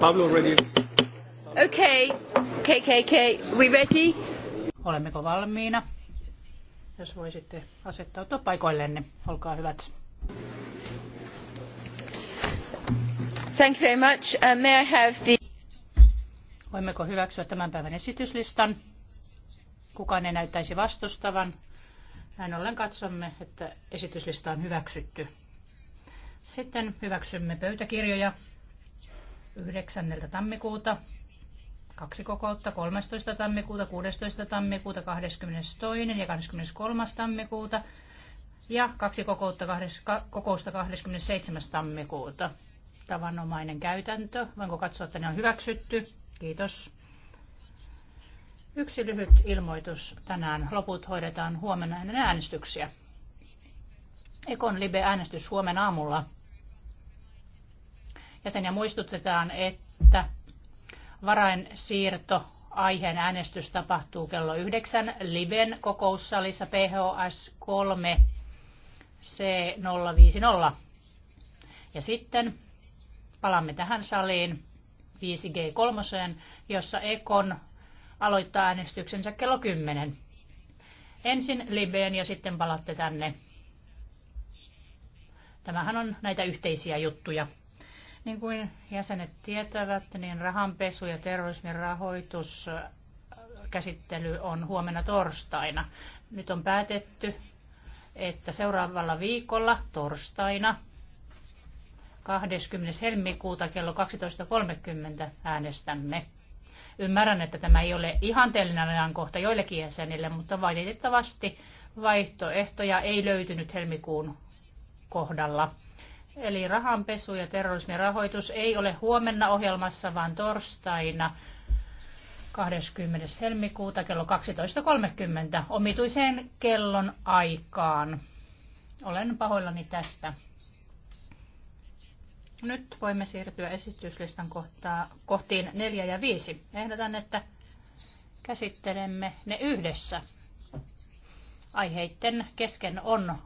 Pablo ready. Okay, KKK, we ready? Olemmeko valmiina? Jos voisitte asettautua paikoillenne, olkaa hyvät. Thank you very much. Uh, may I have the... Voimmeko hyväksyä tämän päivän esityslistan? Kukaan ei näyttäisi vastustavan. Näin ollen katsomme, että esityslista on hyväksytty. Sitten hyväksymme pöytäkirjoja 9. tammikuuta, kaksi kokoutta, 13. tammikuuta, 16. tammikuuta, 22. ja 23. tammikuuta ja kaksi kokoutta, kokousta 27. tammikuuta. Tavanomainen käytäntö. Voinko katsoa, että ne on hyväksytty? Kiitos. Yksi lyhyt ilmoitus tänään. Loput hoidetaan huomenna ennen äänestyksiä. Ekon Libe-äänestys huomenna aamulla Jäseniä muistutetaan, että varainsiirto aiheen äänestys tapahtuu kello 9 Liben kokoussalissa PHS 3 C050. Ja sitten palaamme tähän saliin 5G3, jossa Ekon aloittaa äänestyksensä kello 10. Ensin Libeen ja sitten palatte tänne. Tämähän on näitä yhteisiä juttuja. Niin kuin jäsenet tietävät, niin rahanpesu ja terrorismin rahoituskäsittely äh, on huomenna torstaina. Nyt on päätetty, että seuraavalla viikolla torstaina 20. helmikuuta kello 12.30 äänestämme. Ymmärrän, että tämä ei ole ihanteellinen ajankohta joillekin jäsenille, mutta valitettavasti vaihtoehtoja ei löytynyt helmikuun kohdalla. Eli rahanpesu ja terrorismin rahoitus ei ole huomenna ohjelmassa, vaan torstaina 20. helmikuuta kello 12.30 omituiseen kellon aikaan. Olen pahoillani tästä. Nyt voimme siirtyä esityslistan kohtaa, kohtiin 4 ja 5. Ehdotan, että käsittelemme ne yhdessä. Aiheiden kesken on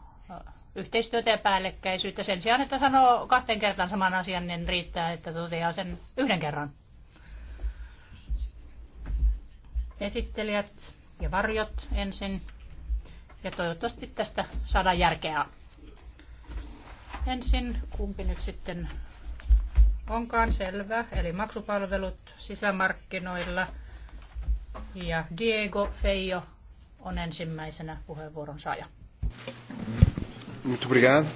yhteistyötä ja päällekkäisyyttä. Sen sijaan, että sanoo kahteen kertaan saman asian, niin riittää, että toteaa sen yhden kerran. Esittelijät ja varjot ensin. Ja toivottavasti tästä saadaan järkeä. Ensin kumpi nyt sitten onkaan selvä, eli maksupalvelut sisämarkkinoilla. Ja Diego Feijo on ensimmäisenä puheenvuoron saaja. Muito obrigado.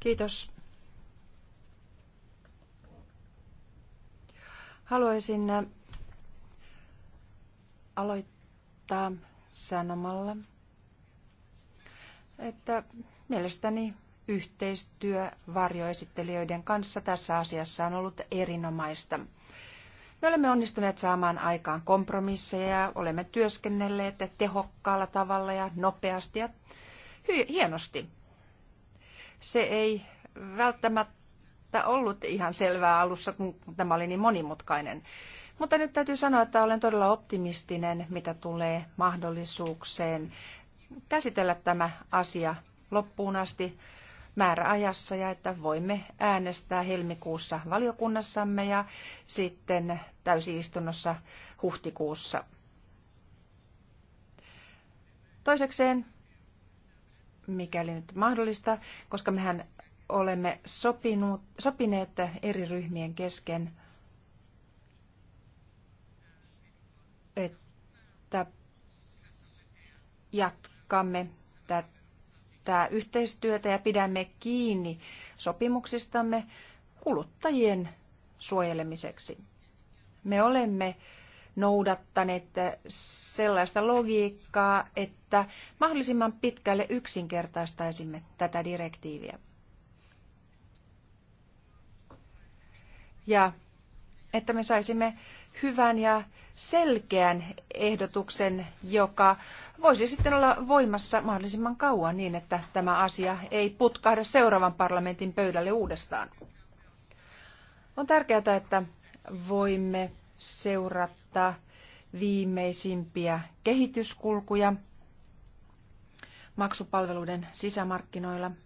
Kiitos. Haluaisin äh, aloittaa sanomalla, että mielestäni yhteistyö varjoesittelijöiden kanssa tässä asiassa on ollut erinomaista. Me olemme onnistuneet saamaan aikaan kompromisseja, olemme työskennelleet tehokkaalla tavalla ja nopeasti ja hienosti. Se ei välttämättä ollut ihan selvää alussa, kun tämä oli niin monimutkainen. Mutta nyt täytyy sanoa, että olen todella optimistinen, mitä tulee mahdollisuukseen käsitellä tämä asia loppuun asti määräajassa ja että voimme äänestää helmikuussa valiokunnassamme ja sitten täysistunnossa huhtikuussa. Toisekseen, mikäli nyt mahdollista, koska mehän olemme sopinut, sopineet eri ryhmien kesken, että jatkamme tätä tiivistää yhteistyötä ja pidämme kiinni sopimuksistamme kuluttajien suojelemiseksi. Me olemme noudattaneet sellaista logiikkaa, että mahdollisimman pitkälle yksinkertaistaisimme tätä direktiiviä. Ja että me saisimme hyvän ja selkeän ehdotuksen, joka voisi sitten olla voimassa mahdollisimman kauan niin, että tämä asia ei putkahda seuraavan parlamentin pöydälle uudestaan. On tärkeää, että voimme seurata viimeisimpiä kehityskulkuja maksupalveluiden sisämarkkinoilla –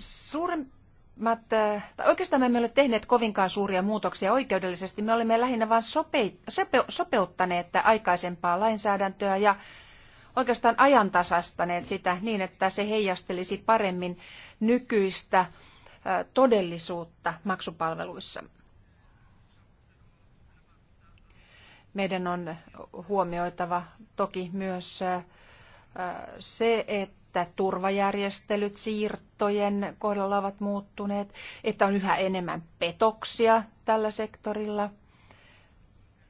suuremmat, eh, tai oikeastaan me emme ole tehneet kovinkaan suuria muutoksia oikeudellisesti. Me olemme lähinnä vain sope, sope, sopeuttaneet aikaisempaa lainsäädäntöä ja oikeastaan ajantasastaneet sitä niin, että se heijastelisi paremmin nykyistä eh, todellisuutta maksupalveluissa. Meidän on huomioitava toki myös eh, se, että että turvajärjestelyt siirtojen kohdalla ovat muuttuneet, että on yhä enemmän petoksia tällä sektorilla.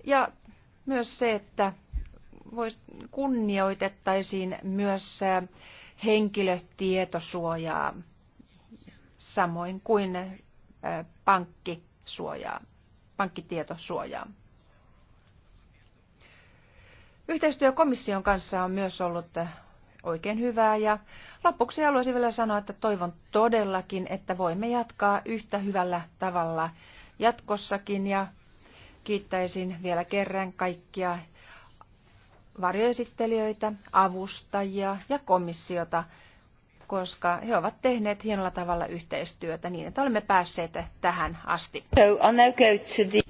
Ja myös se, että kunnioitettaisiin myös äh, henkilötietosuojaa samoin kuin äh, pankkisuojaa, pankkitietosuojaa. Yhteistyö komission kanssa on myös ollut oikein hyvää ja lopuksi haluaisin vielä sanoa, että toivon todellakin, että voimme jatkaa yhtä hyvällä tavalla jatkossakin ja kiittäisin vielä kerran kaikkia varjoesittelijöitä, avustajia ja komissiota, koska he ovat tehneet hienolla tavalla yhteistyötä niin, että olemme päässeet tähän asti.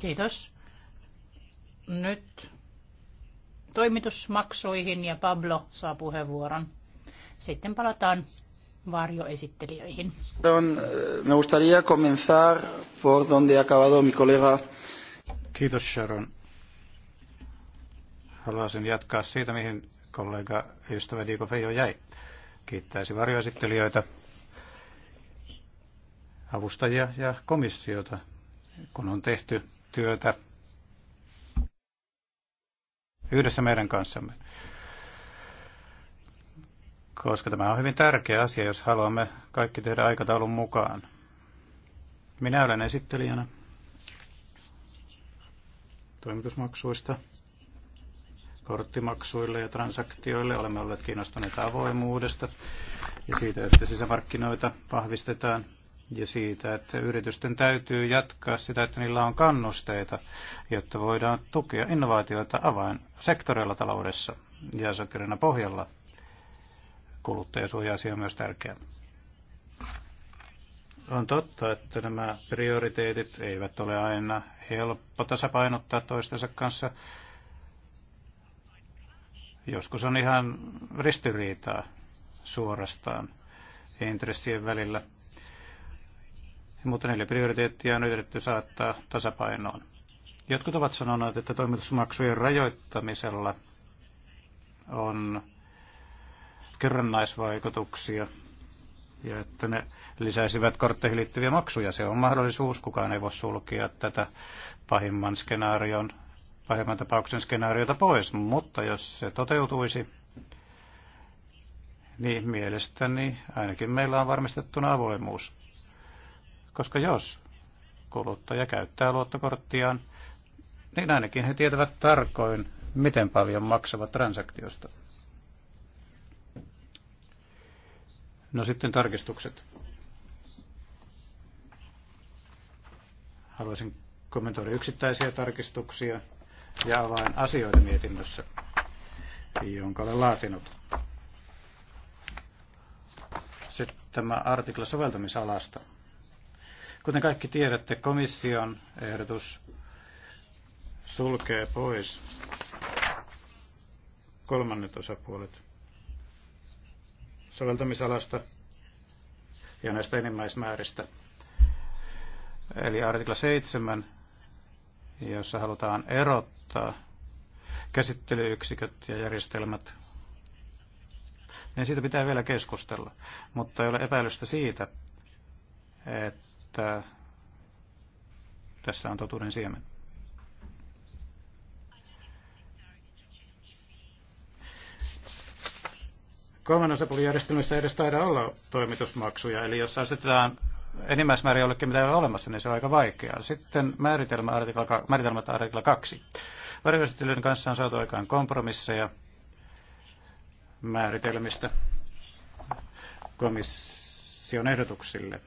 Kiitos. Nyt toimitusmaksuihin ja Pablo saa puheenvuoron. Sitten palataan varjoesittelijöihin. Eh, me gustaría comenzar por donde ha acabado mi colega. Kiitos Sharon. Haluaisin jatkaa siitä, mihin kollega ystävä Diego Feijo jäi. Kiittäisi varjoesittelijöitä, avustajia ja komissiota, kun on tehty työtä yhdessä meidän kanssamme. Koska tämä on hyvin tärkeä asia, jos haluamme kaikki tehdä aikataulun mukaan. Minä olen esittelijänä toimitusmaksuista, korttimaksuille ja transaktioille. Olemme olleet kiinnostuneita avoimuudesta ja siitä, että sisämarkkinoita vahvistetaan ja siitä, että yritysten täytyy jatkaa sitä, että niillä on kannusteita, jotta voidaan tukea innovaatioita sektoreilla taloudessa ja sokerina pohjalla. Kuluttajasuoja-asia on myös tärkeä. On totta, että nämä prioriteetit eivät ole aina helppo tasapainottaa toistensa kanssa. Joskus on ihan ristiriitaa suorastaan intressien välillä – mutta neljä prioriteettia on yritetty saattaa tasapainoon. Jotkut ovat sanoneet, että toimitusmaksujen rajoittamisella on kerrannaisvaikutuksia ja että ne lisäisivät kortteihin liittyviä maksuja. Se on mahdollisuus, kukaan ei voi sulkea tätä pahimman skenaarion, pahimman tapauksen skenaariota pois, mutta jos se toteutuisi, niin mielestäni ainakin meillä on varmistettuna avoimuus koska jos kuluttaja käyttää luottokorttiaan, niin ainakin he tietävät tarkoin, miten paljon maksavat transaktiosta. No sitten tarkistukset. Haluaisin kommentoida yksittäisiä tarkistuksia ja avaan asioita mietinnössä, jonka olen laatinut. Sitten tämä artikla soveltamisalasta. Kuten kaikki tiedätte, komission ehdotus sulkee pois kolmannet osapuolet soveltamisalasta ja näistä enimmäismääristä. Eli artikla 7, jossa halutaan erottaa käsittelyyksiköt ja järjestelmät, niin siitä pitää vielä keskustella. Mutta ei ole epäilystä siitä, että että tässä on totuuden siemen. Kolmen osapuolijärjestelmässä edes taida olla toimitusmaksuja, eli jos asetetaan enimmäismäärä jollekin, mitä ei ole olemassa, niin se on aika vaikeaa. Sitten määritelmä, artikla, määritelmät artikla 2. Varjoisettelyiden kanssa on saatu aikaan kompromisseja määritelmistä komission ehdotuksille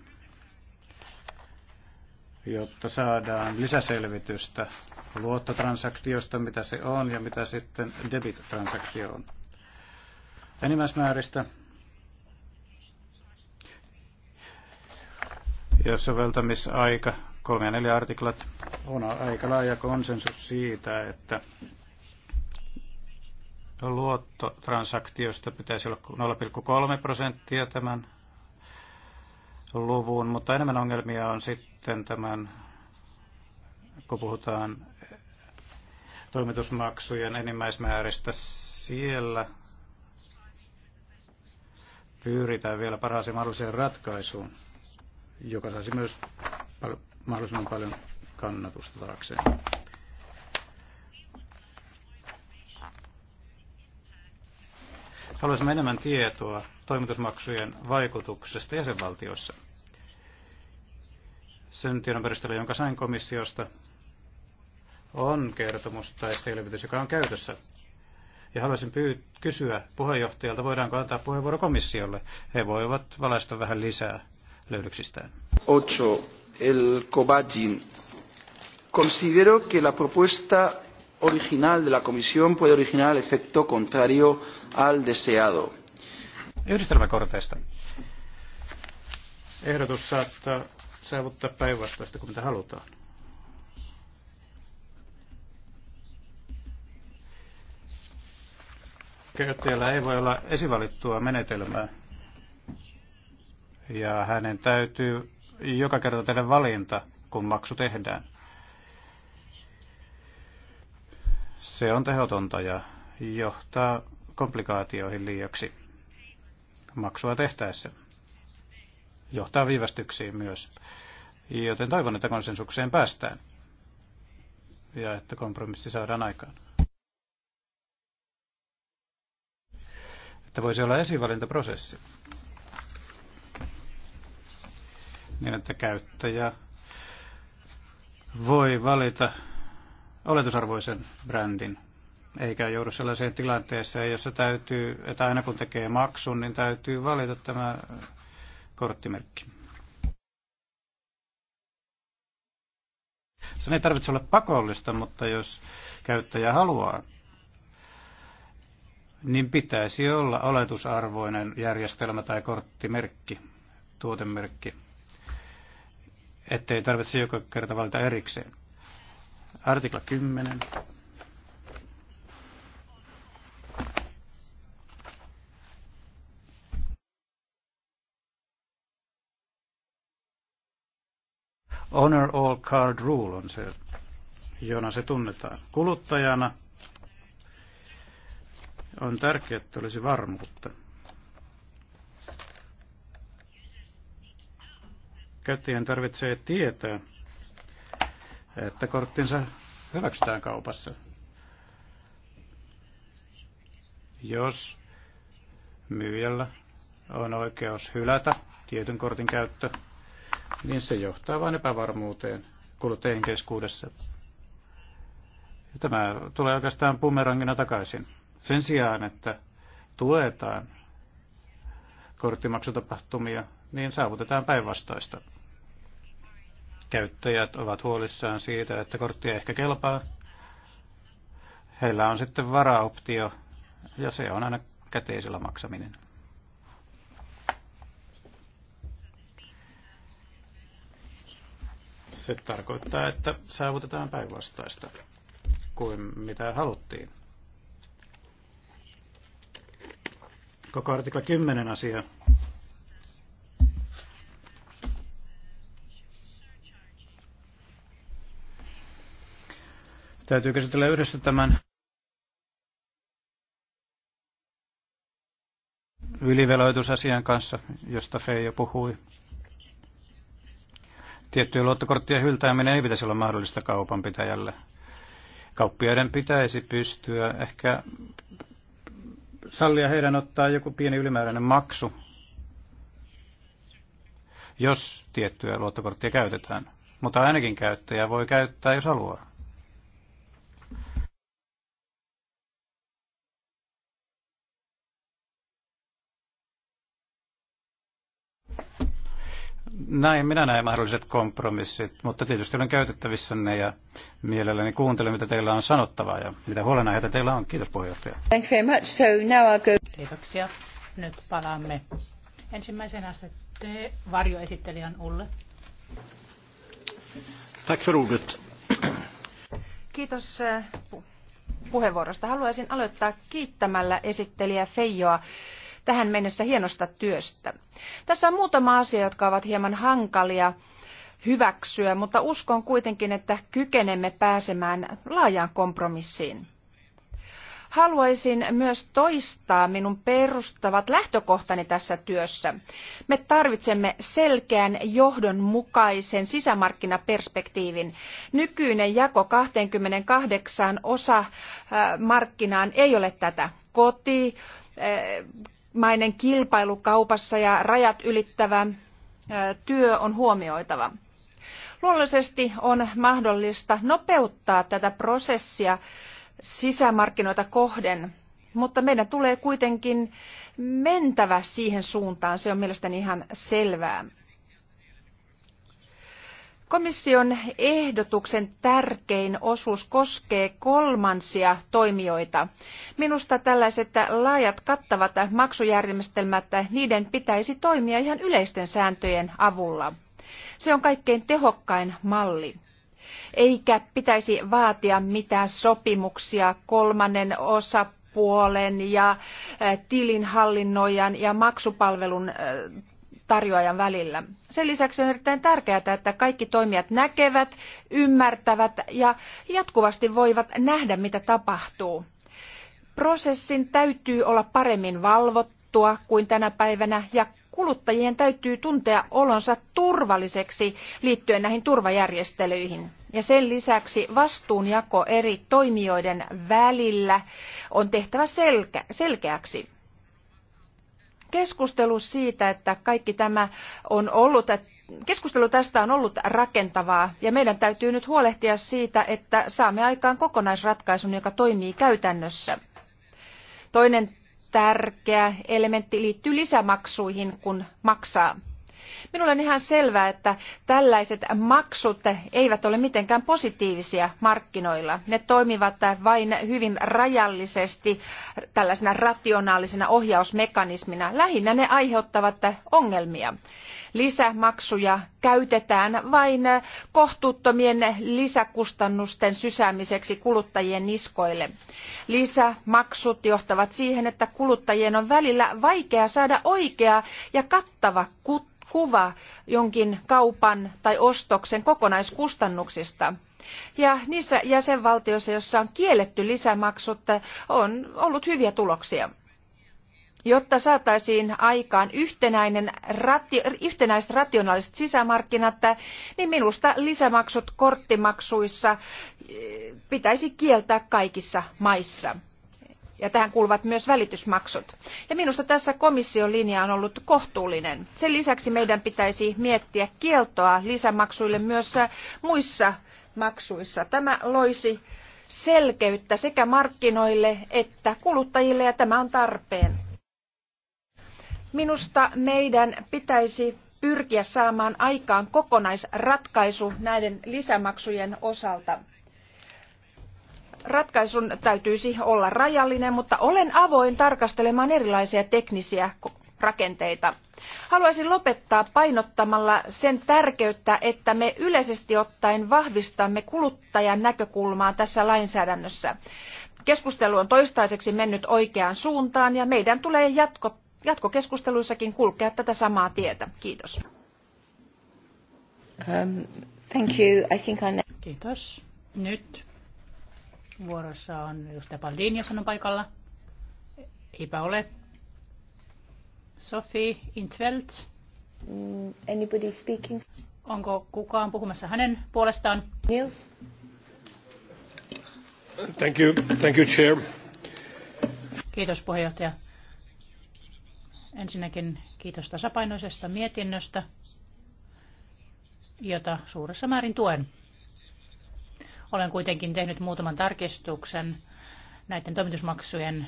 jotta saadaan lisäselvitystä luottotransaktiosta, mitä se on ja mitä sitten debit-transaktio on. Enimmäismääristä, jos soveltamisaika, kolme ja neljä artiklat, on aika laaja konsensus siitä, että luottotransaktiosta pitäisi olla 0,3 prosenttia tämän luvun, mutta enemmän ongelmia on sitten tämän, kun puhutaan toimitusmaksujen enimmäismääristä siellä pyritään vielä parhaaseen mahdolliseen ratkaisuun, joka saisi myös pal- mahdollisimman paljon kannatusta taakseen. Haluaisimme enemmän tietoa toimitusmaksujen vaikutuksesta jäsenvaltioissa. Sen tiedon perusteella, jonka sain komissiosta, on kertomus tai selvitys, joka on käytössä. Ja haluaisin pyy- kysyä puheenjohtajalta, voidaanko antaa puheenvuoro komissiolle. He voivat valaista vähän lisää löydöksistään. Ocho, el Cobagin. Considero que la propuesta original de la Comisión puede originar el efecto contrario al deseado Yhdistelmäkorteista. Ehdotus saattaa saavuttaa päinvastaista kuin mitä halutaan. Käyttäjällä ei voi olla esivalittua menetelmää ja hänen täytyy joka kerta tehdä valinta, kun maksu tehdään. Se on tehotonta ja johtaa komplikaatioihin liiaksi maksua tehtäessä. Johtaa viivästyksiin myös. Joten toivon, että konsensukseen päästään ja että kompromissi saadaan aikaan. Että voisi olla esivalintaprosessi. Niin, että käyttäjä voi valita oletusarvoisen brändin eikä joudu sellaiseen tilanteeseen, jossa täytyy, että aina kun tekee maksun, niin täytyy valita tämä korttimerkki. Se ei tarvitse olla pakollista, mutta jos käyttäjä haluaa, niin pitäisi olla oletusarvoinen järjestelmä tai korttimerkki, tuotemerkki, ettei tarvitse joka kerta valita erikseen. Artikla 10 Honor All Card Rule on se, jona se tunnetaan. Kuluttajana on tärkeää, että olisi varmuutta. Käyttäjän tarvitsee tietää, että korttinsa hyväksytään kaupassa. Jos myyjällä on oikeus hylätä tietyn kortin käyttö, niin se johtaa vain epävarmuuteen kuluttajien keskuudessa. Ja tämä tulee oikeastaan bumerangina takaisin. Sen sijaan, että tuetaan korttimaksutapahtumia, niin saavutetaan päinvastaista. Käyttäjät ovat huolissaan siitä, että korttia ehkä kelpaa. Heillä on sitten varaoptio, ja se on aina käteisellä maksaminen. Se tarkoittaa, että saavutetaan päinvastaista kuin mitä haluttiin. Koko artikla 10 asia täytyy käsitellä yhdessä tämän yliveloitusasian kanssa, josta Feijo puhui. Tiettyjen luottokorttien hyltääminen ei pitäisi olla mahdollista kaupanpitäjälle. Kauppiaiden pitäisi pystyä ehkä sallia heidän ottaa joku pieni ylimääräinen maksu, jos tiettyä luottokorttia käytetään. Mutta ainakin käyttäjä voi käyttää, jos haluaa. näin minä näen mahdolliset kompromissit, mutta tietysti olen käytettävissänne ja mielelläni kuuntelen, mitä teillä on sanottavaa ja mitä huolenaiheita teillä on. Kiitos puheenjohtaja. Thank you very much. So now I'll go... Kiitoksia. Nyt palaamme ensimmäisenä sitten varjoesittelijän Ulle. Tack för ordet. Kiitos eh, puheenvuorosta. Haluaisin aloittaa kiittämällä esittelijä Feijoa tähän mennessä hienosta työstä. Tässä on muutama asia, jotka ovat hieman hankalia hyväksyä, mutta uskon kuitenkin, että kykenemme pääsemään laajaan kompromissiin. Haluaisin myös toistaa minun perustavat lähtökohtani tässä työssä. Me tarvitsemme selkeän johdonmukaisen sisämarkkinaperspektiivin. Nykyinen jako 28 osa markkinaan ei ole tätä. Koti, mainen kilpailu kaupassa ja rajat ylittävä työ on huomioitava. Luonnollisesti on mahdollista nopeuttaa tätä prosessia sisämarkkinoita kohden, mutta meidän tulee kuitenkin mentävä siihen suuntaan, se on mielestäni ihan selvää. Komission ehdotuksen tärkein osuus koskee kolmansia toimijoita. Minusta tällaiset laajat kattavat maksujärjestelmät, niiden pitäisi toimia ihan yleisten sääntöjen avulla. Se on kaikkein tehokkain malli. Eikä pitäisi vaatia mitään sopimuksia kolmannen osapuolen ja tilinhallinnoijan ja maksupalvelun tarjoajan välillä. Sen lisäksi on erittäin tärkeää, että kaikki toimijat näkevät, ymmärtävät ja jatkuvasti voivat nähdä, mitä tapahtuu. Prosessin täytyy olla paremmin valvottua kuin tänä päivänä ja kuluttajien täytyy tuntea olonsa turvalliseksi liittyen näihin turvajärjestelyihin. Ja sen lisäksi vastuunjako eri toimijoiden välillä on tehtävä selkeäksi keskustelu siitä, että kaikki tämä on ollut, keskustelu tästä on ollut rakentavaa ja meidän täytyy nyt huolehtia siitä, että saamme aikaan kokonaisratkaisun, joka toimii käytännössä. Toinen tärkeä elementti liittyy lisämaksuihin, kun maksaa. Minulle on ihan selvää, että tällaiset maksut eivät ole mitenkään positiivisia markkinoilla. Ne toimivat vain hyvin rajallisesti tällaisena rationaalisena ohjausmekanismina. Lähinnä ne aiheuttavat ongelmia lisämaksuja käytetään vain kohtuuttomien lisäkustannusten sysäämiseksi kuluttajien niskoille. Lisämaksut johtavat siihen, että kuluttajien on välillä vaikea saada oikea ja kattava kuva jonkin kaupan tai ostoksen kokonaiskustannuksista. Ja niissä jäsenvaltioissa, joissa on kielletty lisämaksut, on ollut hyviä tuloksia. Jotta saataisiin aikaan yhtenäinen, rati, yhtenäiset rationaaliset sisämarkkinat, niin minusta lisämaksut korttimaksuissa eh, pitäisi kieltää kaikissa maissa ja tähän kuuluvat myös välitysmaksut. Ja minusta tässä komission linja on ollut kohtuullinen. Sen lisäksi meidän pitäisi miettiä kieltoa lisämaksuille myös muissa maksuissa. Tämä loisi selkeyttä sekä markkinoille että kuluttajille ja tämä on tarpeen. Minusta meidän pitäisi pyrkiä saamaan aikaan kokonaisratkaisu näiden lisämaksujen osalta ratkaisun täytyisi olla rajallinen, mutta olen avoin tarkastelemaan erilaisia teknisiä rakenteita. Haluaisin lopettaa painottamalla sen tärkeyttä, että me yleisesti ottaen vahvistamme kuluttajan näkökulmaa tässä lainsäädännössä. Keskustelu on toistaiseksi mennyt oikeaan suuntaan ja meidän tulee jatko, jatkokeskusteluissakin kulkea tätä samaa tietä. Kiitos. Um, thank you. I think Kiitos. Nyt Vuorossa on edustaja Baldin, jos hän on paikalla. Eipä ole. Sophie Intveld. Mm, anybody speaking? Onko kukaan puhumassa hänen puolestaan? Nils. Thank you. Thank you, Chair. Kiitos puheenjohtaja. Ensinnäkin kiitos tasapainoisesta mietinnöstä, jota suuressa määrin tuen. Olen kuitenkin tehnyt muutaman tarkistuksen näiden toimitusmaksujen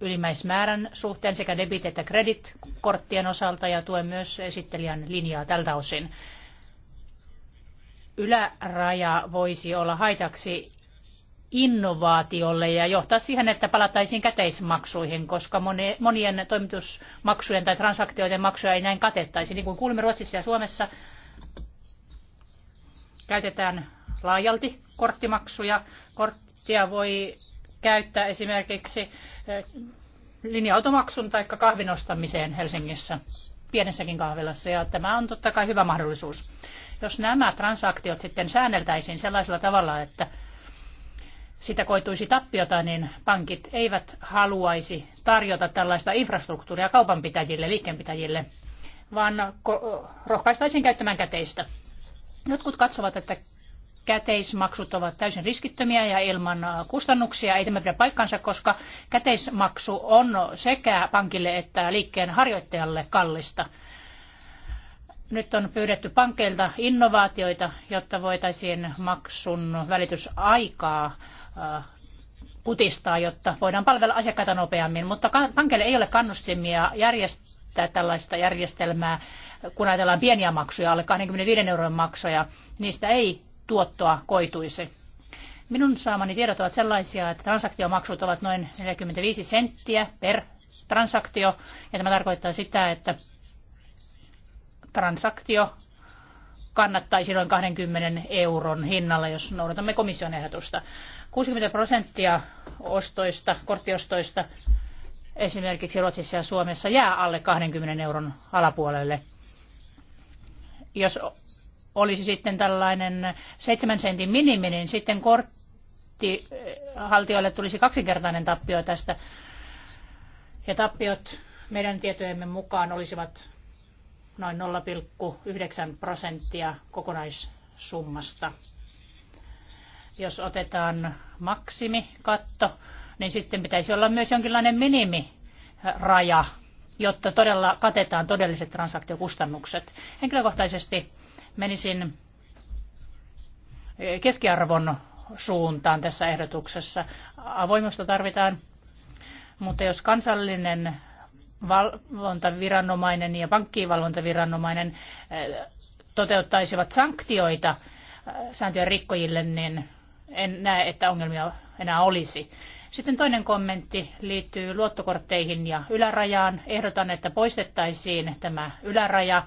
ylimmäismäärän suhteen sekä debit- että credit-korttien osalta ja tuen myös esittelijän linjaa tältä osin. Yläraja voisi olla haitaksi innovaatiolle ja johtaa siihen, että palattaisiin käteismaksuihin, koska monien toimitusmaksujen tai transaktioiden maksuja ei näin katettaisi. Niin kuin kuulimme Ruotsissa ja Suomessa, käytetään laajalti korttimaksuja. Korttia voi käyttää esimerkiksi eh, linja-automaksun tai kahvin ostamiseen Helsingissä, pienessäkin kahvilassa, ja tämä on totta kai hyvä mahdollisuus. Jos nämä transaktiot sitten säänneltäisiin sellaisella tavalla, että sitä koituisi tappiota, niin pankit eivät haluaisi tarjota tällaista infrastruktuuria kaupanpitäjille, liikkeenpitäjille, vaan rohkaistaisiin käyttämään käteistä. Jotkut katsovat, että käteismaksut ovat täysin riskittömiä ja ilman äh, kustannuksia. Ei tämä pidä paikkansa, koska käteismaksu on sekä pankille että liikkeen harjoittajalle kallista. Nyt on pyydetty pankeilta innovaatioita, jotta voitaisiin maksun välitysaikaa äh, putistaa, jotta voidaan palvella asiakkaita nopeammin. Mutta pankeille ei ole kannustimia järjestää tällaista järjestelmää, kun ajatellaan pieniä maksuja, alle 25 euron maksuja. Niistä ei tuottoa koituisi. Minun saamani tiedot ovat sellaisia, että transaktiomaksut ovat noin 45 senttiä per transaktio, ja tämä tarkoittaa sitä, että transaktio kannattaisi noin 20 euron hinnalla, jos noudatamme komission ehdotusta. 60 prosenttia ostoista, korttiostoista esimerkiksi Ruotsissa ja Suomessa jää alle 20 euron alapuolelle. Jos olisi sitten tällainen seitsemän sentin minimi, niin sitten korttihaltijoille tulisi kaksinkertainen tappio tästä. Ja tappiot meidän tietojemme mukaan olisivat noin 0,9 prosenttia kokonaissummasta. Jos otetaan maksimikatto, niin sitten pitäisi olla myös jonkinlainen minimiraja, jotta todella katetaan todelliset transaktiokustannukset. Henkilökohtaisesti menisin keskiarvon suuntaan tässä ehdotuksessa. Avoimuutta tarvitaan, mutta jos kansallinen valvontaviranomainen ja pankkivalvontaviranomainen eh, toteuttaisivat sanktioita eh, sääntöjen rikkojille, niin en näe, että ongelmia enää olisi. Sitten toinen kommentti liittyy luottokortteihin ja ylärajaan. Ehdotan, että poistettaisiin tämä yläraja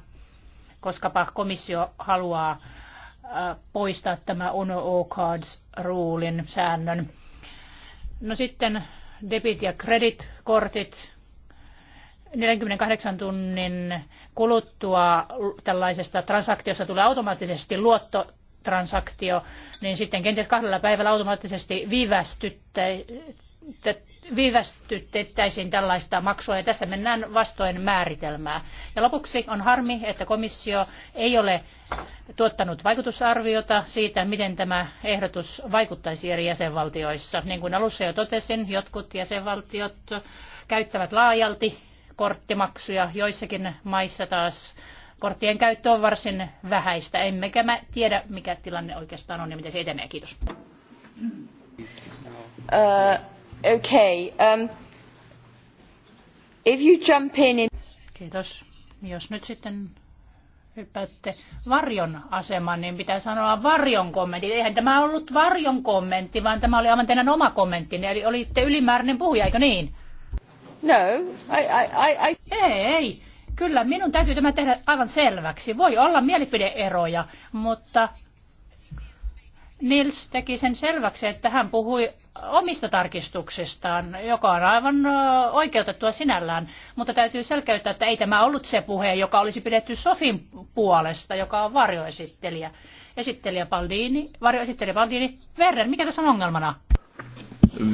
koska komissio haluaa äh, poistaa tämä Uno cards ruulin säännön. No sitten debit- ja kreditkortit. 48 tunnin kuluttua tällaisesta transaktiosta tulee automaattisesti luottotransaktio, niin sitten kenties kahdella päivällä automaattisesti viivästyttä viivästytettäisiin tällaista maksua ja tässä mennään vastoin määritelmää. Ja lopuksi on harmi, että komissio ei ole tuottanut vaikutusarviota siitä, miten tämä ehdotus vaikuttaisi eri jäsenvaltioissa. Niin kuin alussa jo totesin, jotkut jäsenvaltiot käyttävät laajalti korttimaksuja, joissakin maissa taas korttien käyttö on varsin vähäistä. Emmekä mä tiedä, mikä tilanne oikeastaan on ja miten se etenee. Kiitos. Uh Okay, um, if you jump in, in... Kiitos. Jos nyt sitten hyppäätte varjon asemaan, niin pitää sanoa varjon kommentti. Eihän tämä ollut varjon kommentti, vaan tämä oli aivan teidän oma kommentti. eli olitte ylimääräinen puhuja, eikö niin? No, I, I, I... Ei, ei. Kyllä, minun täytyy tämä tehdä aivan selväksi. Voi olla mielipideeroja, mutta Nils teki sen selväksi, että hän puhui omista tarkistuksistaan, joka on aivan oikeutettua sinällään, mutta täytyy selkeyttää, että ei tämä ollut se puhe, joka olisi pidetty Sofin puolesta, joka on varjoesittelijä. Esittelijä Baldini, varjoesittelijä Baldini. Verren, mikä tässä on ongelmana?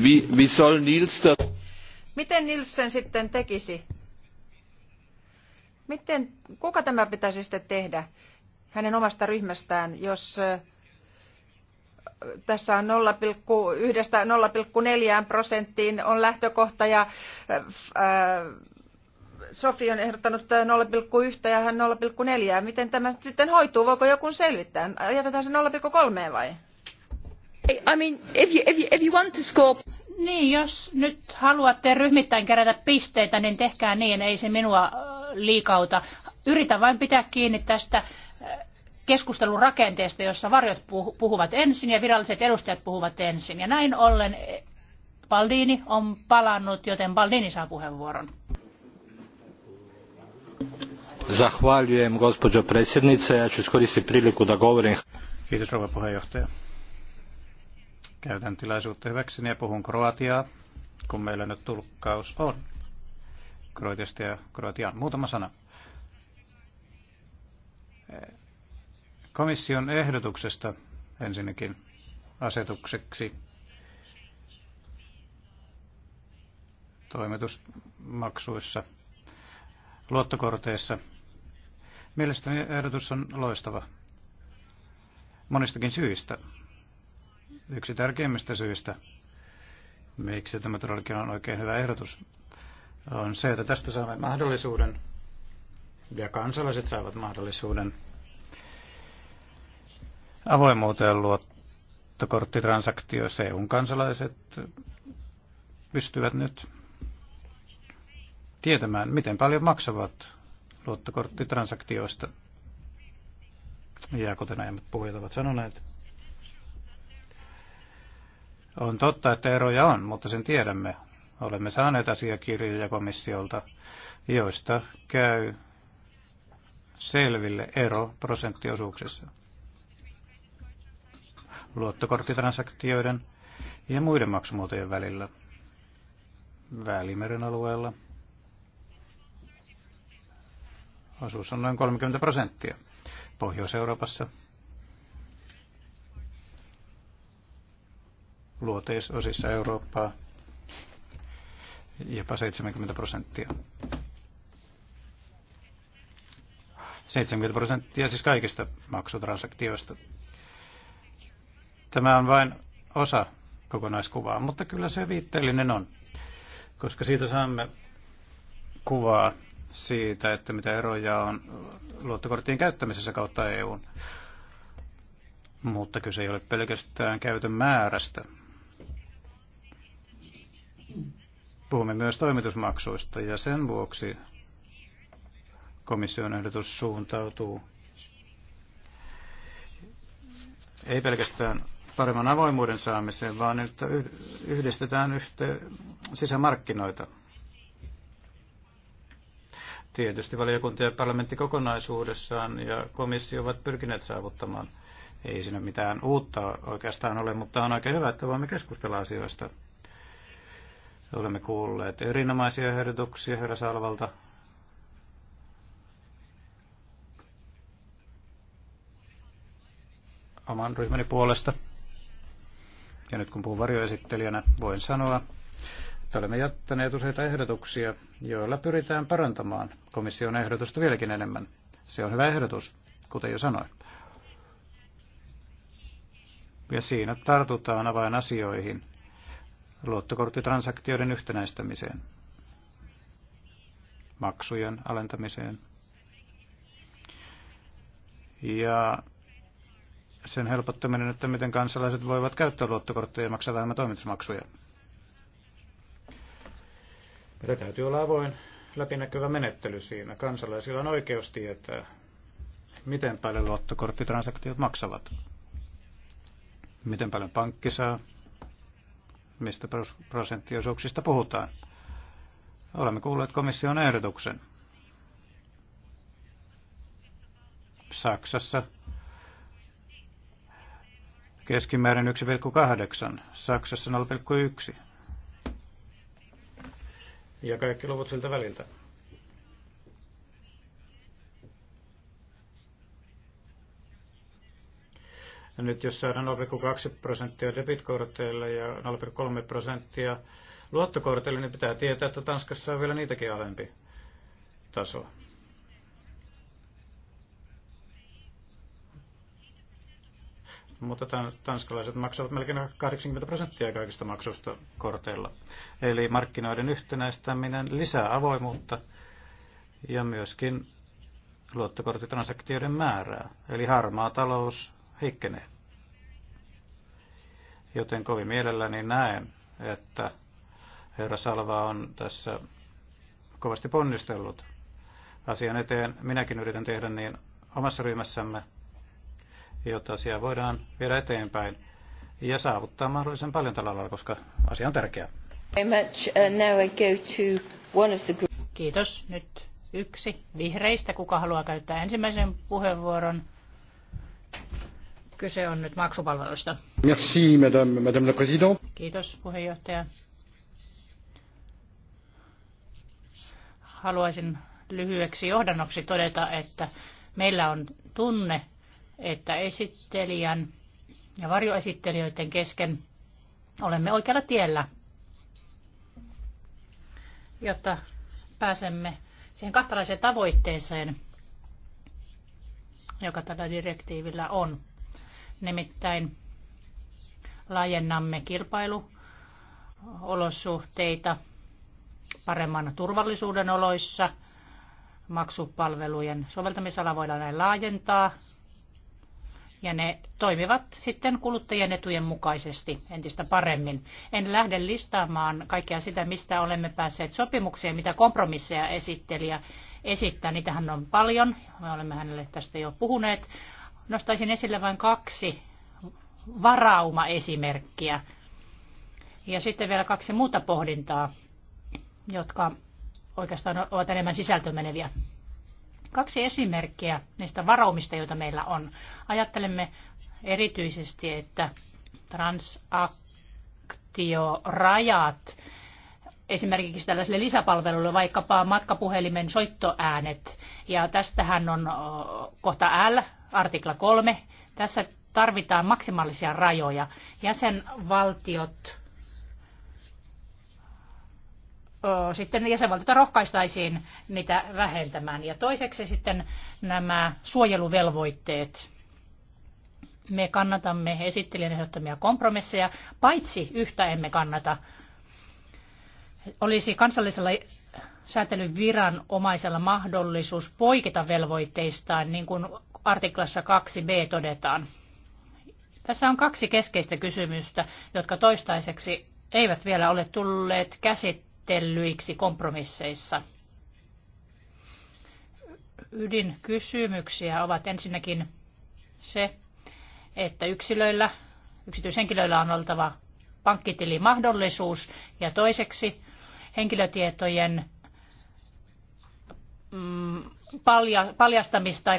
Vi, vi soll Nils da... Miten Nils sen sitten tekisi? Miten, kuka tämä pitäisi sitten tehdä hänen omasta ryhmästään, jos tässä on 04 prosenttiin on lähtökohta ja äh, Sofi on ehdottanut 0,1 ja hän 0,4. Miten tämä sitten hoituu? Voiko joku selvittää? Jätetään se 0,3 vai? I mean, if you, if you, if you want to score... Niin, jos nyt haluatte ryhmittäin kerätä pisteitä, niin tehkää niin, ei se minua äh, liikauta. Yritä vain pitää kiinni tästä keskustelun rakenteesta, jossa varjot puhuvat ensin ja viralliset edustajat puhuvat ensin. Ja näin ollen eh, Baldini on palannut, joten Baldini saa puheenvuoron. Zahvaljujem, gospođo predsjednice. Ja ću iskoristiti priliku da govorim. Kiitos, rouva puheenjohtaja. Käytän tilaisuutta hyväkseni ja puhun kroatiaa, kun meillä nyt tulkkaus on. Kroatiasta ja kroatiaan. Muutama sana komission ehdotuksesta ensinnäkin asetukseksi toimitusmaksuissa, luottokorteissa. Mielestäni ehdotus on loistava monistakin syistä. Yksi tärkeimmistä syistä, miksi tämä todellakin on oikein hyvä ehdotus, on se, että tästä saamme mahdollisuuden ja kansalaiset saavat mahdollisuuden avoimuuteen luottokorttitransaktioissa. EUn kansalaiset pystyvät nyt tietämään, miten paljon maksavat luottokorttitransaktioista. Ja kuten aiemmat puhujat ovat sanoneet, on totta, että eroja on, mutta sen tiedämme. Olemme saaneet asiakirjoja komissiolta, joista käy selville ero prosenttiosuuksissa luottokorttitransaktioiden ja muiden maksumuotojen välillä Välimeren alueella. Osuus on noin 30 prosenttia. Pohjois-Euroopassa luoteisosissa Eurooppaa jopa 70 prosenttia. 70 prosenttia siis kaikista maksutransaktioista. Tämä on vain osa kokonaiskuvaa, mutta kyllä se viitteellinen on, koska siitä saamme kuvaa siitä, että mitä eroja on luottokorttien käyttämisessä kautta EUn. Mutta kyse ei ole pelkästään käytön määrästä. Puhumme myös toimitusmaksuista ja sen vuoksi komission ehdotus suuntautuu ei pelkästään paremman avoimuuden saamiseen, vaan että yhdistetään yhteen sisämarkkinoita. Tietysti valiokunta ja parlamentti kokonaisuudessaan ja komissio ovat pyrkineet saavuttamaan. Ei siinä mitään uutta oikeastaan ole, mutta on aika hyvä, että voimme keskustella asioista. Olemme kuulleet erinomaisia ehdotuksia herra Salvalta. Oman ryhmäni puolesta. Ja nyt kun puhun varjoesittelijänä, voin sanoa, että olemme jättäneet useita ehdotuksia, joilla pyritään parantamaan komission ehdotusta vieläkin enemmän. Se on hyvä ehdotus, kuten jo sanoin. Ja siinä tartutaan avainasioihin luottokorttitransaktioiden yhtenäistämiseen, maksujen alentamiseen ja sen helpottaminen, että miten kansalaiset voivat käyttää luottokortteja ja maksaa vähemmän toimitusmaksuja. Meillä täytyy olla avoin läpinäkyvä menettely siinä. Kansalaisilla on oikeus tietää, miten paljon luottokorttitransaktiot maksavat, miten paljon pankki saa, mistä prosenttiosuuksista puhutaan. Olemme kuulleet komission ehdotuksen. Saksassa keskimäärin 1,8, Saksassa 0,1 ja kaikki luvut siltä väliltä. Ja nyt jos saadaan 0,2 prosenttia debitkorteille ja 0,3 prosenttia luottokorteille, niin pitää tietää, että Tanskassa on vielä niitäkin alempi taso. mutta tanskalaiset maksavat melkein 80 prosenttia kaikista maksusta korteilla. Eli markkinoiden yhtenäistäminen lisää avoimuutta ja myöskin luottokorttitransaktioiden määrää. Eli harmaa talous heikkenee. Joten kovin mielelläni näen, että herra Salva on tässä kovasti ponnistellut asian eteen. Minäkin yritän tehdä niin omassa ryhmässämme jotta asia voidaan viedä eteenpäin ja saavuttaa mahdollisen paljon tällä alalla, koska asia on tärkeä. Uh, Kiitos. Nyt yksi vihreistä, kuka haluaa käyttää ensimmäisen puheenvuoron. Kyse on nyt maksupalveluista. Merci, madame, madame la présidente. Kiitos, puheenjohtaja. Haluaisin lyhyeksi johdannoksi todeta, että meillä on tunne että esittelijän ja varjoesittelijöiden kesken olemme oikealla tiellä, jotta pääsemme siihen kahtalaiseen tavoitteeseen, joka tällä direktiivillä on. Nimittäin laajennamme kilpailuolosuhteita paremman turvallisuuden oloissa. Maksupalvelujen soveltamisala voidaan näin laajentaa ja ne toimivat sitten kuluttajien etujen mukaisesti entistä paremmin. En lähde listaamaan kaikkea sitä, mistä olemme päässeet sopimukseen, mitä kompromisseja esittelijä esittää. Niitähän on paljon, me olemme hänelle tästä jo puhuneet. Nostaisin esille vain kaksi varaumaesimerkkiä ja sitten vielä kaksi muuta pohdintaa, jotka oikeastaan ovat enemmän sisältömeneviä. meneviä. Kaksi esimerkkiä niistä varaumista, joita meillä on. Ajattelemme erityisesti, että transaktiorajat esimerkiksi tällaisille lisäpalveluille, vaikkapa matkapuhelimen soittoäänet. Ja tästähän on kohta L, artikla 3. Tässä tarvitaan maksimaalisia rajoja. Jäsenvaltiot sitten jäsenvaltioita rohkaistaisiin niitä vähentämään. Ja toiseksi sitten nämä suojeluvelvoitteet. Me kannatamme esittelijän ehdottomia kompromisseja, paitsi yhtä emme kannata. Olisi kansallisella viranomaisella mahdollisuus poiketa velvoitteistaan, niin kuin artiklassa 2b todetaan. Tässä on kaksi keskeistä kysymystä, jotka toistaiseksi eivät vielä ole tulleet käsitteeseen käsitellyiksi kompromisseissa. Ydinkysymyksiä ovat ensinnäkin se, että yksilöillä, yksityishenkilöillä on oltava pankkitilimahdollisuus ja toiseksi henkilötietojen mm, paljastamista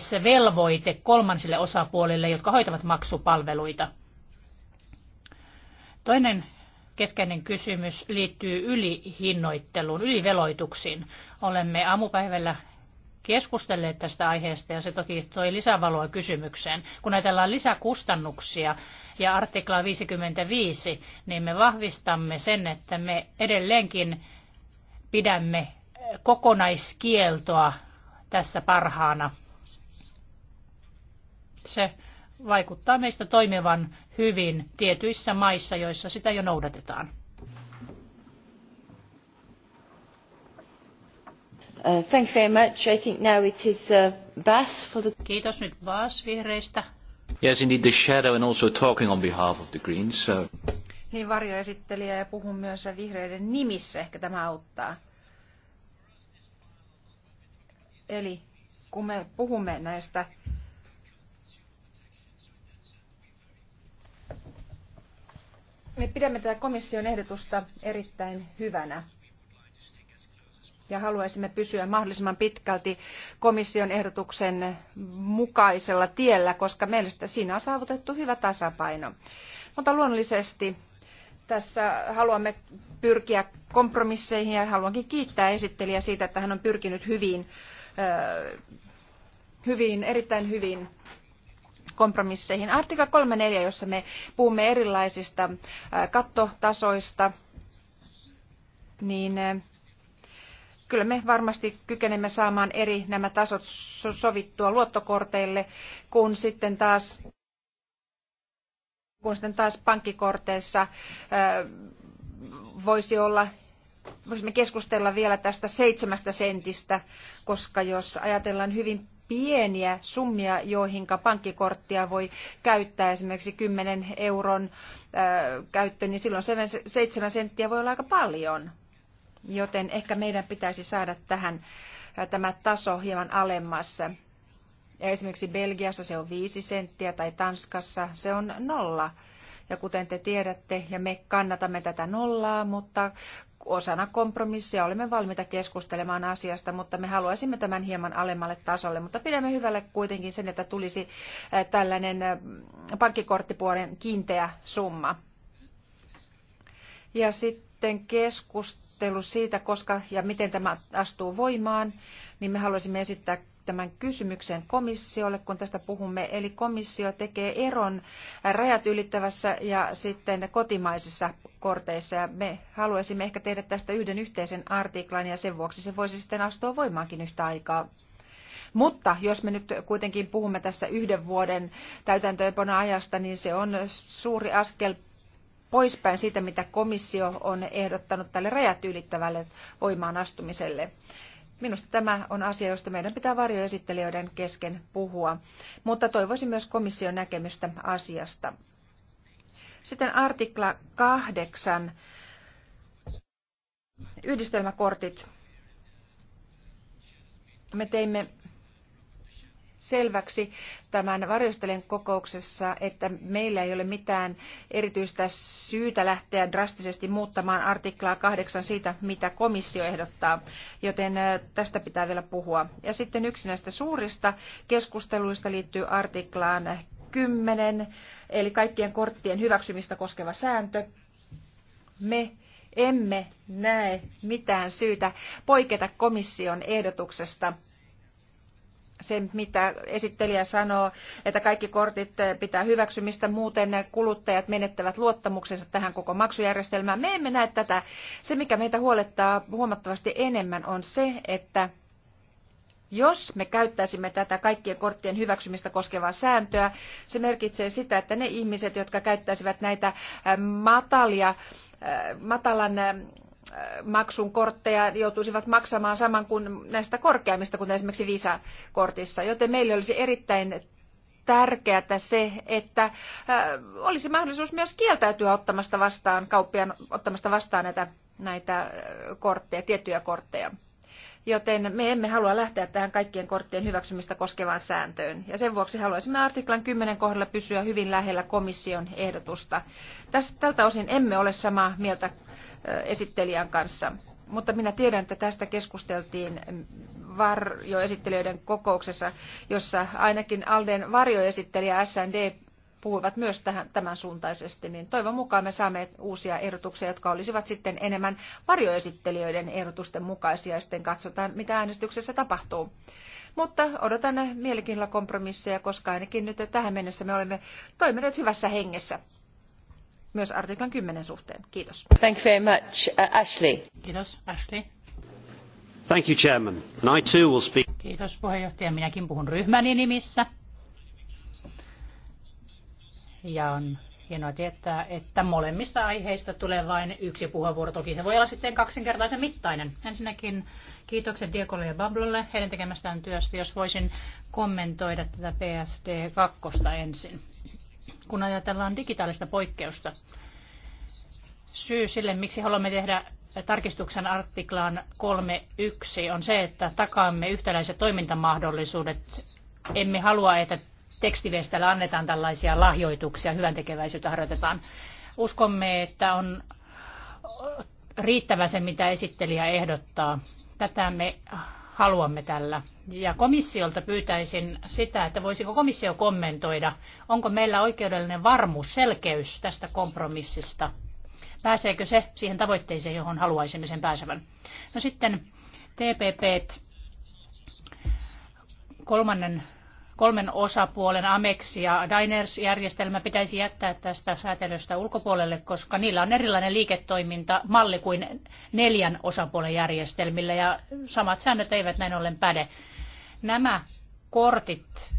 tai velvoite kolmansille osapuolille, jotka hoitavat maksupalveluita. Toinen keskeinen kysymys liittyy ylihinnoitteluun, yliveloituksiin. Olemme aamupäivällä keskustelleet tästä aiheesta ja se toki toi lisävaloa kysymykseen. Kun ajatellaan lisäkustannuksia ja artikla 55, niin me vahvistamme sen, että me edelleenkin pidämme kokonaiskieltoa tässä parhaana. Se vaikuttaa meistä toimivan hyvin tietyissä maissa, joissa sitä jo noudatetaan. Uh, thank very much. I think now it is uh, Bas for the... Kiitos nyt Bas vihreistä. Yes, indeed, the shadow and also talking on behalf of the Greens. So. Niin varjoesittelijä ja puhun myös vihreiden nimissä, ehkä tämä auttaa. Eli kun me puhumme näistä Me pidämme tätä komission ehdotusta erittäin hyvänä ja haluaisimme pysyä mahdollisimman pitkälti komission ehdotuksen mukaisella tiellä, koska mielestäni siinä on saavutettu hyvä tasapaino. Mutta luonnollisesti tässä haluamme pyrkiä kompromisseihin ja haluankin kiittää esittelijää siitä, että hän on pyrkinyt hyvin, hyviin, erittäin hyvin kompromisseihin. Artikla 34, jossa me puhumme erilaisista äh, kattotasoista, niin äh, kyllä me varmasti kykenemme saamaan eri nämä tasot sovittua luottokorteille, kun sitten taas kun sitten taas pankkikorteissa äh, voisi olla voisimme keskustella vielä tästä seitsemästä sentistä, koska jos ajatellaan hyvin pieniä summia, joihin pankkikorttia voi käyttää esimerkiksi 10 euron käyttö, niin silloin 7 senttiä voi olla aika paljon. Joten ehkä meidän pitäisi saada tähän tämä taso hieman alemmassa. Ja esimerkiksi Belgiassa se on 5 senttiä tai Tanskassa se on nolla. Ja kuten te tiedätte, ja me kannatamme tätä nollaa, mutta osana kompromissia olemme valmiita keskustelemaan asiasta, mutta me haluaisimme tämän hieman alemmalle tasolle. Mutta pidämme hyvälle kuitenkin sen, että tulisi eh, tällainen eh, pankkikorttipuolen kiinteä summa. Ja sitten keskustelu siitä, koska ja miten tämä astuu voimaan, niin me haluaisimme esittää tämän kysymyksen komissiolle, kun tästä puhumme. Eli komissio tekee eron rajat ylittävässä ja sitten kotimaisissa korteissa. Ja me haluaisimme ehkä tehdä tästä yhden yhteisen artiklan ja sen vuoksi se voisi sitten astua voimaankin yhtä aikaa. Mutta jos me nyt kuitenkin puhumme tässä yhden vuoden täytäntöönpanoajasta, niin se on suuri askel poispäin siitä, mitä komissio on ehdottanut tälle rajat ylittävälle voimaan astumiselle. Minusta tämä on asia, josta meidän pitää varjoesittelijöiden kesken puhua, mutta toivoisin myös komission näkemystä asiasta. Sitten artikla 8, yhdistelmäkortit. Me teimme selväksi tämän varjostelijan kokouksessa, että meillä ei ole mitään erityistä syytä lähteä drastisesti muuttamaan artiklaa kahdeksan siitä, mitä komissio ehdottaa, joten tästä pitää vielä puhua. Ja sitten yksi näistä suurista keskusteluista liittyy artiklaan 10, eli kaikkien korttien hyväksymistä koskeva sääntö. Me emme näe mitään syytä poiketa komission ehdotuksesta – se, mitä esittelijä sanoo, että kaikki kortit pitää hyväksymistä, muuten kuluttajat menettävät luottamuksensa tähän koko maksujärjestelmään. Me emme näe tätä. Se, mikä meitä huolettaa huomattavasti enemmän, on se, että jos me käyttäisimme tätä kaikkien korttien hyväksymistä koskevaa sääntöä, se merkitsee sitä, että ne ihmiset, jotka käyttäisivät näitä matalia, matalan Äh, maksun kortteja joutuisivat maksamaan saman kuin näistä korkeammista, kuten esimerkiksi Visa-kortissa. Joten meille olisi erittäin tärkeää se, että äh, olisi mahdollisuus myös kieltäytyä ottamasta vastaan, kauppiaan ottamasta vastaan näitä, näitä äh, kortteja, tiettyjä kortteja joten me emme halua lähteä tähän kaikkien korttien hyväksymistä koskevaan sääntöön. Ja sen vuoksi haluaisimme artiklan 10 kohdalla pysyä hyvin lähellä komission ehdotusta. Tästä, tältä osin emme ole samaa mieltä esittelijän kanssa. Mutta minä tiedän, että tästä keskusteltiin varjoesittelijöiden kokouksessa, jossa ainakin Alden varjoesittelijä SND puhuivat myös tähän, tämän suuntaisesti, niin toivon mukaan me saamme uusia ehdotuksia, jotka olisivat sitten enemmän varjoesittelijöiden ehdotusten mukaisia, ja sitten katsotaan, mitä äänestyksessä tapahtuu. Mutta odotan mielenkiinnolla kompromisseja, koska ainakin nyt tähän mennessä me olemme toimineet hyvässä hengessä myös artiklan 10 suhteen. Kiitos. Thank you very much, uh, Ashley. Kiitos, Ashley. Thank you, Chairman. And I too will speak. Kiitos puheenjohtaja. Minäkin puhun ryhmäni nimissä. Ja on hienoa tietää, että molemmista aiheista tulee vain yksi puheenvuoro. Toki se voi olla sitten kaksinkertaisen mittainen. Ensinnäkin kiitokset Diekolle ja Bablolle heidän tekemästään työstä, jos voisin kommentoida tätä PSD2 ensin. Kun ajatellaan digitaalista poikkeusta, syy sille, miksi haluamme tehdä tarkistuksen artiklaan 3.1 on se, että takaamme yhtäläiset toimintamahdollisuudet. Emme halua, että tekstiviestillä annetaan tällaisia lahjoituksia, hyvän tekeväisyyttä harjoitetaan. Uskomme, että on riittävä se, mitä esittelijä ehdottaa. Tätä me haluamme tällä. Ja komissiolta pyytäisin sitä, että voisiko komissio kommentoida, onko meillä oikeudellinen varmuus, selkeys tästä kompromissista. Pääseekö se siihen tavoitteeseen, johon haluaisimme sen pääsevän? No sitten TPP, kolmannen kolmen osapuolen Amex ja Diners-järjestelmä pitäisi jättää tästä säätelystä ulkopuolelle, koska niillä on erilainen liiketoimintamalli kuin neljän osapuolen järjestelmillä ja samat säännöt eivät näin ollen päde. Nämä kortit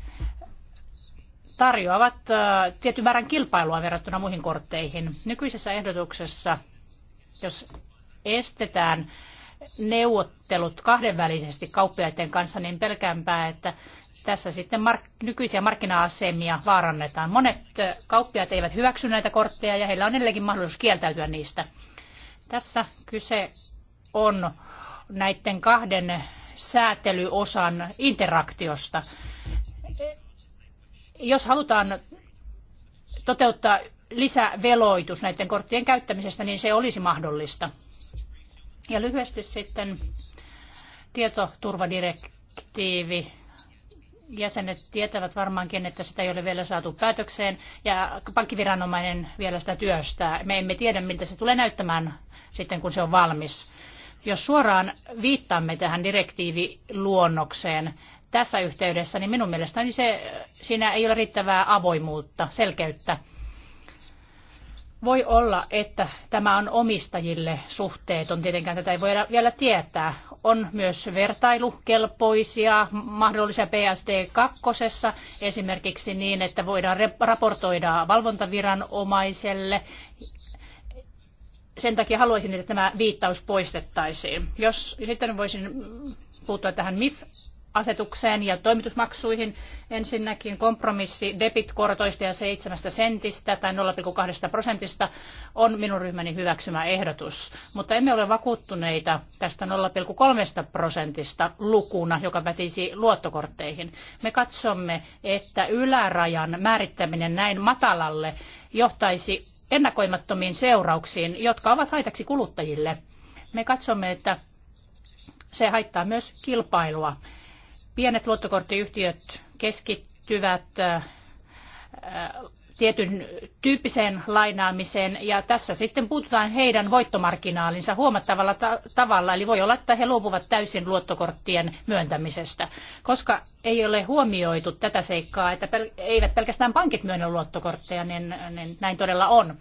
tarjoavat äh, tietyn määrän kilpailua verrattuna muihin kortteihin. Nykyisessä ehdotuksessa, jos estetään neuvottelut kahdenvälisesti kauppiaiden kanssa, niin pelkäänpä, että tässä sitten mark- nykyisiä markkina-asemia vaarannetaan. Monet kauppiaat eivät hyväksy näitä kortteja ja heillä on edelleenkin mahdollisuus kieltäytyä niistä. Tässä kyse on näiden kahden säätelyosan interaktiosta. Jos halutaan toteuttaa lisäveloitus näiden korttien käyttämisestä, niin se olisi mahdollista. Ja lyhyesti sitten tietoturvadirektiivi jäsenet tietävät varmaankin, että sitä ei ole vielä saatu päätökseen ja pankkiviranomainen vielä sitä työstää. Me emme tiedä, miltä se tulee näyttämään sitten, kun se on valmis. Jos suoraan viittaamme tähän direktiiviluonnokseen tässä yhteydessä, niin minun mielestäni se, siinä ei ole riittävää avoimuutta, selkeyttä. Voi olla, että tämä on omistajille suhteeton, tietenkään tätä ei voida vielä tietää. On myös vertailukelpoisia mahdollisia PSD2, esimerkiksi niin, että voidaan raportoida valvontaviranomaiselle. Sen takia haluaisin, että tämä viittaus poistettaisiin. Jos sitten voisin puuttua tähän MIF asetukseen ja toimitusmaksuihin. Ensinnäkin kompromissi debitkortoista ja seitsemästä sentistä tai 0,2 prosentista on minun ryhmäni hyväksymä ehdotus. Mutta emme ole vakuuttuneita tästä 0,3 prosentista lukuna, joka pätisi luottokortteihin. Me katsomme, että ylärajan määrittäminen näin matalalle johtaisi ennakoimattomiin seurauksiin, jotka ovat haitaksi kuluttajille. Me katsomme, että se haittaa myös kilpailua. Pienet luottokorttiyhtiöt keskittyvät äh, äh, tietyn tyyppiseen lainaamiseen ja tässä sitten puututaan heidän voittomarkkinaalinsa huomattavalla ta- tavalla. Eli voi olla, että he luopuvat täysin luottokorttien myöntämisestä, koska ei ole huomioitu tätä seikkaa, että pel- eivät pelkästään pankit myönnä luottokortteja, niin, niin näin todella on.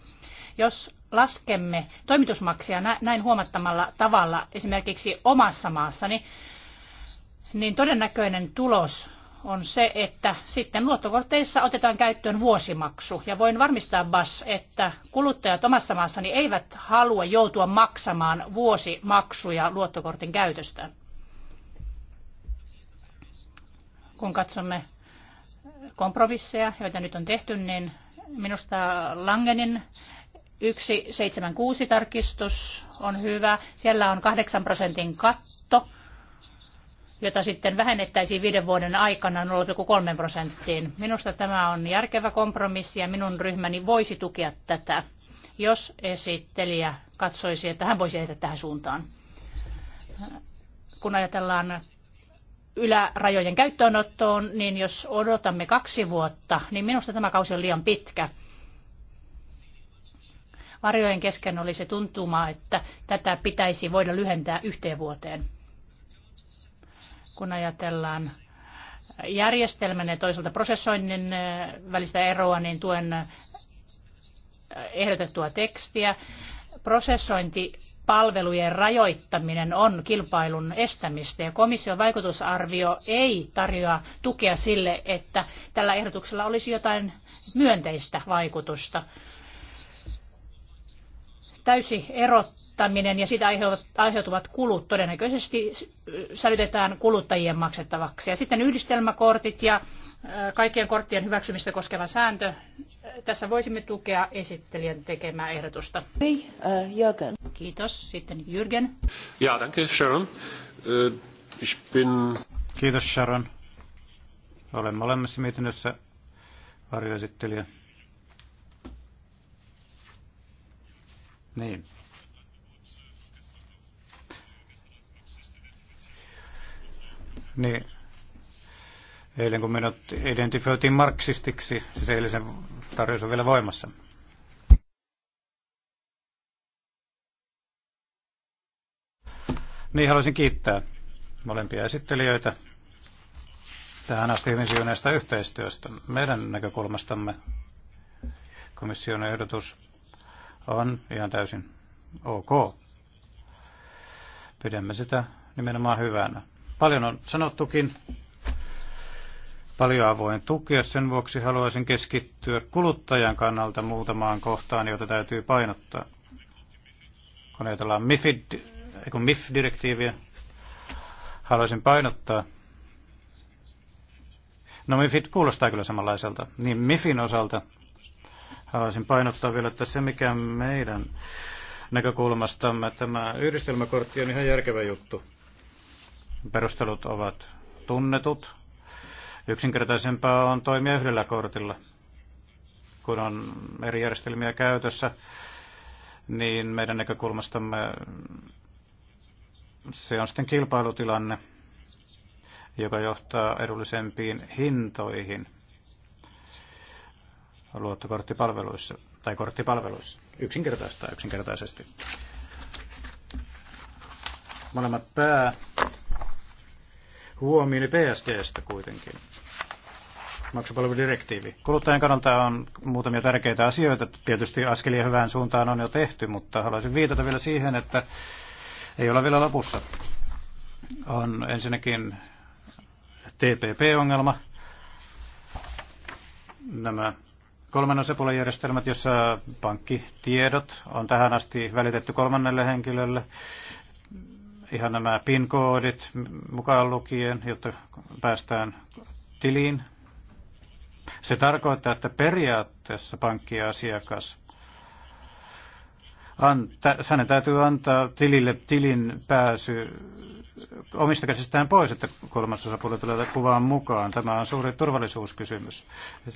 Jos laskemme toimitusmaksia näin huomattamalla tavalla esimerkiksi omassa maassani, niin niin todennäköinen tulos on se, että sitten luottokorteissa otetaan käyttöön vuosimaksu. Ja voin varmistaa, Bas, että kuluttajat omassa maassani eivät halua joutua maksamaan vuosimaksuja luottokortin käytöstä. Kun katsomme kompromisseja, joita nyt on tehty, niin minusta Langenin 176 tarkistus on hyvä. Siellä on 8 prosentin katto jota sitten vähennettäisiin viiden vuoden aikana 0,3 prosenttiin. Minusta tämä on järkevä kompromissi ja minun ryhmäni voisi tukea tätä, jos esittelijä katsoisi, että hän voisi edetä tähän suuntaan. Kun ajatellaan ylärajojen käyttöönottoon, niin jos odotamme kaksi vuotta, niin minusta tämä kausi on liian pitkä. Varjojen kesken oli se tuntuma, että tätä pitäisi voida lyhentää yhteen vuoteen kun ajatellaan järjestelmän ja toisaalta prosessoinnin äh, välistä eroa, niin tuen äh, ehdotettua tekstiä. Prosessointipalvelujen rajoittaminen on kilpailun estämistä ja komission vaikutusarvio ei tarjoa tukea sille, että tällä ehdotuksella olisi jotain myönteistä vaikutusta täysi erottaminen ja siitä aiheutuvat kulut todennäköisesti sälytetään kuluttajien maksettavaksi. Ja sitten yhdistelmäkortit ja äh, kaikkien korttien hyväksymistä koskeva sääntö. Tässä voisimme tukea esittelijän tekemää ehdotusta. Äh, Kiitos. Sitten Jürgen. Ja, danke, Sharon. Äh, ich bin... Kiitos, Sharon. Olemme olemassa mietinnössä varjoesittelijä. Niin. Niin. Eilen kun minut identifioitiin marksistiksi, siis eilisen tarjous on vielä voimassa. Niin, haluaisin kiittää molempia esittelijöitä tähän asti hyvin syöneestä yhteistyöstä. Meidän näkökulmastamme komission ehdotus on ihan täysin ok. Pidämme sitä nimenomaan hyvänä. Paljon on sanottukin, paljon avoin tukea, sen vuoksi haluaisin keskittyä kuluttajan kannalta muutamaan kohtaan, jota täytyy painottaa. Kun ajatellaan MIFID, kun MIF-direktiiviä, haluaisin painottaa. No MIFID kuulostaa kyllä samanlaiselta. Niin MIFin osalta Haluaisin painottaa vielä, että se mikä meidän näkökulmastamme tämä yhdistelmäkortti on ihan järkevä juttu. Perustelut ovat tunnetut. Yksinkertaisempaa on toimia yhdellä kortilla, kun on eri järjestelmiä käytössä niin meidän näkökulmastamme se on sitten kilpailutilanne, joka johtaa edullisempiin hintoihin luottokorttipalveluissa tai korttipalveluissa. Yksinkertaistaa yksinkertaisesti. Molemmat pää huomioni PSDstä kuitenkin. Maksupalveludirektiivi. Kuluttajan kannalta on muutamia tärkeitä asioita. Tietysti askelia hyvään suuntaan on jo tehty, mutta haluaisin viitata vielä siihen, että ei olla vielä lopussa. On ensinnäkin TPP-ongelma, nämä Kolmannen osapuolen järjestelmät, jossa pankkitiedot on tähän asti välitetty kolmannelle henkilölle, ihan nämä PIN-koodit mukaan lukien, jotta päästään tiliin. Se tarkoittaa, että periaatteessa pankkiasiakas anta, hänen täytyy antaa tilille tilin pääsy omista käsistään pois, että kolmas osapuoli tulee kuvaan mukaan. Tämä on suuri turvallisuuskysymys.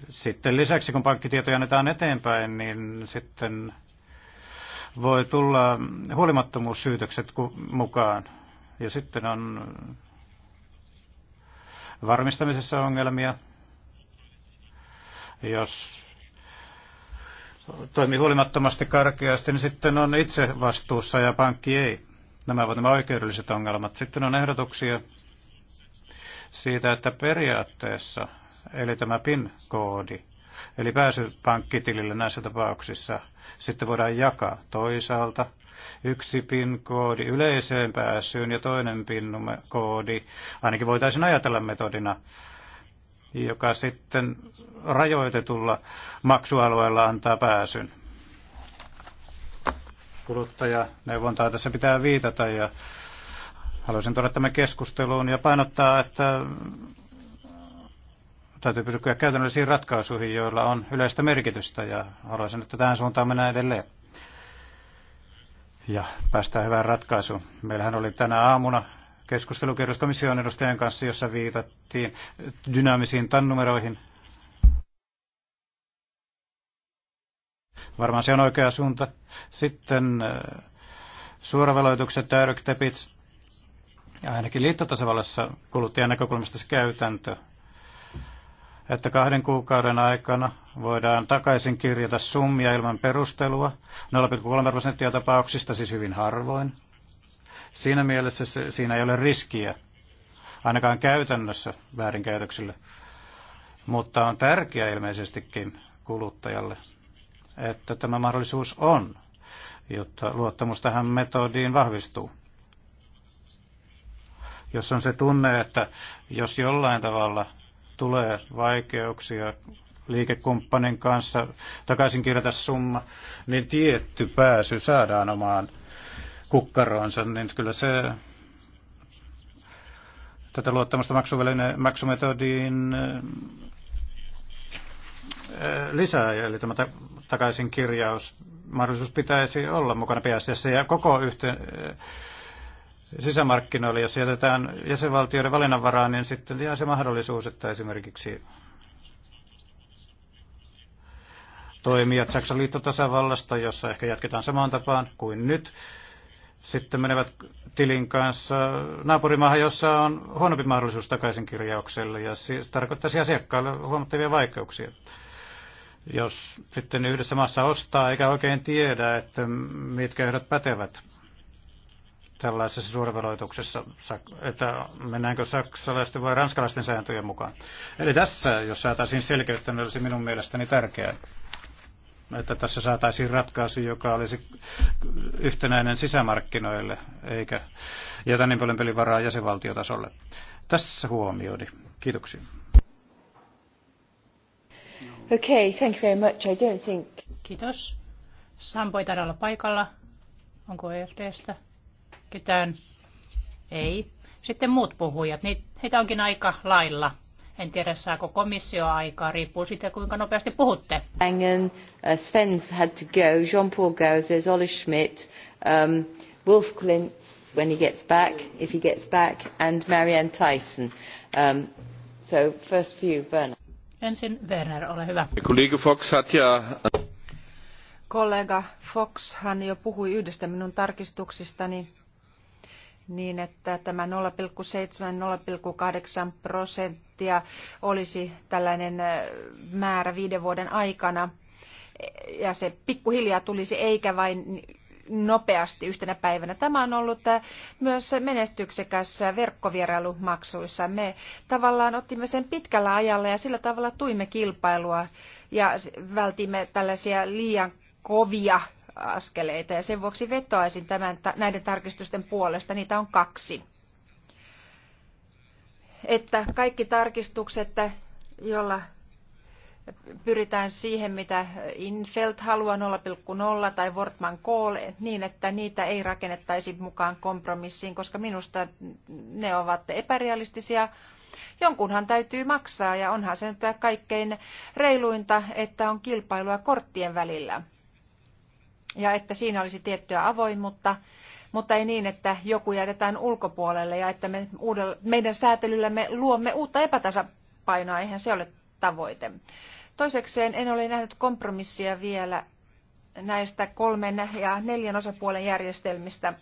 Sitten lisäksi, kun pankkitietoja annetaan eteenpäin, niin sitten voi tulla huolimattomuussyytökset mukaan. Ja sitten on varmistamisessa ongelmia, jos toimii huolimattomasti karkeasti, niin sitten on itse vastuussa ja pankki ei. Nämä ovat nämä oikeudelliset ongelmat. Sitten on ehdotuksia siitä, että periaatteessa, eli tämä PIN-koodi, eli pääsy pankkitilille näissä tapauksissa, sitten voidaan jakaa toisaalta yksi PIN-koodi yleiseen pääsyyn ja toinen PIN-koodi. Ainakin voitaisiin ajatella metodina joka sitten rajoitetulla maksualueella antaa pääsyn. Kuluttajaneuvontaa tässä pitää viitata ja haluaisin tuoda tämän keskusteluun ja painottaa, että täytyy pysyä käytännöllisiin ratkaisuihin, joilla on yleistä merkitystä ja haluaisin, että tähän suuntaan mennään edelleen. Ja päästään hyvään ratkaisuun. Meillähän oli tänä aamuna keskustelukierros komission edustajan kanssa, jossa viitattiin dynaamisiin tannumeroihin. Varmaan se on oikea suunta. Sitten äh, suoraveloitukset, direct debits, ainakin liittotasavallassa kuluttajan näkökulmasta se käytäntö, että kahden kuukauden aikana voidaan takaisin kirjata summia ilman perustelua 0,3 prosenttia tapauksista, siis hyvin harvoin, Siinä mielessä se, siinä ei ole riskiä, ainakaan käytännössä väärinkäytöksille. Mutta on tärkeää ilmeisestikin kuluttajalle, että tämä mahdollisuus on, jotta luottamus tähän metodiin vahvistuu. Jos on se tunne, että jos jollain tavalla tulee vaikeuksia liikekumppanin kanssa takaisin kirjata summa, niin tietty pääsy saadaan omaan kukkaroonsa, niin kyllä se tätä luottamusta maksuväline maksumetodiin eh, lisää, eli tämä takaisin kirjaus mahdollisuus pitäisi olla mukana PSS ja koko yhteen eh, sisämarkkinoille, jos jätetään jäsenvaltioiden valinnanvaraa, niin sitten jää se mahdollisuus, että esimerkiksi toimijat Saksan liittotasavallasta, jossa ehkä jatketaan samaan tapaan kuin nyt, sitten menevät tilin kanssa naapurimaahan, jossa on huonompi mahdollisuus takaisinkirjaukselle ja siis tarkoittaisi asiakkaalle huomattavia vaikeuksia. Jos sitten yhdessä maassa ostaa eikä oikein tiedä, että mitkä ehdot pätevät tällaisessa suurveloituksessa, että mennäänkö saksalaisten vai ranskalaisten sääntöjen mukaan. Eli tässä, jos saataisiin selkeyttä, niin olisi minun mielestäni tärkeää että tässä saataisiin ratkaisu, joka olisi yhtenäinen sisämarkkinoille, eikä jätä niin paljon pelivaraa jäsenvaltiotasolle. Tässä huomioni. Kiitoksia. Okay, thank you very much. I don't think... Kiitos. Sampo ei olla paikalla. Onko EFDstä ketään? Ei. Sitten muut puhujat, niitä niin, onkin aika lailla. En tiedä, saako komissio aikaa, riippuu siitä, kuinka nopeasti puhutte. Langen, uh, Sven's had to go, Jean-Paul Gauzes, Oli Schmidt, um, Wolf Klintz when he gets back, if he gets back, and Marianne Tyson. Um, so first for Werner. Ensin Werner, ole hyvä. Kollega Fox hat ja... Kollega Foxhan jo puhui yhdestä minun tarkistuksistani niin, että tämä 0,7-0,8 prosenttia olisi tällainen määrä viiden vuoden aikana. Ja se pikkuhiljaa tulisi eikä vain nopeasti yhtenä päivänä. Tämä on ollut myös menestyksekäs verkkovierailumaksuissa. Me tavallaan ottimme sen pitkällä ajalla ja sillä tavalla tuimme kilpailua ja vältimme tällaisia liian kovia askeleita ja sen vuoksi vetoaisin tämän, näiden tarkistusten puolesta. Niitä on kaksi. Että kaikki tarkistukset, joilla pyritään siihen, mitä Infeld haluaa 0,0 tai Wortman Kohl, niin että niitä ei rakennettaisi mukaan kompromissiin, koska minusta ne ovat epärealistisia. Jonkunhan täytyy maksaa ja onhan se nyt kaikkein reiluinta, että on kilpailua korttien välillä ja että siinä olisi tiettyä avoimuutta, mutta ei niin, että joku jätetään ulkopuolelle ja että me uudella, meidän säätelyllämme luomme uutta epätasapainoa, eihän se ole tavoite. Toisekseen en ole nähnyt kompromissia vielä näistä kolmen ja neljän osapuolen järjestelmistä.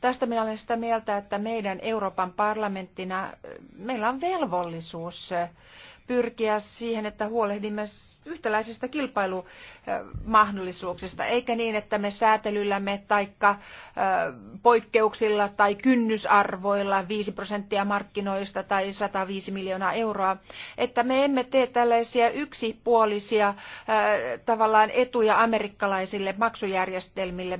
Tästä minä olen sitä mieltä, että meidän Euroopan parlamenttina meillä on velvollisuus pyrkiä siihen, että huolehdimme yhtäläisistä kilpailumahdollisuuksista, eikä niin, että me säätelyllämme tai poikkeuksilla tai kynnysarvoilla 5 prosenttia markkinoista tai 105 miljoonaa euroa, että me emme tee tällaisia yksipuolisia tavallaan etuja amerikkalaisille maksujärjestelmille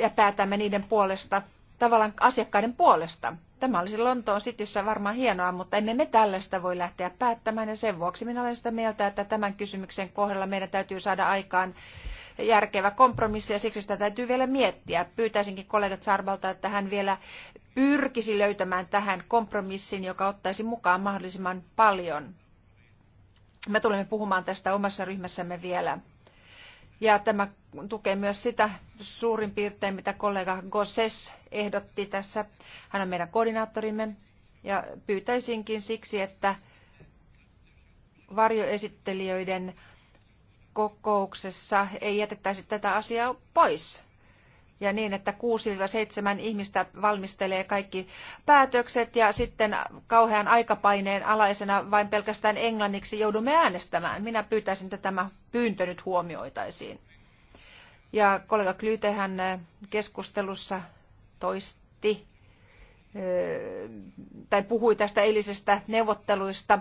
ja päätämme niiden puolesta tavallaan asiakkaiden puolesta. Tämä olisi Lontoon Cityssä varmaan hienoa, mutta emme me tällaista voi lähteä päättämään ja sen vuoksi minä olen sitä mieltä, että tämän kysymyksen kohdalla meidän täytyy saada aikaan järkevä kompromissi ja siksi sitä täytyy vielä miettiä. Pyytäisinkin kollegat Sarvalta, että hän vielä pyrkisi löytämään tähän kompromissin, joka ottaisi mukaan mahdollisimman paljon. Me tulemme puhumaan tästä omassa ryhmässämme vielä. Ja tämä tukee myös sitä suurin piirtein, mitä kollega Gosses ehdotti tässä. Hän on meidän koordinaattorimme. Ja pyytäisinkin siksi, että varjoesittelijöiden kokouksessa ei jätettäisi tätä asiaa pois ja niin, että 6-7 ihmistä valmistelee kaikki päätökset ja sitten kauhean aikapaineen alaisena vain pelkästään englanniksi joudumme äänestämään. Minä pyytäisin, että tämä pyyntö nyt huomioitaisiin. Ja kollega Klytehän äh, keskustelussa toisti äh, tai puhui tästä eilisestä neuvotteluista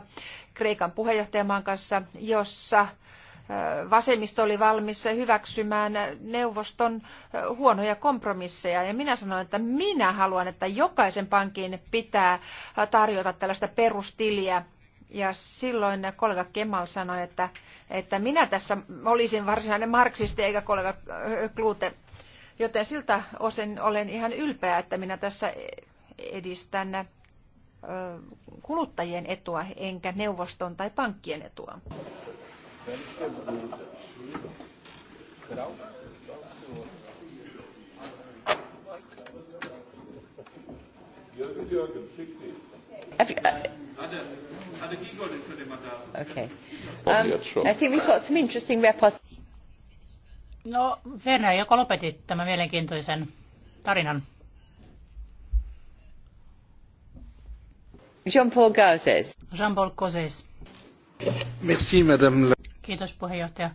Kreikan puheenjohtajamaan kanssa, jossa vasemmisto oli valmis hyväksymään neuvoston huonoja kompromisseja. Ja minä sanoin, että minä haluan, että jokaisen pankin pitää tarjota tällaista perustiliä. Ja silloin kollega Kemal sanoi, että, että minä tässä olisin varsinainen marksisti eikä kollega Klute. Joten siltä osin olen ihan ylpeä, että minä tässä edistän kuluttajien etua enkä neuvoston tai pankkien etua. Uh, okay. Um, I think we've got some interesting report. No, Verna, joko lopetit tämän mielenkiintoisen tarinan? Jean-Paul Gauzes. Jean-Paul Gauzes. Merci, madame. Kiitos puheenjohtaja.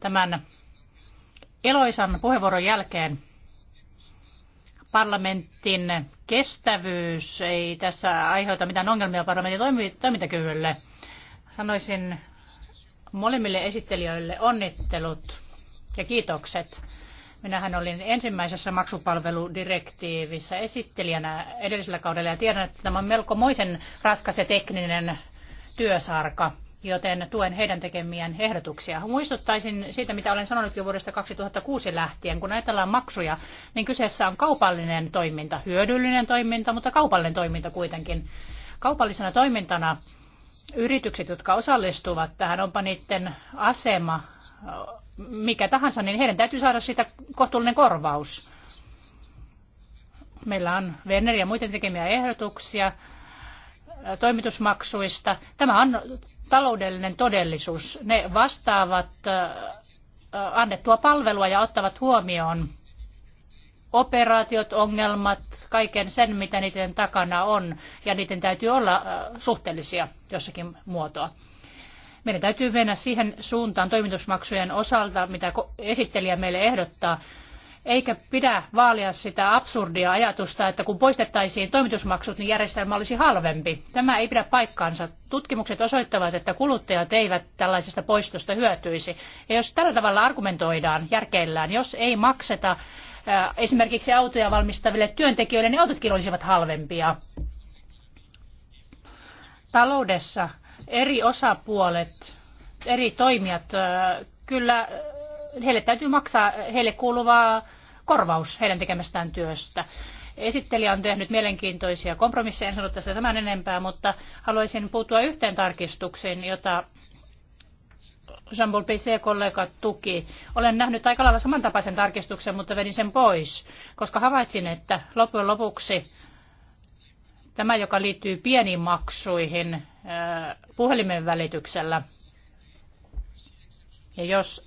Tämän Eloisan puheenvuoron jälkeen parlamentin kestävyys ei tässä aiheuta mitään ongelmia parlamentin toimintakyvylle. Sanoisin molemmille esittelijöille onnittelut ja kiitokset. Minähän olin ensimmäisessä maksupalveludirektiivissä esittelijänä edellisellä kaudella ja tiedän, että tämä on melko moisen raskas ja tekninen työsarka joten tuen heidän tekemien ehdotuksia. Muistuttaisin siitä, mitä olen sanonut jo vuodesta 2006 lähtien. Kun ajatellaan maksuja, niin kyseessä on kaupallinen toiminta, hyödyllinen toiminta, mutta kaupallinen toiminta kuitenkin. Kaupallisena toimintana yritykset, jotka osallistuvat tähän, onpa niiden asema mikä tahansa, niin heidän täytyy saada siitä kohtuullinen korvaus. Meillä on Werner ja muiden tekemiä ehdotuksia toimitusmaksuista. Tämä on taloudellinen todellisuus. Ne vastaavat annettua palvelua ja ottavat huomioon operaatiot, ongelmat, kaiken sen, mitä niiden takana on, ja niiden täytyy olla suhteellisia jossakin muotoa. Meidän täytyy mennä siihen suuntaan toimitusmaksujen osalta, mitä esittelijä meille ehdottaa, eikä pidä vaalia sitä absurdia ajatusta, että kun poistettaisiin toimitusmaksut, niin järjestelmä olisi halvempi. Tämä ei pidä paikkaansa. Tutkimukset osoittavat, että kuluttajat eivät tällaisesta poistosta hyötyisi. Ja jos tällä tavalla argumentoidaan järkeillään, jos ei makseta äh, esimerkiksi autoja valmistaville työntekijöille, niin autotkin olisivat halvempia. Taloudessa eri osapuolet, eri toimijat äh, kyllä heille täytyy maksaa heille kuuluvaa korvaus heidän tekemästään työstä. Esittelijä on tehnyt mielenkiintoisia kompromisseja, en sano tästä tämän enempää, mutta haluaisin puuttua yhteen tarkistukseen, jota jean PC-kollega tuki. Olen nähnyt aika lailla samantapaisen tarkistuksen, mutta vedin sen pois, koska havaitsin, että loppujen lopuksi tämä, joka liittyy pieniin maksuihin puhelimen välityksellä, ja jos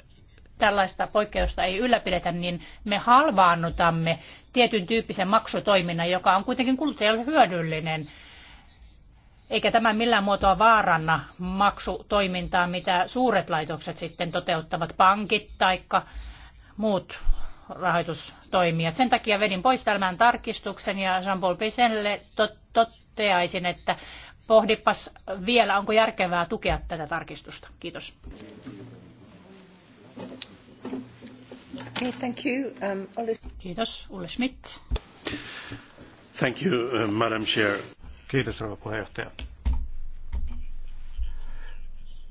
tällaista poikkeusta ei ylläpidetä, niin me halvaannutamme tietyn tyyppisen maksutoiminnan, joka on kuitenkin kuluttajalle hyödyllinen. Eikä tämä millään muotoa vaaranna maksutoimintaa, mitä suuret laitokset sitten toteuttavat, pankit tai muut rahoitustoimijat. Sen takia vedin pois tämän tarkistuksen ja Jean-Paul Pisenelle toteaisin, että pohdipas vielä, onko järkevää tukea tätä tarkistusta. Kiitos arvoisa um, puhemies Ulle Schmidt. Uh, Kiitos, rouva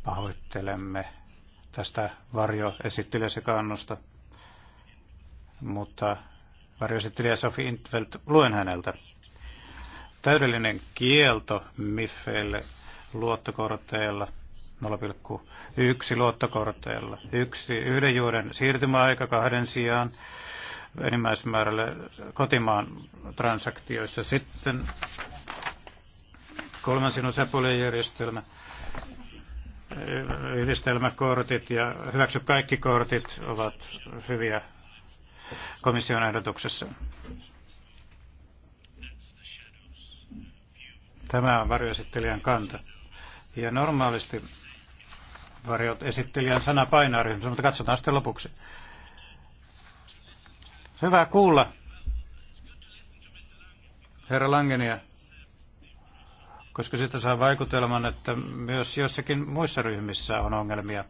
Pahoittelemme tästä varjoesittelijäsekaannusta, mutta varjoesittelijä 't veld luen häneltä. Täydellinen kielto mifeille luottokorteilla – 0,1 luottokorteilla, yksi yhden juuren siirtymäaika kahden sijaan enimmäismäärälle kotimaan transaktioissa. Sitten kolmansin järjestelmä. yhdistelmäkortit ja hyväksy kaikki kortit ovat hyviä komission ehdotuksessa. Tämä on varjoesittelijän kanta. Ja normaalisti varjot esittelijän sana painaa ryhmässä, mutta katsotaan sitten lopuksi. Hyvä kuulla, herra Langenia, koska sitä saa vaikutelman, että myös jossakin muissa ryhmissä on ongelmia.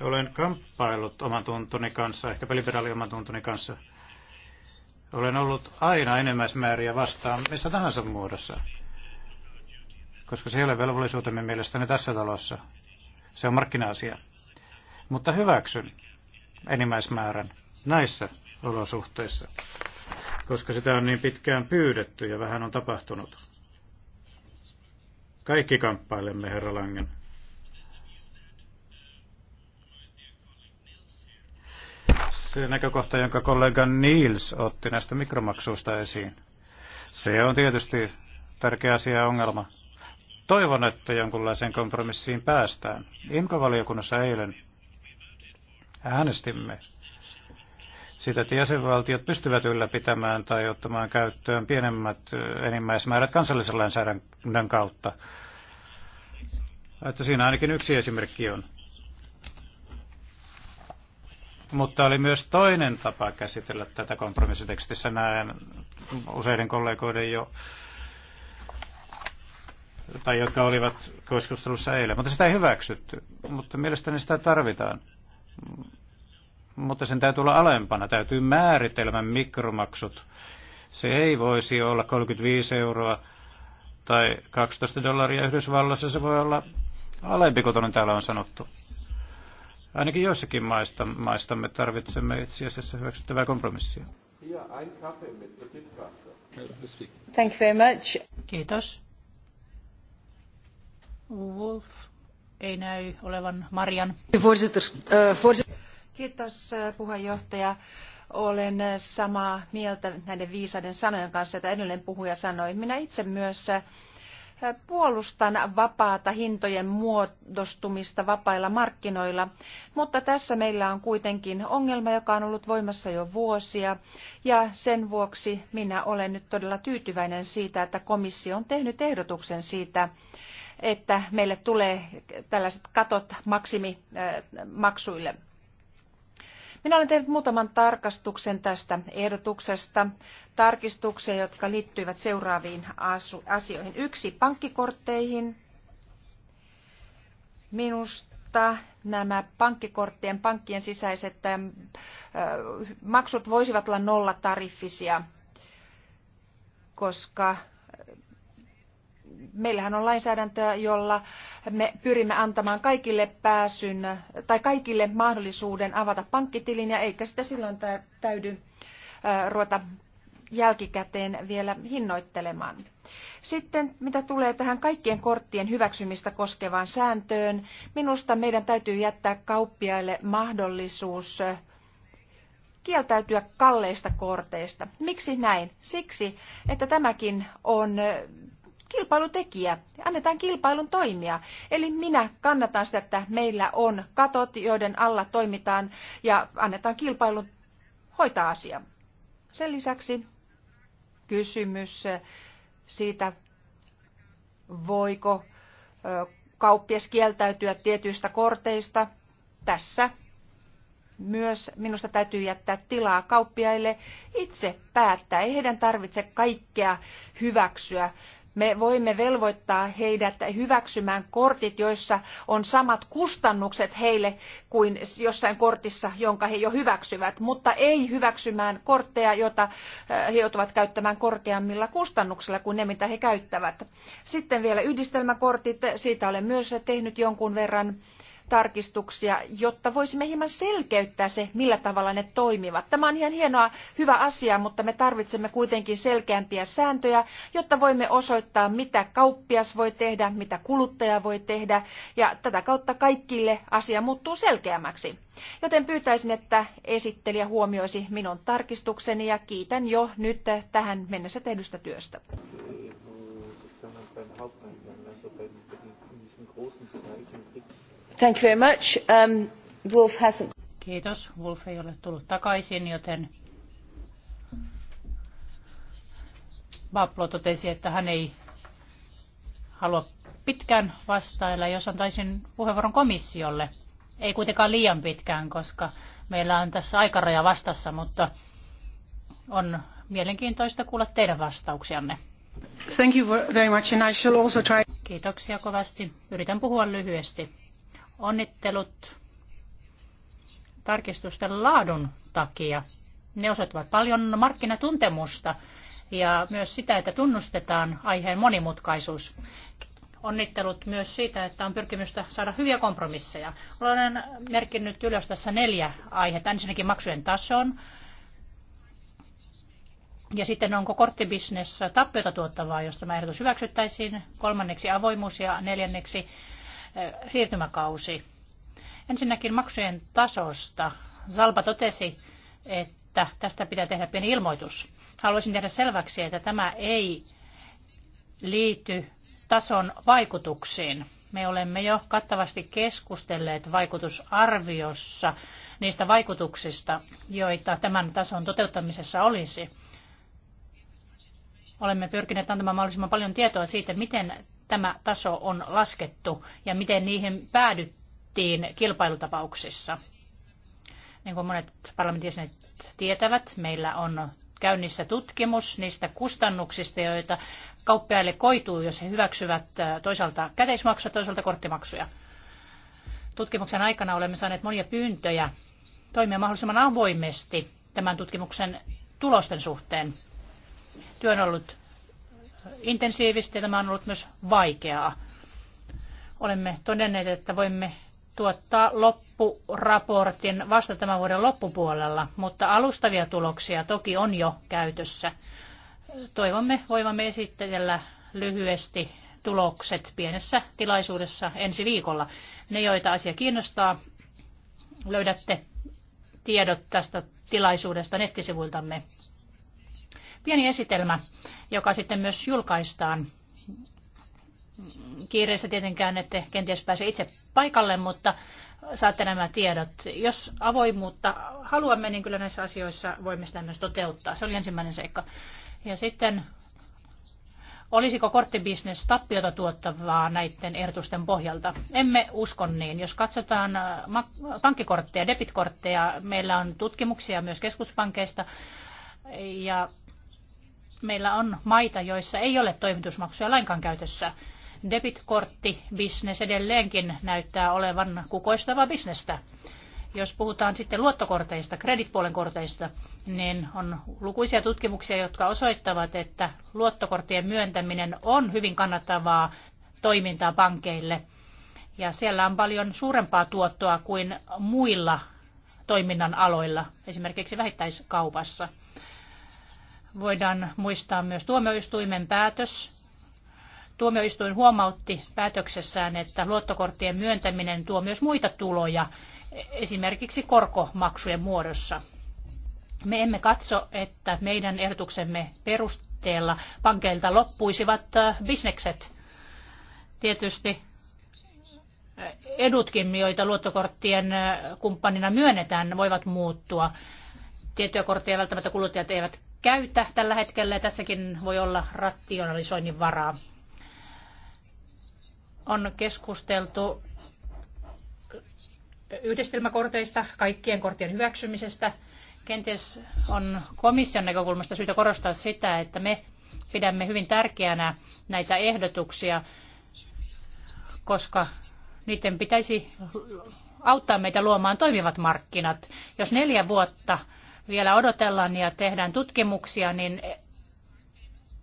Olen kamppailut oman tuntuni kanssa, ehkä liberaali oman tuntuni kanssa. Olen ollut aina enimmäismääriä vastaan missä tahansa muodossa koska se ei ole velvollisuutemme mielestäni tässä talossa. Se on markkina-asia. Mutta hyväksyn enimmäismäärän näissä olosuhteissa, koska sitä on niin pitkään pyydetty ja vähän on tapahtunut. Kaikki kamppailemme, herra Langen. Se näkökohta, jonka kollega Niels otti näistä mikromaksuista esiin. Se on tietysti tärkeä asia ja ongelma. Toivon, että jonkunlaiseen kompromissiin päästään. valiokunnassa eilen äänestimme sitä, että jäsenvaltiot pystyvät ylläpitämään tai ottamaan käyttöön pienemmät enimmäismäärät kansallisen lainsäädännön kautta. Että siinä ainakin yksi esimerkki on. Mutta oli myös toinen tapa käsitellä tätä kompromissitekstissä. Näen useiden kollegoiden jo tai jotka olivat keskustelussa eilen, mutta sitä ei hyväksytty. Mutta mielestäni sitä tarvitaan. Mutta sen täytyy olla alempana, täytyy määritelmän mikromaksut. Se ei voisi olla 35 euroa tai 12 dollaria Yhdysvalloissa, se voi olla alempi kuten täällä on sanottu. Ainakin joissakin maista, maistamme tarvitsemme itse asiassa hyväksyttävää kompromissia. Thank you very much. Kiitos. Wolf ei näy olevan Marian. Eh, Kiitos eh, puheenjohtaja. Olen samaa mieltä näiden viisaiden sanojen kanssa, joita edellinen puhuja sanoi. Minä itse myös eh, puolustan vapaata hintojen muodostumista vapailla markkinoilla, mutta tässä meillä on kuitenkin ongelma, joka on ollut voimassa jo vuosia, ja sen vuoksi minä olen nyt todella tyytyväinen siitä, että komissio on tehnyt ehdotuksen siitä, että meille tulee tällaiset katot maksimimaksuille. Minä olen tehnyt muutaman tarkastuksen tästä ehdotuksesta, tarkistuksia, jotka liittyivät seuraaviin asioihin. Yksi, pankkikortteihin. Minusta nämä pankkikorttien, pankkien sisäiset maksut voisivat olla nollatariffisia, koska meillähän on lainsäädäntöä, jolla me pyrimme antamaan kaikille pääsyn tai kaikille mahdollisuuden avata pankkitilin ja eikä sitä silloin täydy ruveta jälkikäteen vielä hinnoittelemaan. Sitten mitä tulee tähän kaikkien korttien hyväksymistä koskevaan sääntöön, minusta meidän täytyy jättää kauppiaille mahdollisuus kieltäytyä kalleista korteista. Miksi näin? Siksi, että tämäkin on kilpailutekijä. Annetaan kilpailun toimia. Eli minä kannatan sitä, että meillä on katot, joiden alla toimitaan ja annetaan kilpailun hoitaa asia. Sen lisäksi kysymys eh, siitä, voiko eh, kauppias kieltäytyä tietyistä korteista. Tässä myös minusta täytyy jättää tilaa kauppiaille itse päättää. Ei heidän tarvitse kaikkea hyväksyä me voimme velvoittaa heidät hyväksymään kortit, joissa on samat kustannukset heille kuin jossain kortissa, jonka he jo hyväksyvät, mutta ei hyväksymään kortteja, joita eh, he joutuvat käyttämään korkeammilla kustannuksilla kuin ne, mitä he käyttävät. Sitten vielä yhdistelmäkortit, siitä olen myös tehnyt jonkun verran tarkistuksia, jotta voisimme hieman selkeyttää se, millä tavalla ne toimivat. Tämä on ihan hienoa, hyvä asia, mutta me tarvitsemme kuitenkin selkeämpiä sääntöjä, jotta voimme osoittaa, mitä kauppias voi tehdä, mitä kuluttaja voi tehdä, ja tätä kautta kaikille asia muuttuu selkeämmäksi. Joten pyytäisin, että esittelijä huomioisi minun tarkistukseni ja kiitän jo nyt tähän mennessä tehdystä työstä. beim Hauptmann, also bei diesen großen Bereichen kriegt Um, Kiitos. Wolf ei ole tullut takaisin, joten Bablo totesi, että hän ei halua pitkään vastailla, jos antaisin puheenvuoron komissiolle. Ei kuitenkaan liian pitkään, koska meillä on tässä aikaraja vastassa, mutta on mielenkiintoista kuulla teidän vastauksianne. Thank you very much and I shall also try... Kiitoksia kovasti. Yritän puhua lyhyesti. Onnittelut tarkistusten laadun takia. Ne osoittavat paljon markkinatuntemusta ja myös sitä, että tunnustetaan aiheen monimutkaisuus. Onnittelut myös siitä, että on pyrkimystä saada hyviä kompromisseja. Olen merkinnyt ylös tässä neljä aihetta. Ensinnäkin maksujen tason. Ja sitten onko korttibisnes tappiota tuottavaa, josta tämä ehdotus hyväksyttäisiin. Kolmanneksi avoimuus ja neljänneksi siirtymäkausi. Ensinnäkin maksujen tasosta. Zalba totesi, että tästä pitää tehdä pieni ilmoitus. Haluaisin tehdä selväksi, että tämä ei liity tason vaikutuksiin. Me olemme jo kattavasti keskustelleet vaikutusarviossa niistä vaikutuksista, joita tämän tason toteuttamisessa olisi. Olemme pyrkineet antamaan mahdollisimman paljon tietoa siitä, miten tämä taso on laskettu ja miten niihin päädyttiin kilpailutapauksissa. Niin kuin monet parlamentin tietävät, meillä on käynnissä tutkimus niistä kustannuksista, joita kauppiaille koituu, jos he hyväksyvät äh, toisaalta käteismaksuja, toisaalta korttimaksuja. Tutkimuksen aikana olemme saaneet monia pyyntöjä toimia mahdollisimman avoimesti tämän tutkimuksen tulosten suhteen. Työ on ollut intensiivistä ja tämä on ollut myös vaikeaa. Olemme todenneet, että voimme tuottaa loppuraportin vasta tämän vuoden loppupuolella, mutta alustavia tuloksia toki on jo käytössä. Toivomme voivamme esitellä lyhyesti tulokset pienessä tilaisuudessa ensi viikolla. Ne, joita asia kiinnostaa, löydätte tiedot tästä tilaisuudesta nettisivuiltamme. Pieni esitelmä joka sitten myös julkaistaan. Kiireessä tietenkään ette kenties pääse itse paikalle, mutta saatte nämä tiedot. Jos avoimuutta haluamme, niin kyllä näissä asioissa voimme sitä myös toteuttaa. Se oli ensimmäinen seikka. Ja sitten, olisiko korttibisnes tappiota tuottavaa näiden ehdotusten pohjalta? Emme usko niin. Jos katsotaan äh, pankkikortteja, debitkortteja, meillä on tutkimuksia myös keskuspankeista, ja meillä on maita, joissa ei ole toimitusmaksuja lainkaan käytössä. Debitkortti, bisnes edelleenkin näyttää olevan kukoistavaa bisnestä. Jos puhutaan sitten luottokorteista, kreditpuolen korteista, niin on lukuisia tutkimuksia, jotka osoittavat, että luottokorttien myöntäminen on hyvin kannattavaa toimintaa pankeille. Ja siellä on paljon suurempaa tuottoa kuin muilla toiminnan aloilla, esimerkiksi vähittäiskaupassa voidaan muistaa myös tuomioistuimen päätös. Tuomioistuin huomautti päätöksessään, että luottokorttien myöntäminen tuo myös muita tuloja, esimerkiksi korkomaksujen muodossa. Me emme katso, että meidän ehdotuksemme perusteella pankeilta loppuisivat äh, bisnekset. Tietysti äh, edutkin, joita luottokorttien äh, kumppanina myönnetään, voivat muuttua. Tiettyjä kortteja välttämättä kuluttajat eivät käytä tällä hetkellä ja tässäkin voi olla rationalisoinnin varaa. On keskusteltu yhdistelmäkorteista, kaikkien korttien hyväksymisestä. Kenties on komission näkökulmasta syytä korostaa sitä, että me pidämme hyvin tärkeänä näitä ehdotuksia, koska niiden pitäisi auttaa meitä luomaan toimivat markkinat. Jos neljä vuotta vielä odotellaan ja tehdään tutkimuksia, niin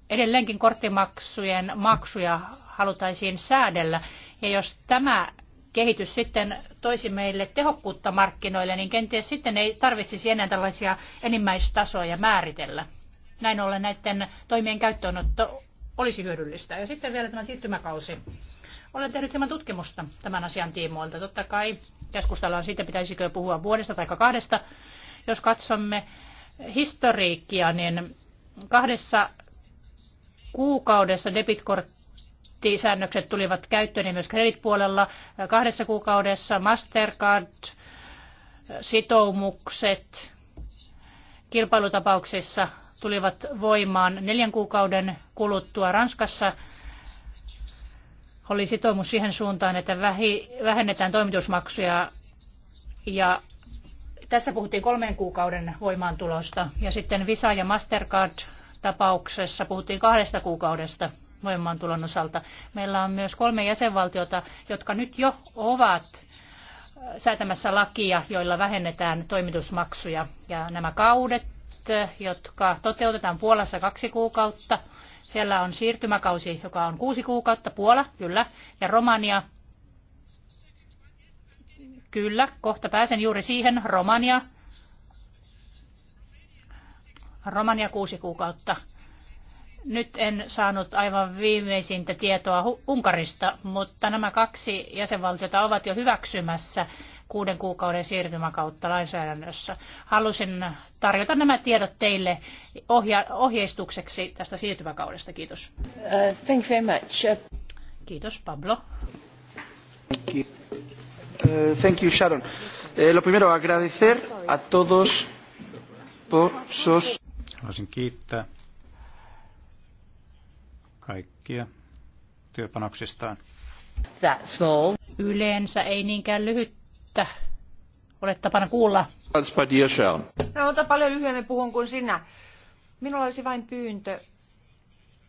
edelleenkin korttimaksujen maksuja halutaisiin säädellä. Ja jos tämä kehitys sitten toisi meille tehokkuutta markkinoille, niin kenties sitten ei tarvitsisi enää tällaisia enimmäistasoja määritellä. Näin ollen näiden toimien käyttöönotto olisi hyödyllistä. Ja sitten vielä tämä siirtymäkausi. Olen tehnyt hieman tutkimusta tämän asian tiimoilta. Totta kai keskustellaan siitä, pitäisikö puhua vuodesta tai kahdesta jos katsomme historiikkia, niin kahdessa kuukaudessa debitkorttisäännökset tulivat käyttöön ja niin myös kreditpuolella. Kahdessa kuukaudessa Mastercard-sitoumukset kilpailutapauksissa tulivat voimaan neljän kuukauden kuluttua Ranskassa. Oli sitoumus siihen suuntaan, että vähennetään toimitusmaksuja ja tässä puhuttiin kolmen kuukauden voimaantulosta ja sitten Visa ja Mastercard tapauksessa puhuttiin kahdesta kuukaudesta voimaantulon osalta. Meillä on myös kolme jäsenvaltiota, jotka nyt jo ovat äh, säätämässä lakia, joilla vähennetään toimitusmaksuja. Ja nämä kaudet, äh, jotka toteutetaan Puolassa kaksi kuukautta, siellä on siirtymäkausi, joka on kuusi kuukautta, Puola, kyllä, ja Romania Kyllä, kohta pääsen juuri siihen. Romania. Romania kuusi kuukautta. Nyt en saanut aivan viimeisintä tietoa Unkarista, mutta nämä kaksi jäsenvaltiota ovat jo hyväksymässä kuuden kuukauden siirtymäkautta lainsäädännössä. Halusin tarjota nämä tiedot teille ohjeistukseksi tästä siirtymäkaudesta. Kiitos. Uh, thank you very much. Kiitos Pablo. Thank you. Eh, thank you, Sharon. Eh, lo primero, agradecer a todos por sus... Haluaisin kiittää kaikkia työpanoksistaan. That's all. Yleensä ei niinkään lyhyttä ole tapana kuulla. That's by dear Sharon. No, paljon lyhyemmin puhun kuin sinä. Minulla olisi vain pyyntö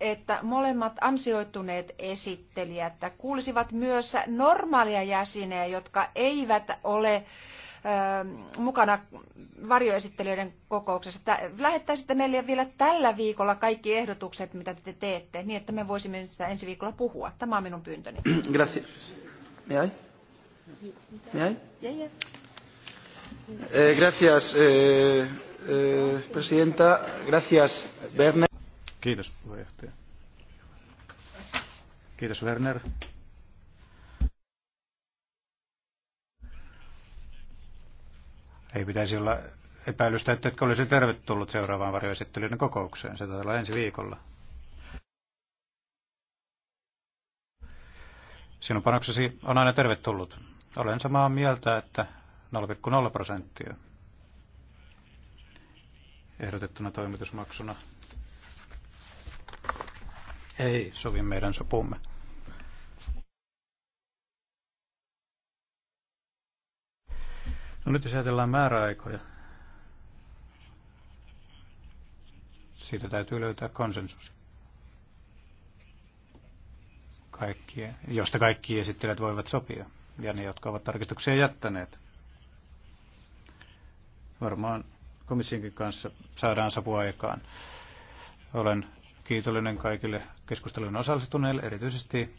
että molemmat ansioituneet esittelijät kuulisivat myös normaalia jäseniä, jotka eivät ole ähm, mukana varjoesittelijöiden kokouksessa. Lähettäisitte meille vielä tällä viikolla kaikki ehdotukset, mitä te teette, niin että me voisimme sitä ensi viikolla puhua. Tämä on minun pyyntöni. Gracias. Gracias, presidenta. Gracias, Berne. Kiitos puheenjohtaja. Kiitos Werner. Ei pitäisi olla epäilystä, että etkö olisi tervetullut seuraavaan varjoesittelyyn kokoukseen. Se taitaa ensi viikolla. Sinun panoksesi on aina tervetullut. Olen samaa mieltä, että 0,0 prosenttia ehdotettuna toimitusmaksuna ei sovi meidän sopumme. No nyt jos ajatellaan määräaikoja, siitä täytyy löytää konsensus. Kaikki, josta kaikki esittelijät voivat sopia, ja ne, jotka ovat tarkistuksia jättäneet. Varmaan komissionkin kanssa saadaan sopua aikaan. Olen kiitollinen kaikille keskusteluun osallistuneille, erityisesti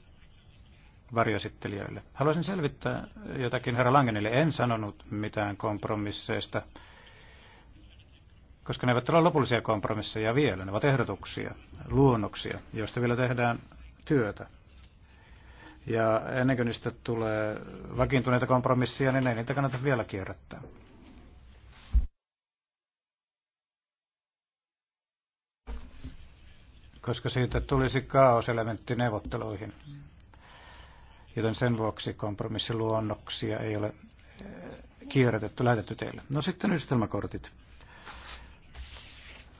varjoesittelijöille. Haluaisin selvittää jotakin herra Langenille. En sanonut mitään kompromisseista, koska ne eivät ole lopullisia kompromisseja vielä. Ne ovat ehdotuksia, luonnoksia, joista vielä tehdään työtä. Ja ennen kuin niistä tulee vakiintuneita kompromisseja, niin ei niitä kannata vielä kierrättää. koska siitä tulisi kaoselementti neuvotteluihin. Joten sen vuoksi kompromissiluonnoksia ei ole eh, kierrätetty, lähetetty teille. No sitten yhdistelmäkortit.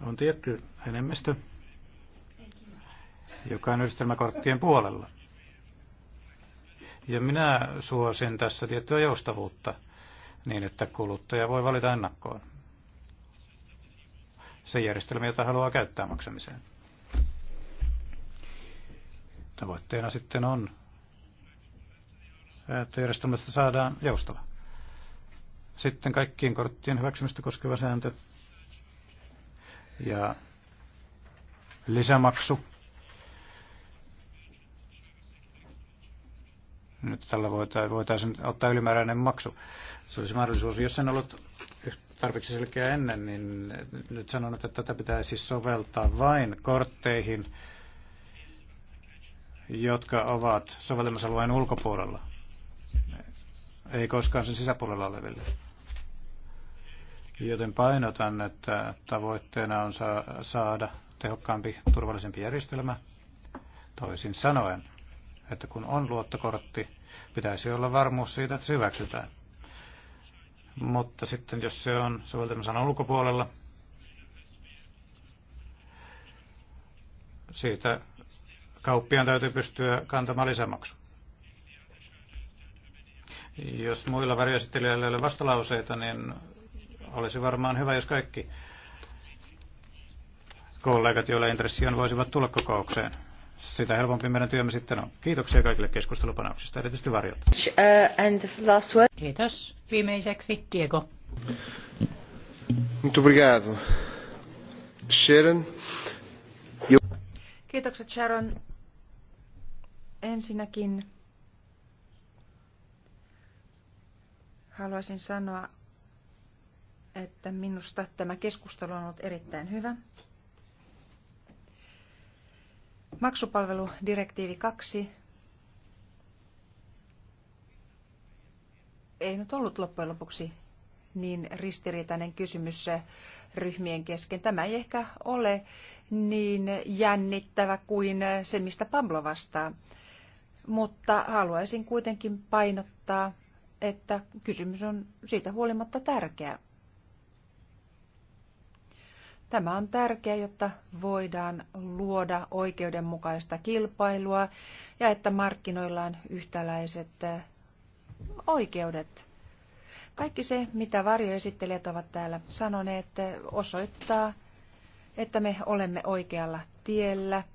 On tietty enemmistö, joka on yhdistelmäkorttien puolella. Ja minä suosin tässä tiettyä joustavuutta niin, että kuluttaja voi valita ennakkoon se järjestelmä, jota haluaa käyttää maksamiseen. Tavoitteena sitten on, että järjestelmästä saadaan joustava. Sitten kaikkien korttien hyväksymistä koskeva sääntö ja lisämaksu. Nyt tällä voitaisiin ottaa ylimääräinen maksu. Se olisi mahdollisuus, jos en ollut tarpeeksi selkeä ennen, niin nyt sanon, että tätä pitäisi soveltaa vain kortteihin, jotka ovat soveltamisalueen ulkopuolella, ei koskaan sen sisäpuolella oleville. Joten painotan, että tavoitteena on saada tehokkaampi, turvallisempi järjestelmä. Toisin sanoen, että kun on luottokortti, pitäisi olla varmuus siitä, että se hyväksytään. Mutta sitten jos se on soveltamisen ulkopuolella, siitä kauppiaan täytyy pystyä kantamaan lisämaksu. Jos muilla väriesittelijöillä ei ole vastalauseita, niin olisi varmaan hyvä, jos kaikki kollegat, joilla intressi on, voisivat tulla kokoukseen. Sitä helpompi meidän työmme sitten on. Kiitoksia kaikille keskustelupanauksista, erityisesti varjot. Uh, and last word. Kiitos. Viimeiseksi Diego. Muito obrigado. Sharon. Kiitokset Sharon. Ensinnäkin haluaisin sanoa, että minusta tämä keskustelu on ollut erittäin hyvä. Maksupalveludirektiivi 2 ei nyt ollut loppujen lopuksi niin ristiriitainen kysymys ryhmien kesken. Tämä ei ehkä ole niin jännittävä kuin se, mistä Pablo vastaa. Mutta haluaisin kuitenkin painottaa, että kysymys on siitä huolimatta tärkeä. Tämä on tärkeää, jotta voidaan luoda oikeudenmukaista kilpailua ja että markkinoilla on yhtäläiset eh, oikeudet. Kaikki se, mitä varjoesittelijät ovat täällä sanoneet, eh, osoittaa, että me olemme oikealla tiellä –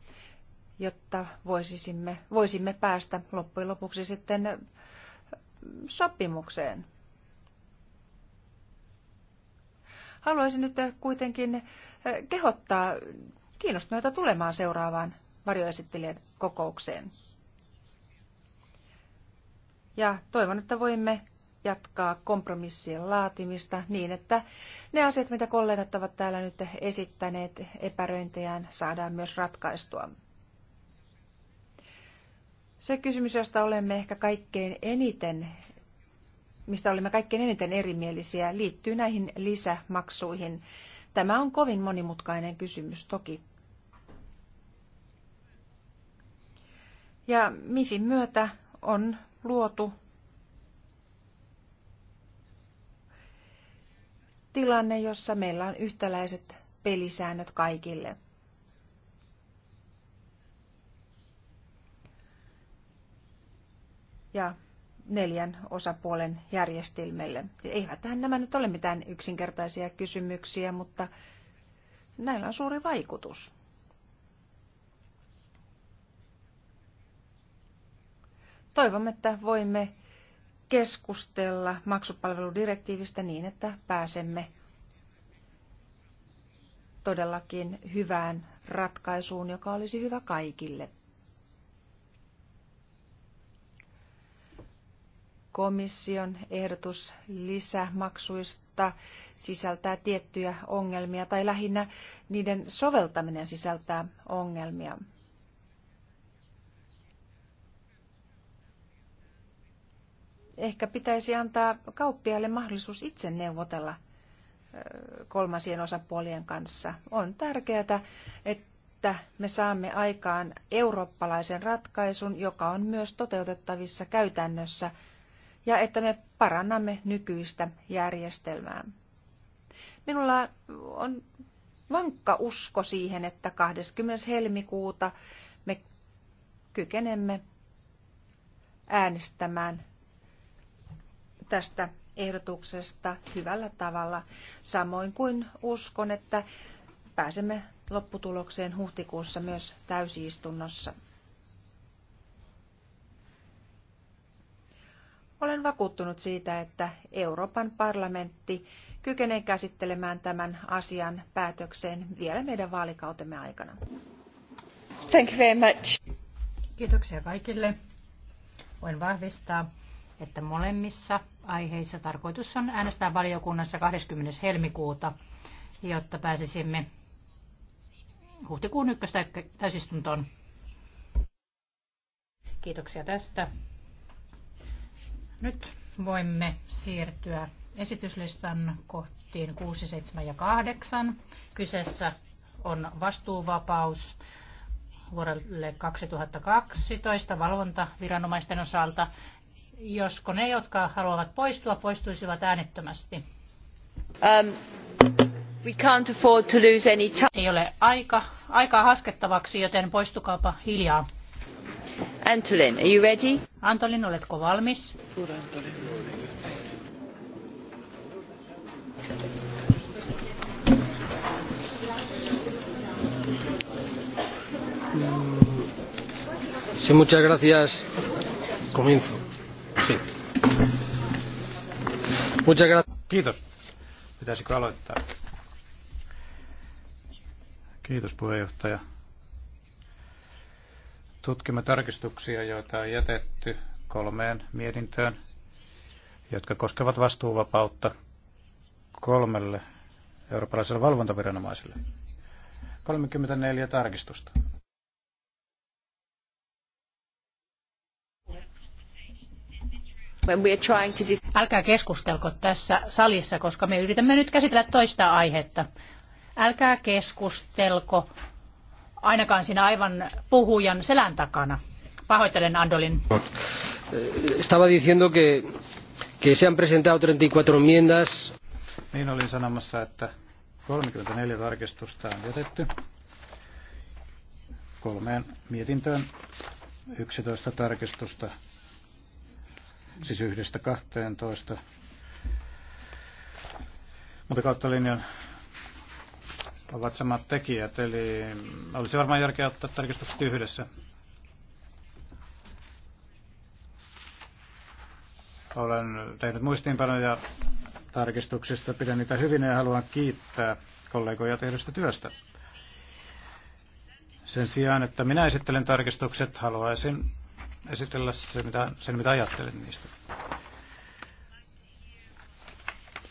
jotta voisimme, voisimme päästä loppujen lopuksi sitten sopimukseen. Haluaisin nyt kuitenkin kehottaa kiinnostuneita tulemaan seuraavaan varjoesittelijän kokoukseen. Ja toivon, että voimme jatkaa kompromissien laatimista niin, että ne asiat, mitä kollegat ovat täällä nyt esittäneet epäröintejään, saadaan myös ratkaistua. Se kysymys, josta olemme ehkä kaikkein eniten, mistä olemme kaikkein eniten erimielisiä, liittyy näihin lisämaksuihin. Tämä on kovin monimutkainen kysymys toki. Ja MIFin myötä on luotu tilanne, jossa meillä on yhtäläiset pelisäännöt kaikille – ja neljän osapuolen järjestelmälle. Eivät nämä nyt ole mitään yksinkertaisia kysymyksiä, mutta näillä on suuri vaikutus. Toivomme, että voimme keskustella maksupalveludirektiivistä niin, että pääsemme todellakin hyvään ratkaisuun, joka olisi hyvä kaikille. komission ehdotus lisämaksuista sisältää tiettyjä ongelmia, tai lähinnä niiden soveltaminen sisältää ongelmia. Ehkä pitäisi antaa kauppiaille mahdollisuus itse neuvotella kolmansien osapuolien kanssa. On tärkeää, että me saamme aikaan eurooppalaisen ratkaisun, joka on myös toteutettavissa käytännössä – ja että me parannamme nykyistä järjestelmää. Minulla on vankka usko siihen, että 20. helmikuuta me kykenemme äänestämään tästä ehdotuksesta hyvällä tavalla, samoin kuin uskon, että pääsemme lopputulokseen huhtikuussa myös täysistunnossa. Olen vakuuttunut siitä, että Euroopan parlamentti kykenee käsittelemään tämän asian päätökseen vielä meidän vaalikautemme aikana. Thank you very much. Kiitoksia kaikille. Voin vahvistaa, että molemmissa aiheissa tarkoitus on äänestää valiokunnassa 20. helmikuuta, jotta pääsisimme huhtikuun täysistuntoon. Kiitoksia tästä. Nyt voimme siirtyä esityslistan kohtiin 6, 7 ja 8. Kyseessä on vastuuvapaus vuodelle 2012 valvontaviranomaisten osalta. Josko ne, jotka haluavat poistua, poistuisivat äänettömästi. Um, we can't afford to lose any time. Ei ole aika, aikaa haskettavaksi, joten poistukaapa hiljaa. Antolin, are you ready? Antolin, oletko valmis? Sí, muchas gracias. Comienzo. Sí. Muchas gracias. Kiitos. Pitäisikö aloittaa? Kiitos puheenjohtaja. Tutkimme tarkistuksia, joita on jätetty kolmeen mietintöön, jotka koskevat vastuuvapautta kolmelle eurooppalaiselle valvontaviranomaiselle. 34 tarkistusta. Älkää keskustelko tässä salissa, koska me yritämme nyt käsitellä toista aihetta. Älkää keskustelko ainakaan siinä aivan puhujan selän takana. Pahoittelen Andolin. Estaba diciendo que, que se han presentado 34 enmiendas. Niin olin sanomassa, että 34 tarkistusta on jätetty kolmeen mietintöön 11 tarkistusta, siis yhdestä 12. Mutta kautta linjan ovat samat tekijät, eli olisi varmaan järkeä ottaa tarkistukset yhdessä. Olen tehnyt muistiinpanoja tarkistuksista, pidän niitä hyvin ja haluan kiittää kollegoja tehdystä työstä. Sen sijaan, että minä esittelen tarkistukset, haluaisin esitellä sen, mitä, sen, mitä ajattelin niistä.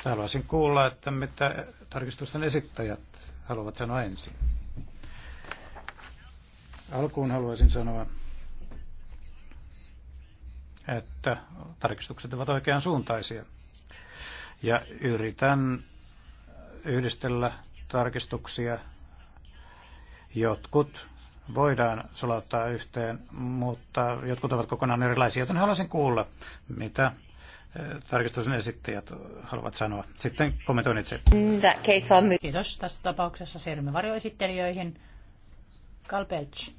Haluaisin kuulla, että mitä tarkistusten esittäjät haluavat sanoa ensin. Alkuun haluaisin sanoa, että tarkistukset ovat oikean suuntaisia. Ja yritän yhdistellä tarkistuksia. Jotkut voidaan sulauttaa yhteen, mutta jotkut ovat kokonaan erilaisia, joten haluaisin kuulla, mitä tarkistuksen esittäjät haluavat sanoa. Sitten kommentoin itse. Mm, Kiitos. Tässä tapauksessa siirrymme varjoesittelijöihin. Carl Pelch.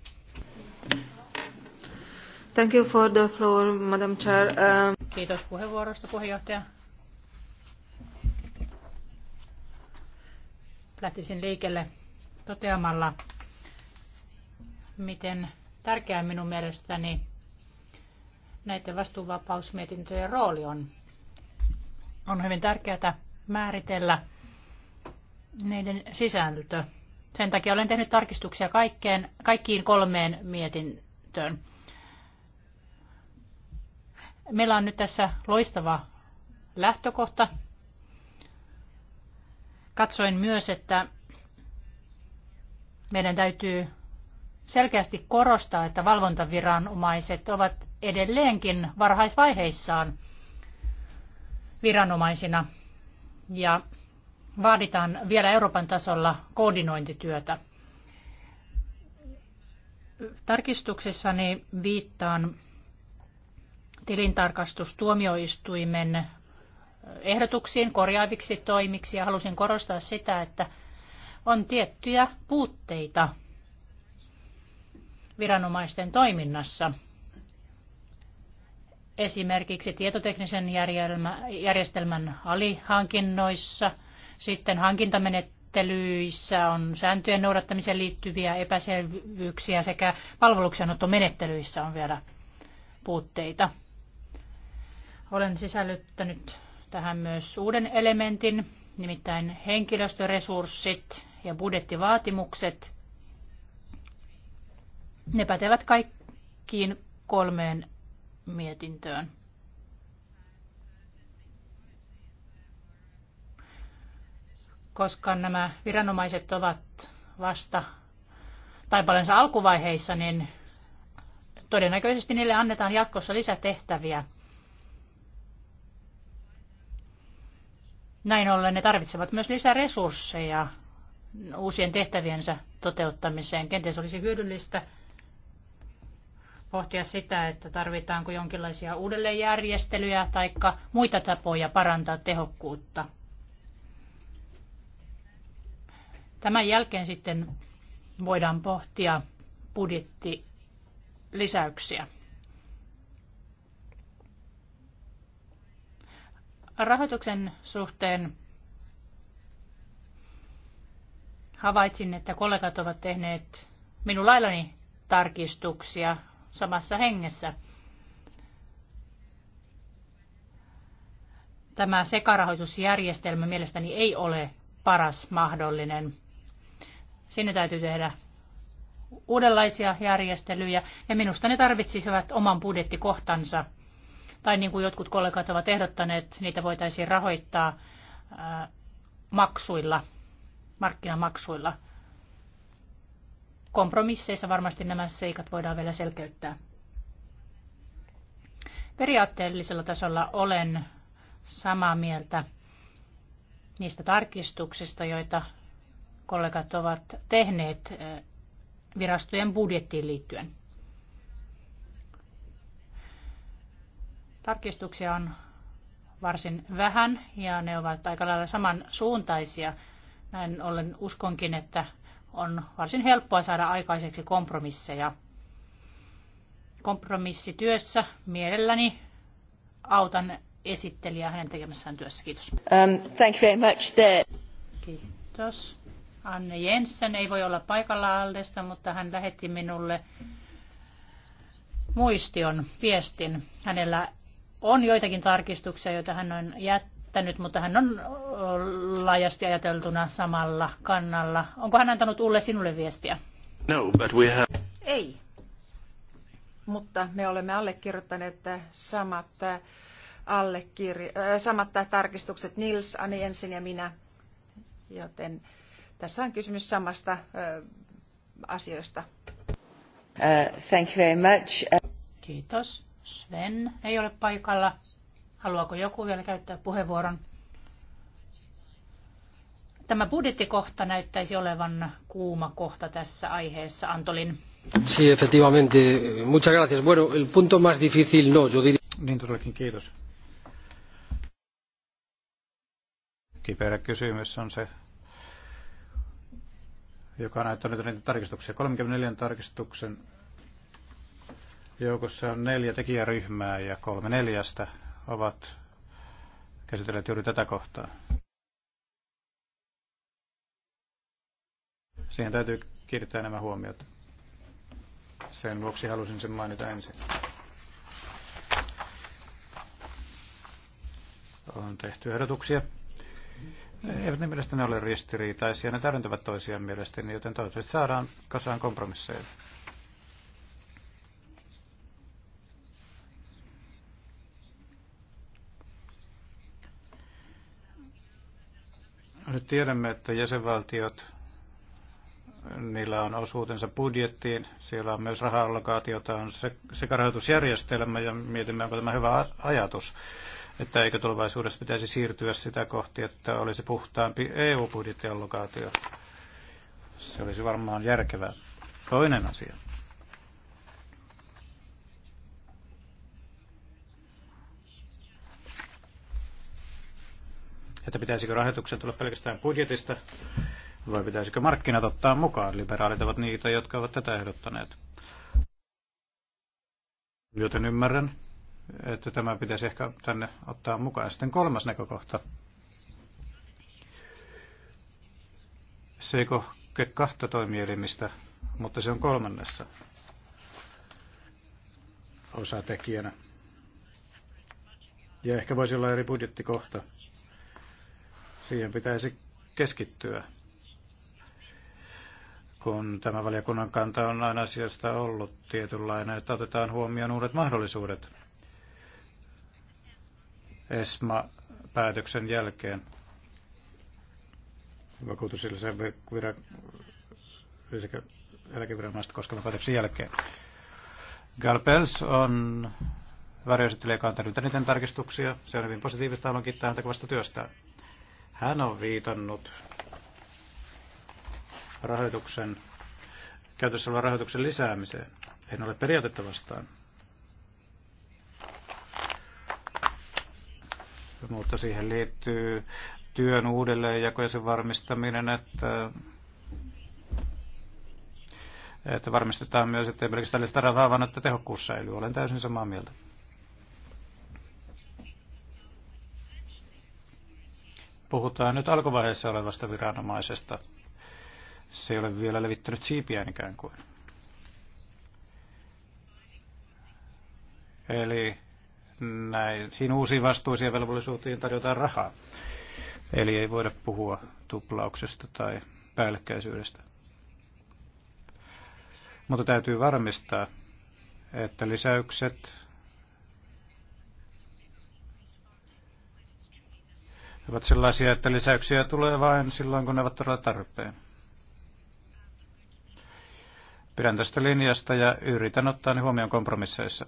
Thank you for the floor, Madam Chair. Um... Kiitos puheenvuorosta, puheenjohtaja. Lähtisin liikelle toteamalla, miten tärkeää minun mielestäni näiden vastuuvapausmietintöjen rooli on. On hyvin tärkeää määritellä niiden sisältö. Sen takia olen tehnyt tarkistuksia kaikkeen, kaikkiin kolmeen mietintöön. Meillä on nyt tässä loistava lähtökohta. Katsoin myös, että meidän täytyy selkeästi korostaa, että valvontaviranomaiset ovat edelleenkin varhaisvaiheissaan viranomaisina ja vaaditaan vielä Euroopan tasolla koordinointityötä. Tarkistuksessani viittaan tilintarkastustuomioistuimen ehdotuksiin korjaaviksi toimiksi ja halusin korostaa sitä, että on tiettyjä puutteita viranomaisten toiminnassa. Esimerkiksi tietoteknisen järjestelmän alihankinnoissa, sitten hankintamenettelyissä on sääntöjen noudattamiseen liittyviä epäselvyyksiä sekä palveluksenottomenettelyissä on vielä puutteita. Olen sisällyttänyt tähän myös uuden elementin, nimittäin henkilöstöresurssit ja budjettivaatimukset – ne pätevät kaikkiin kolmeen mietintöön. Koska nämä viranomaiset ovat vasta taipaleensa alkuvaiheissa, niin todennäköisesti niille annetaan jatkossa lisätehtäviä. Näin ollen ne tarvitsevat myös lisää resursseja uusien tehtäviensä toteuttamiseen. Kenties olisi hyödyllistä pohtia sitä, että tarvitaanko jonkinlaisia uudelleenjärjestelyjä tai muita tapoja parantaa tehokkuutta. Tämän jälkeen sitten voidaan pohtia budjettilisäyksiä. Rahoituksen suhteen havaitsin, että kollegat ovat tehneet minun laillani tarkistuksia samassa hengessä. Tämä sekarahoitusjärjestelmä mielestäni ei ole paras mahdollinen. Sinne täytyy tehdä uudenlaisia järjestelyjä ja minusta ne tarvitsisivat oman budjettikohtansa. Tai niin kuin jotkut kollegat ovat ehdottaneet, niitä voitaisiin rahoittaa maksuilla, markkinamaksuilla – kompromisseissa varmasti nämä seikat voidaan vielä selkeyttää. Periaatteellisella tasolla olen samaa mieltä niistä tarkistuksista, joita kollegat ovat tehneet eh, virastojen budjettiin liittyen. Tarkistuksia on varsin vähän ja ne ovat aika lailla samansuuntaisia. Näin ollen uskonkin, että on varsin helppoa saada aikaiseksi kompromisseja. Kompromissityössä mielelläni autan esittelijää hänen tekemässään työssä. Kiitos. Um, thank you very much. There. Kiitos. Anne Jensen ei voi olla paikalla Aldesta, mutta hän lähetti minulle muistion viestin. Hänellä on joitakin tarkistuksia, joita hän on jättänyt jättänyt, mutta hän on laajasti ajateltuna samalla kannalla. Onko hän antanut Ulle sinulle viestiä? No, but we have... Ei, mutta me olemme allekirjoittaneet samat, allekirjo- samat tarkistukset Nils, Ani ensin ja minä, joten tässä on kysymys samasta asioista. Uh, thank you very much. Kiitos. Sven ei ole paikalla. Haluaako joku vielä käyttää puheenvuoron? Tämä budjettikohta näyttäisi olevan kuuma kohta tässä aiheessa, Antolin. Sí, efectivamente. Muchas gracias. Bueno, el punto más difícil no, yo diría... Niin todellakin, kiitos. Kiperä kysymys on se, joka on näyttänyt niitä tarkistuksia. 34 tarkistuksen joukossa on neljä tekijäryhmää ja kolme neljästä ovat käsitelleet juuri tätä kohtaa. Siihen täytyy kiinnittää nämä huomiot. Sen vuoksi halusin sen mainita ensin. On tehty ehdotuksia. Ne eivät ne mielestäni ole ristiriitaisia, ne täydentävät toisiaan mielestäni, joten toivottavasti saadaan kasaan kompromisseja. Nyt tiedämme, että jäsenvaltiot, niillä on osuutensa budjettiin, siellä on myös rahaallokaatiota, on sekä rahoitusjärjestelmä ja mietimme, onko tämä hyvä ajatus, että eikö tulevaisuudessa pitäisi siirtyä sitä kohti, että olisi puhtaampi EU-budjettiallokaatio. Se olisi varmaan järkevää. Toinen asia. että pitäisikö rahoituksen tulla pelkästään budjetista vai pitäisikö markkinat ottaa mukaan. Liberaalit ovat niitä, jotka ovat tätä ehdottaneet. Joten ymmärrän, että tämä pitäisi ehkä tänne ottaa mukaan. Ja sitten kolmas näkökohta. Se ei koske kahta toimielimistä, mutta se on kolmannessa osatekijänä. Ja ehkä voisi olla eri budjettikohta. Siihen pitäisi keskittyä, kun tämä valiokunnan kanta on aina asiasta ollut tietynlainen, että otetaan huomioon uudet mahdollisuudet ESMA-päätöksen jälkeen vakuutusillisen eläkeviranomaista koskevan päätöksen jälkeen. Galpels on varjoesittelijä kantanut eniten tarkistuksia. Se on hyvin positiivista. Haluan kiittää häntä kovasta työstään. Hän on viitannut rahoituksen, käytössä olevan rahoituksen lisäämiseen. En ole periaatetta vastaan. Mutta siihen liittyy työn uudelleenjako ja sen varmistaminen, että että varmistetaan myös, että ei pelkästään tarjotaan, vaan että tehokkuus säilyy. Olen täysin samaa mieltä. Puhutaan nyt alkuvaiheessa olevasta viranomaisesta. Se ei ole vielä levittänyt siipiään ikään kuin. Eli näihin uusiin vastuisiin ja velvollisuuksiin tarjotaan rahaa. Eli ei voida puhua tuplauksesta tai päällekkäisyydestä. Mutta täytyy varmistaa, että lisäykset ovat sellaisia, että lisäyksiä tulee vain silloin, kun ne ovat todella tarpeen. Pidän tästä linjasta ja yritän ottaa ne huomioon kompromisseissa.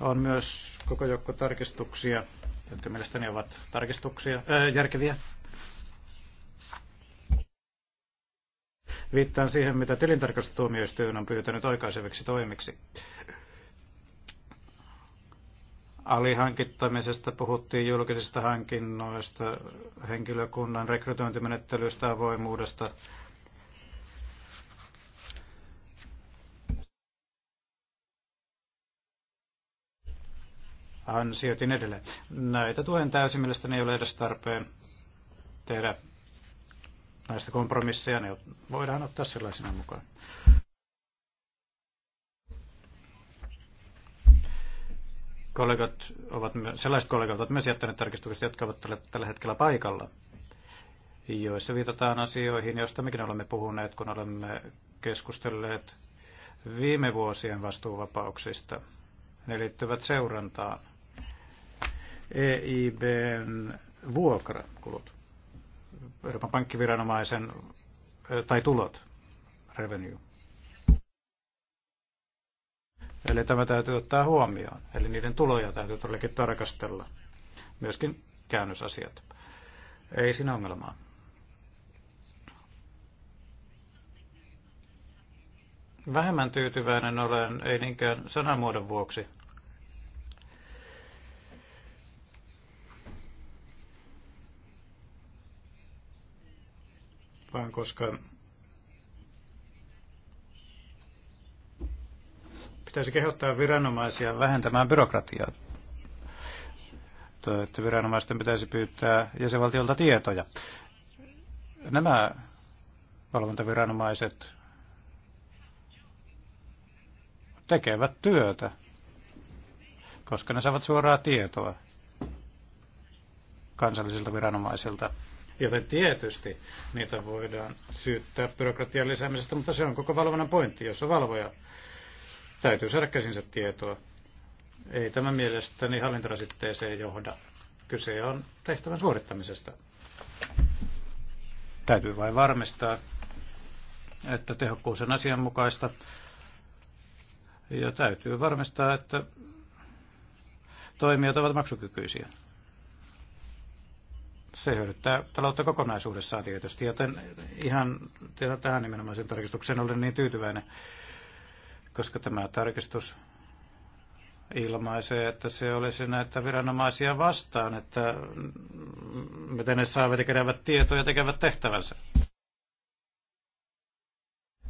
On myös koko joukko tarkistuksia, jotka mielestäni ovat tarkistuksia, ää, järkeviä. Viittaan siihen, mitä tilintarkastustuomioistuin on pyytänyt oikaiseviksi toimiksi alihankittamisesta, puhuttiin julkisista hankinnoista, henkilökunnan rekrytointimenettelystä, avoimuudesta. ansiotin niin edelleen. Näitä tuen täysin, mielestäni ei ole edes tarpeen tehdä näistä kompromisseja, ne voidaan ottaa sellaisena mukaan. kollegat ovat, sellaiset kollegat ovat myös jättäneet tarkistukset, jotka ovat tällä hetkellä paikalla, joissa viitataan asioihin, joista mekin olemme puhuneet, kun olemme keskustelleet viime vuosien vastuuvapauksista. Ne liittyvät seurantaan. EIBn vuokrakulut, Euroopan pankkiviranomaisen tai tulot, revenue. Eli tämä täytyy ottaa huomioon. Eli niiden tuloja täytyy todellakin tarkastella. Myöskin käännösasiat. Ei siinä ongelmaa. Vähemmän tyytyväinen olen, ei niinkään sanamuodon vuoksi, vaan koska pitäisi kehottaa viranomaisia vähentämään byrokratiaa. Että viranomaisten pitäisi pyytää jäsenvaltiolta tietoja. Nämä valvontaviranomaiset tekevät työtä, koska ne saavat suoraa tietoa kansallisilta viranomaisilta. Joten tietysti niitä voidaan syyttää byrokratian lisäämisestä, mutta se on koko valvonnan pointti. Jos on valvoja, Täytyy saada käsinsä tietoa. Ei tämä mielestäni hallintorasitteeseen johda. Kyse on tehtävän suorittamisesta. Täytyy vain varmistaa, että tehokkuus on asianmukaista. Ja täytyy varmistaa, että toimijat ovat maksukykyisiä. Se hyödyttää taloutta kokonaisuudessaan tietysti, joten ihan tähän nimenomaisen tarkistukseen olen niin tyytyväinen koska tämä tarkistus ilmaisee, että se olisi näitä viranomaisia vastaan, että miten ne saavat ja tietoja ja tekevät tehtävänsä.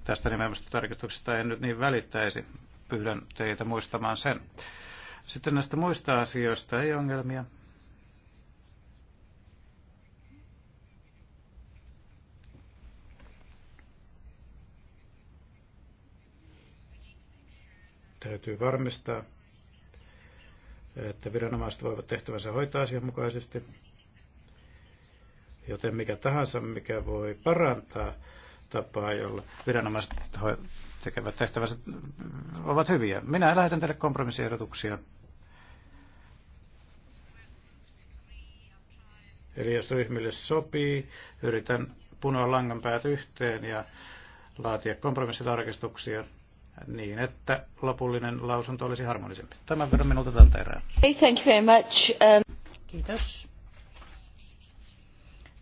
Tästä nimenomaista tarkistuksesta en nyt niin välittäisi. Pyydän teitä muistamaan sen. Sitten näistä muista asioista ei ongelmia. Täytyy varmistaa, että viranomaiset voivat tehtävänsä hoitaa asianmukaisesti, joten mikä tahansa, mikä voi parantaa tapaa, jolla viranomaiset tekevät tehtävänsä, ovat hyviä. Minä lähetän teille kompromissiehdotuksia. Eli jos ryhmille sopii, yritän punoa langan päät yhteen ja laatia kompromissitarkistuksia, niin, että lopullinen lausunto olisi harmonisempi. Tämän verran minulta tältä erää. Hey, thank you very much. Um... Kiitos.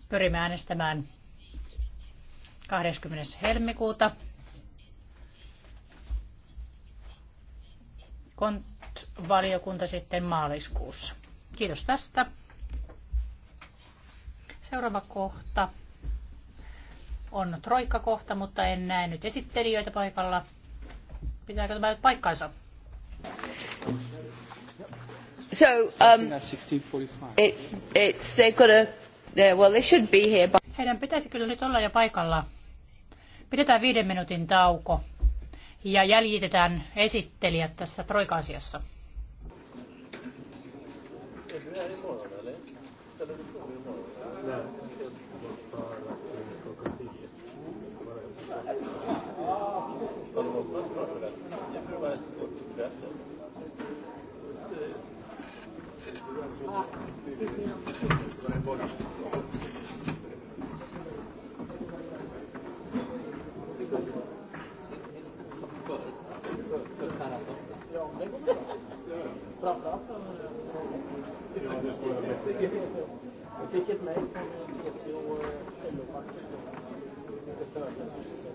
Pyrimme äänestämään 20. helmikuuta. KONT-valiokunta sitten maaliskuussa. Kiitos tästä. Seuraava kohta on troikkakohta, kohta, mutta en näe nyt esittelijöitä paikalla. Pitääkö tämä nyt paikkansa? So, um, it's, it's, they've got a, well, they should be here, but... Heidän pitäisi kyllä nyt olla jo paikalla. Pidetään viiden minuutin tauko ja jäljitetään esittelijät tässä troika-asiassa. Yeah. Jag fick ett mejl från TCO och eh, LO-facket om att vi ska stödja sysselsättningen.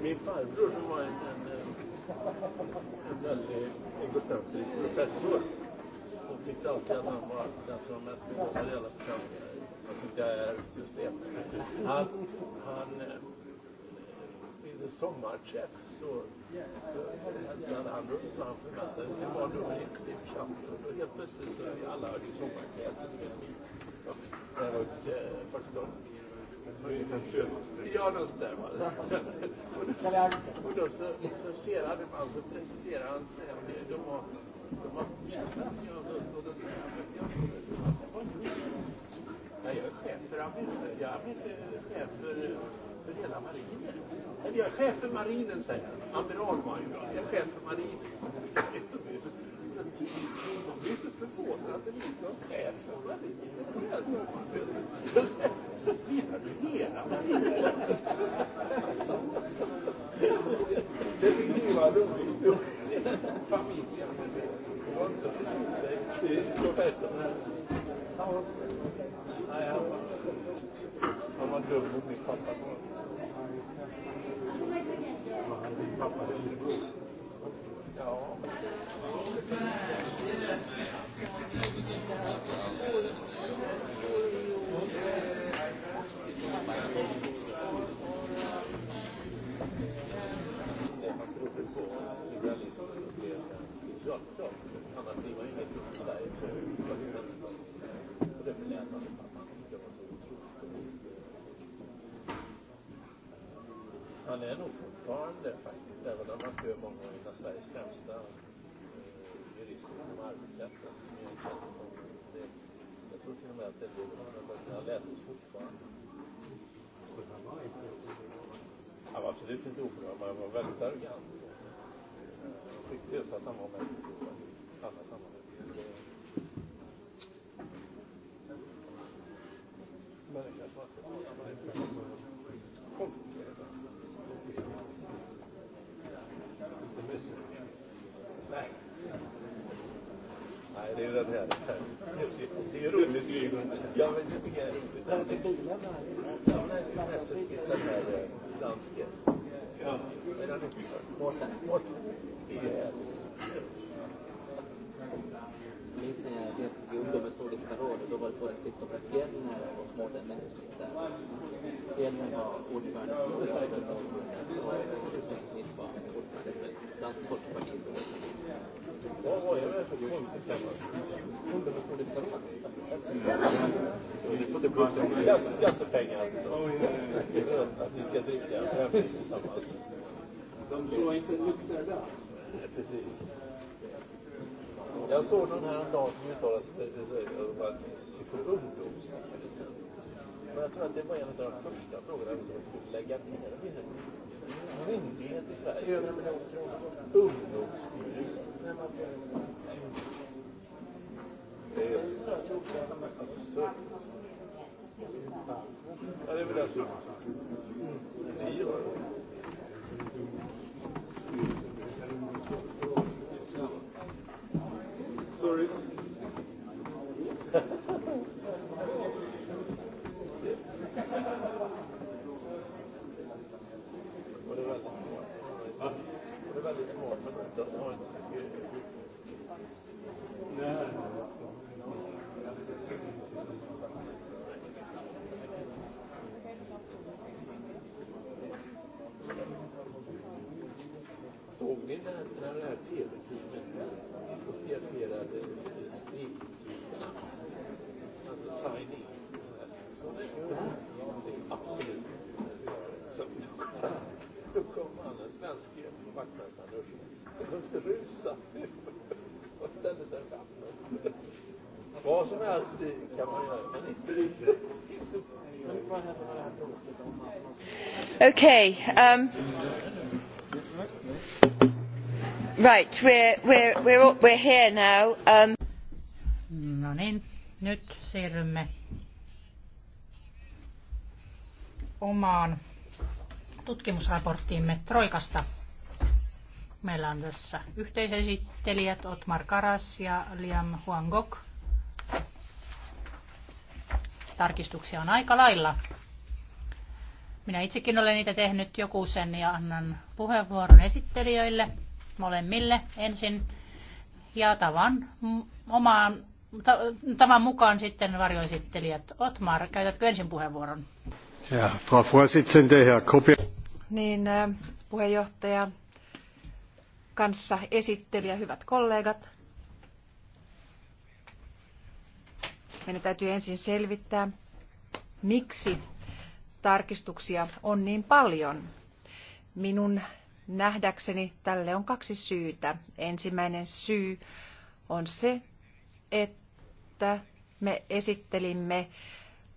Min farbror som var en, en, en väldigt egocentrisk professor som tyckte alltid att han var den som var mest begåvad i alla församlingar. Jag tycker jag är just det. Han, han i sommarträff så, så hälsade han runt och han Det sig vara nummer ett i församlingen. Och helt plötsligt så är alla i ju eh, sommarklädsel. Det var ett 40 Ja, då stämmer där. Och då, och då så, så ser han en man så presenterar han sig. De har, de har träffats jag och då säger han, jag jag, är chef för Amel, jag är chef för eh, för hela marinen. Eller jag är chef för marinen, säger han. Amiral var han ju. Jag är chef för marinen. Jag blir så förvånad att det finns någon chef för marinen. Vi har hela marinen. Det tycker ni en rolig historia. Familjen. Det var inte så förtjust i professorn heller. Ja. han är nog fortfarande faktiskt, även om han kör många av Sveriges främsta eh, jurister inom arbetsrätten. Jag tror till och med att det är du, men han läses fortfarande. Han var absolut inte oberörd, men han var väldigt arrogant. Jag eh, tyckte just att han var mest oberörd i alla sammanhang. Men det kanske man ska det är ju den här. Det är ju roligt ju. Ja, men det tycker jag är roligt. Var det bilarna? Ja, men intresset till den här dansken. Ja. Är han inte Borta. Borta. Det är härligt minns när eh, jag vet, vi ungdomar stod i Starol och då var det både Kristoffer Fjellner och Mårten Messerschmidt där. Fjellner var ordförande för Östergötlandsförbundet och Messerschmidt var ordförande för Dansk Folkpartis ungdomsförbund. Vad var det för konstigt ställe? Ungdomar stod Skattepengar. Att ni ska dricka. De såg inte nykter där. Precis. Jag såg någon dag som uttalade sig för, att vi får Men jag tror att det var en av de första frågorna vi skulle lägga ner. Det finns en myndighet i Sverige. Ungdomsstyrelsen. Det är väl mm. det vill jag tro. Ni gör det. sorry. what about Såg ni den här tv Vad som helst kan man göra, men inte riktigt. Okay. Um, right, we're, we're, we're, we're here now. Um, no niin, nyt siirrymme omaan tutkimusraporttiimme Troikasta. Meillä on tässä yhteisesittelijät Otmar Karas ja Liam Huangok. Tarkistuksia on aika lailla. Minä itsekin olen niitä tehnyt joku sen ja annan puheenvuoron esittelijöille molemmille ensin ja tavan omaan tavan mukaan sitten varjoesittelijät. Otmar, käytätkö ensin puheenvuoron? Ja, Frau Vorsitzende, Herr Kopi. Niin, äh, puheenjohtaja, kanssa esittelijä, hyvät kollegat. Meidän täytyy ensin selvittää, miksi tarkistuksia on niin paljon. Minun nähdäkseni tälle on kaksi syytä. Ensimmäinen syy on se, että me esittelimme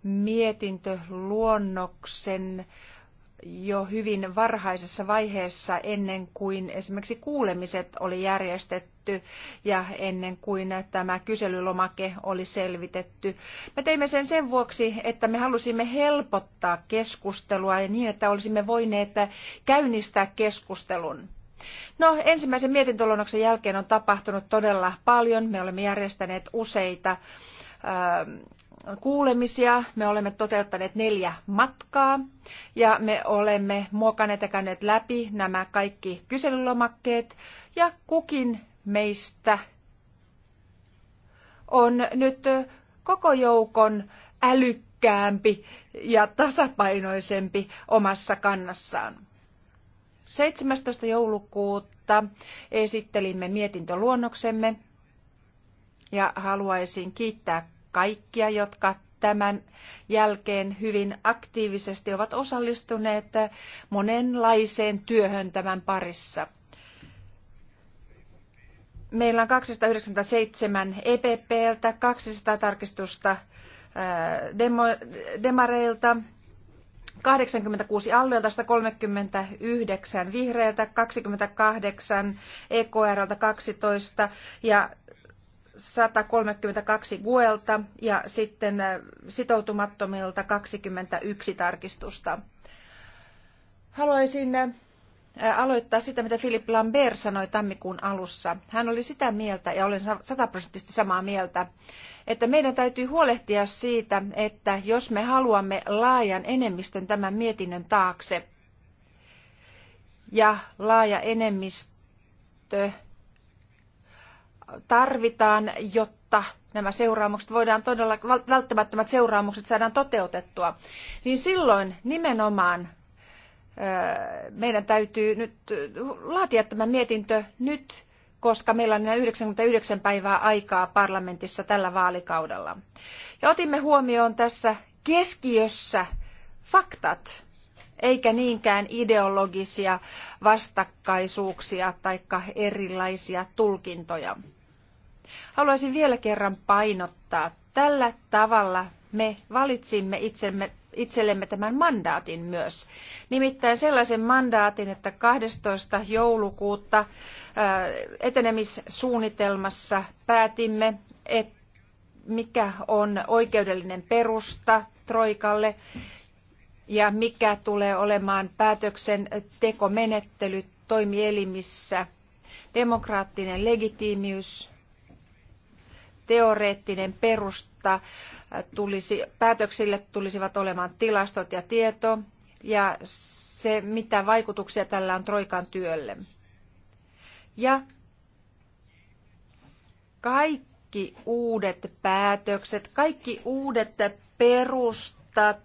mietintöluonnoksen äh, jo hyvin varhaisessa vaiheessa ennen kuin esimerkiksi kuulemiset oli järjestetty ja ennen kuin tämä kyselylomake oli selvitetty. Me teimme sen sen vuoksi, että me halusimme helpottaa keskustelua ja niin, että olisimme voineet käynnistää keskustelun. No, ensimmäisen mietintöluonnoksen jälkeen on tapahtunut todella paljon. Me olemme järjestäneet useita äh, kuulemisia. Me olemme toteuttaneet neljä matkaa ja me olemme muokanneet ja käyneet läpi nämä kaikki kyselylomakkeet ja kukin meistä on nyt koko joukon älykkäämpi ja tasapainoisempi omassa kannassaan. 17. joulukuuta esittelimme mietintöluonnoksemme ja haluaisin kiittää kaikkia, jotka tämän jälkeen hyvin aktiivisesti ovat osallistuneet monenlaiseen työhön tämän parissa. Meillä on 297 EPPltä, 200 tarkistusta demo, demareilta, 86 alueelta, 139 vihreiltä, 28 EKRltä 12 ja 132 Guelta ja sitten äh, sitoutumattomilta 21 tarkistusta. Haluaisin äh, aloittaa sitä, mitä Philip Lambert sanoi tammikuun alussa. Hän oli sitä mieltä, ja olen sataprosenttisesti samaa mieltä, että meidän täytyy huolehtia siitä, että jos me haluamme laajan enemmistön tämän mietinnön taakse, ja laaja enemmistö tarvitaan, jotta nämä seuraamukset voidaan todella, välttämättömät seuraamukset saadaan toteutettua, niin silloin nimenomaan meidän täytyy nyt laatia tämä mietintö nyt, koska meillä on 99 päivää aikaa parlamentissa tällä vaalikaudella. Ja otimme huomioon tässä keskiössä faktat, eikä niinkään ideologisia vastakkaisuuksia tai erilaisia tulkintoja. Haluaisin vielä kerran painottaa, tällä tavalla me valitsimme itsemme, itsellemme tämän mandaatin myös. Nimittäin sellaisen mandaatin, että 12. joulukuuta äh, etenemissuunnitelmassa päätimme, että mikä on oikeudellinen perusta Troikalle ja mikä tulee olemaan päätöksen tekomenettely toimielimissä, demokraattinen legitiimiys teoreettinen perusta tulisi, päätöksille tulisivat olemaan tilastot ja tieto ja se, mitä vaikutuksia tällä on Troikan työlle. Ja kaikki uudet päätökset, kaikki uudet perustat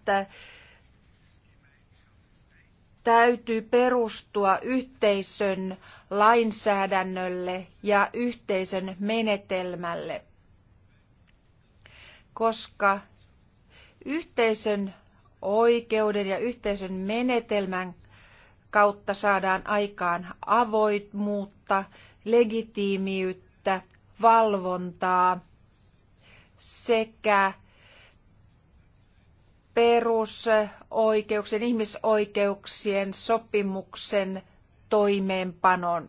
täytyy perustua yhteisön lainsäädännölle ja yhteisön menetelmälle koska yhteisön oikeuden ja yhteisön menetelmän kautta saadaan aikaan avoimuutta, legitiimiyttä, valvontaa sekä perusoikeuksien, ihmisoikeuksien sopimuksen toimeenpanon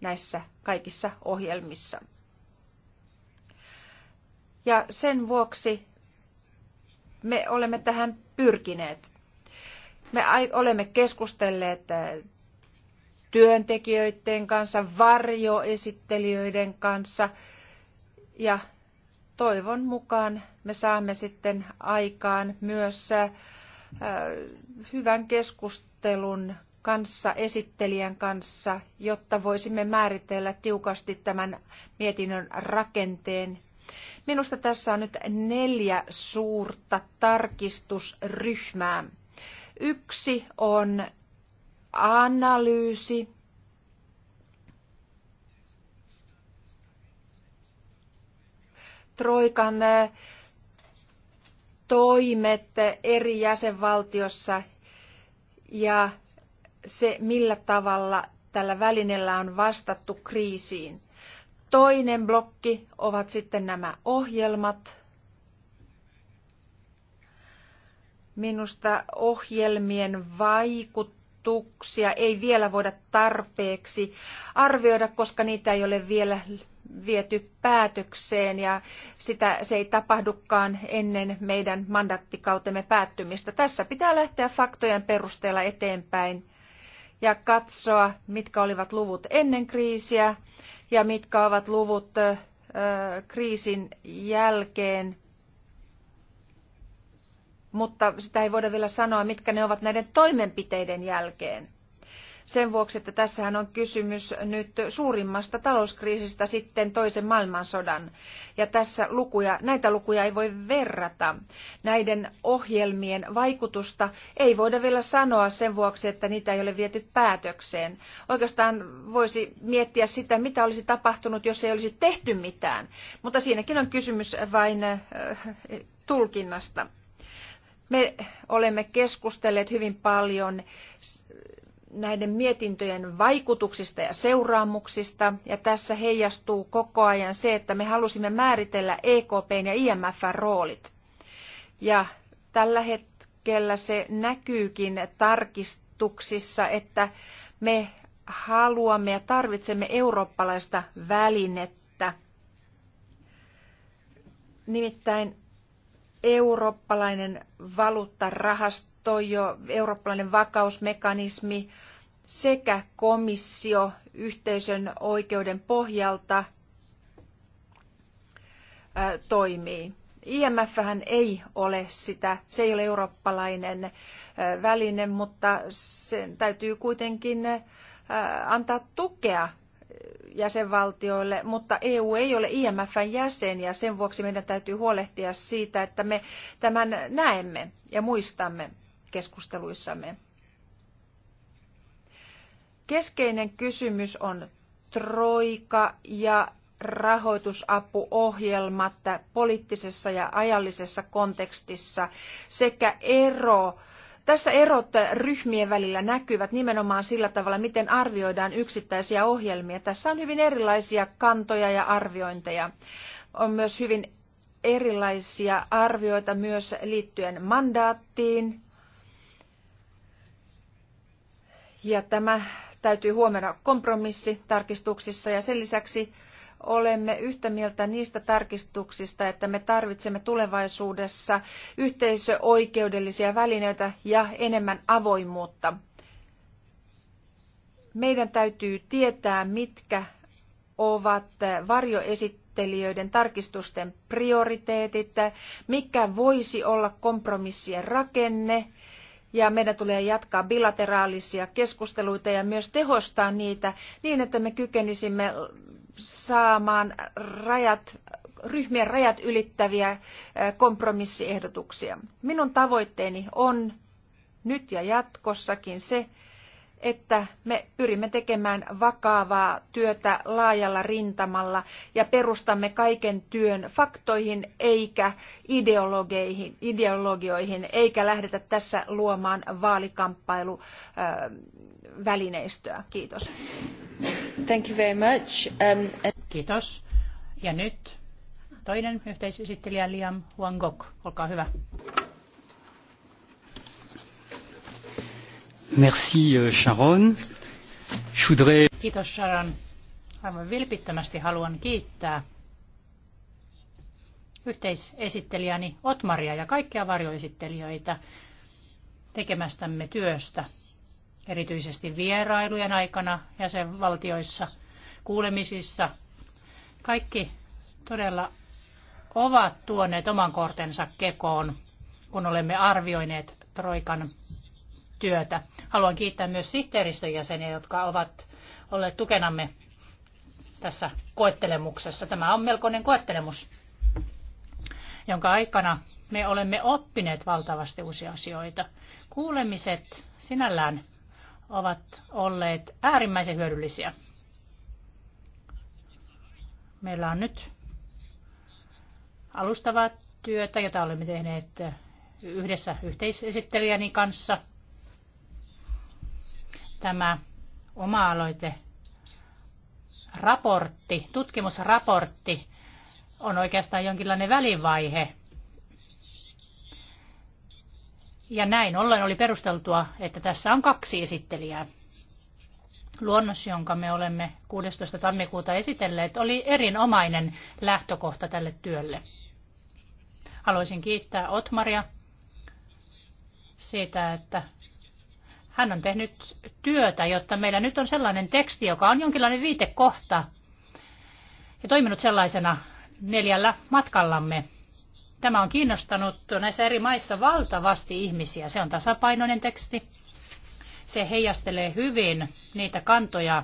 näissä kaikissa ohjelmissa. Ja sen vuoksi me olemme tähän pyrkineet. Me olemme keskustelleet äh, työntekijöiden kanssa, varjoesittelijöiden kanssa ja toivon mukaan me saamme sitten aikaan myös äh, hyvän keskustelun kanssa, esittelijän kanssa, jotta voisimme määritellä tiukasti tämän mietinnön rakenteen Minusta tässä on nyt neljä suurta tarkistusryhmää. Yksi on analyysi, Troikan eh, toimet eri jäsenvaltiossa ja se, millä tavalla tällä välineellä on vastattu kriisiin. Toinen blokki ovat sitten nämä ohjelmat. Minusta ohjelmien vaikutuksia ei vielä voida tarpeeksi arvioida, koska niitä ei ole vielä viety päätökseen ja sitä, se ei tapahdukaan ennen meidän mandattikautemme päättymistä. Tässä pitää lähteä faktojen perusteella eteenpäin ja katsoa, mitkä olivat luvut ennen kriisiä ja mitkä ovat luvut kriisin jälkeen. Mutta sitä ei voida vielä sanoa, mitkä ne ovat näiden toimenpiteiden jälkeen sen vuoksi, että tässähän on kysymys nyt suurimmasta talouskriisistä sitten toisen maailmansodan. Ja tässä lukuja, näitä lukuja ei voi verrata. Näiden ohjelmien vaikutusta ei voida vielä sanoa sen vuoksi, että niitä ei ole viety päätökseen. Oikeastaan voisi miettiä sitä, mitä olisi tapahtunut, jos ei olisi tehty mitään. Mutta siinäkin on kysymys vain äh, tulkinnasta. Me olemme keskustelleet hyvin paljon näiden mietintöjen vaikutuksista ja seuraamuksista, ja tässä heijastuu koko ajan se, että me halusimme määritellä EKPn ja IMFn roolit. Ja tällä hetkellä se näkyykin tarkistuksissa, että me haluamme ja tarvitsemme eurooppalaista välinettä. Nimittäin eurooppalainen valuuttarahasto toi jo eurooppalainen vakausmekanismi sekä komissio yhteisön oikeuden pohjalta toimii. IMF ei ole sitä, se ei ole eurooppalainen väline, mutta sen täytyy kuitenkin antaa tukea jäsenvaltioille, mutta EU ei ole IMFn jäsen ja sen vuoksi meidän täytyy huolehtia siitä, että me tämän näemme ja muistamme keskusteluissamme. Keskeinen kysymys on troika ja rahoitusapuohjelmat poliittisessa ja ajallisessa kontekstissa sekä ero tässä erot ryhmien välillä näkyvät nimenomaan sillä tavalla, miten arvioidaan yksittäisiä ohjelmia. Tässä on hyvin erilaisia kantoja ja arviointeja. On myös hyvin erilaisia arvioita myös liittyen mandaattiin, Ja tämä täytyy huomenna kompromissitarkistuksissa ja sen lisäksi olemme yhtä mieltä niistä tarkistuksista, että me tarvitsemme tulevaisuudessa yhteisöoikeudellisia välineitä ja enemmän avoimuutta. Meidän täytyy tietää, mitkä ovat varjoesittelijöiden tarkistusten prioriteetit, mikä voisi olla kompromissien rakenne ja meidän tulee jatkaa bilateraalisia keskusteluita ja myös tehostaa niitä niin, että me kykenisimme saamaan rajat, ryhmien rajat ylittäviä kompromissiehdotuksia. Minun tavoitteeni on nyt ja jatkossakin se, että me pyrimme tekemään vakavaa työtä laajalla rintamalla ja perustamme kaiken työn faktoihin eikä ideologeihin, ideologioihin, eikä lähdetä tässä luomaan vaalikamppailuvälineistöä. Kiitos. Thank you very much. Um, and... Kiitos. Ja nyt toinen yhteisesittelijä Liam Wangok, olkaa hyvä. Merci euh, Sharon. Je voudrais... Kiitos Sharon. Aivan vilpittömästi haluan kiittää yhteisesittelijäni Otmaria ja kaikkia varjoesittelijöitä tekemästämme työstä, erityisesti vierailujen aikana jäsenvaltioissa, kuulemisissa. Kaikki todella ovat tuoneet oman kortensa kekoon, kun olemme arvioineet Troikan työtä. Haluan kiittää myös sihteeristön jäseniä, jotka ovat olleet tukenamme tässä koettelemuksessa. Tämä on melkoinen koettelemus, jonka aikana me olemme oppineet valtavasti uusia asioita. Kuulemiset sinällään ovat olleet äärimmäisen hyödyllisiä. Meillä on nyt alustavaa työtä, jota olemme tehneet yhdessä yhteisesittelijäni kanssa – tämä oma-aloite raportti, tutkimusraportti on oikeastaan jonkinlainen välivaihe. Ja näin ollen oli perusteltua, että tässä on kaksi esittelijää. Luonnos, jonka me olemme 16. tammikuuta esitelleet, oli erinomainen lähtökohta tälle työlle. Haluaisin kiittää Otmaria siitä, että hän on tehnyt työtä, jotta meillä nyt on sellainen teksti, joka on jonkinlainen viitekohta ja toiminut sellaisena neljällä matkallamme. Tämä on kiinnostanut näissä eri maissa valtavasti ihmisiä. Se on tasapainoinen teksti. Se heijastelee hyvin niitä kantoja,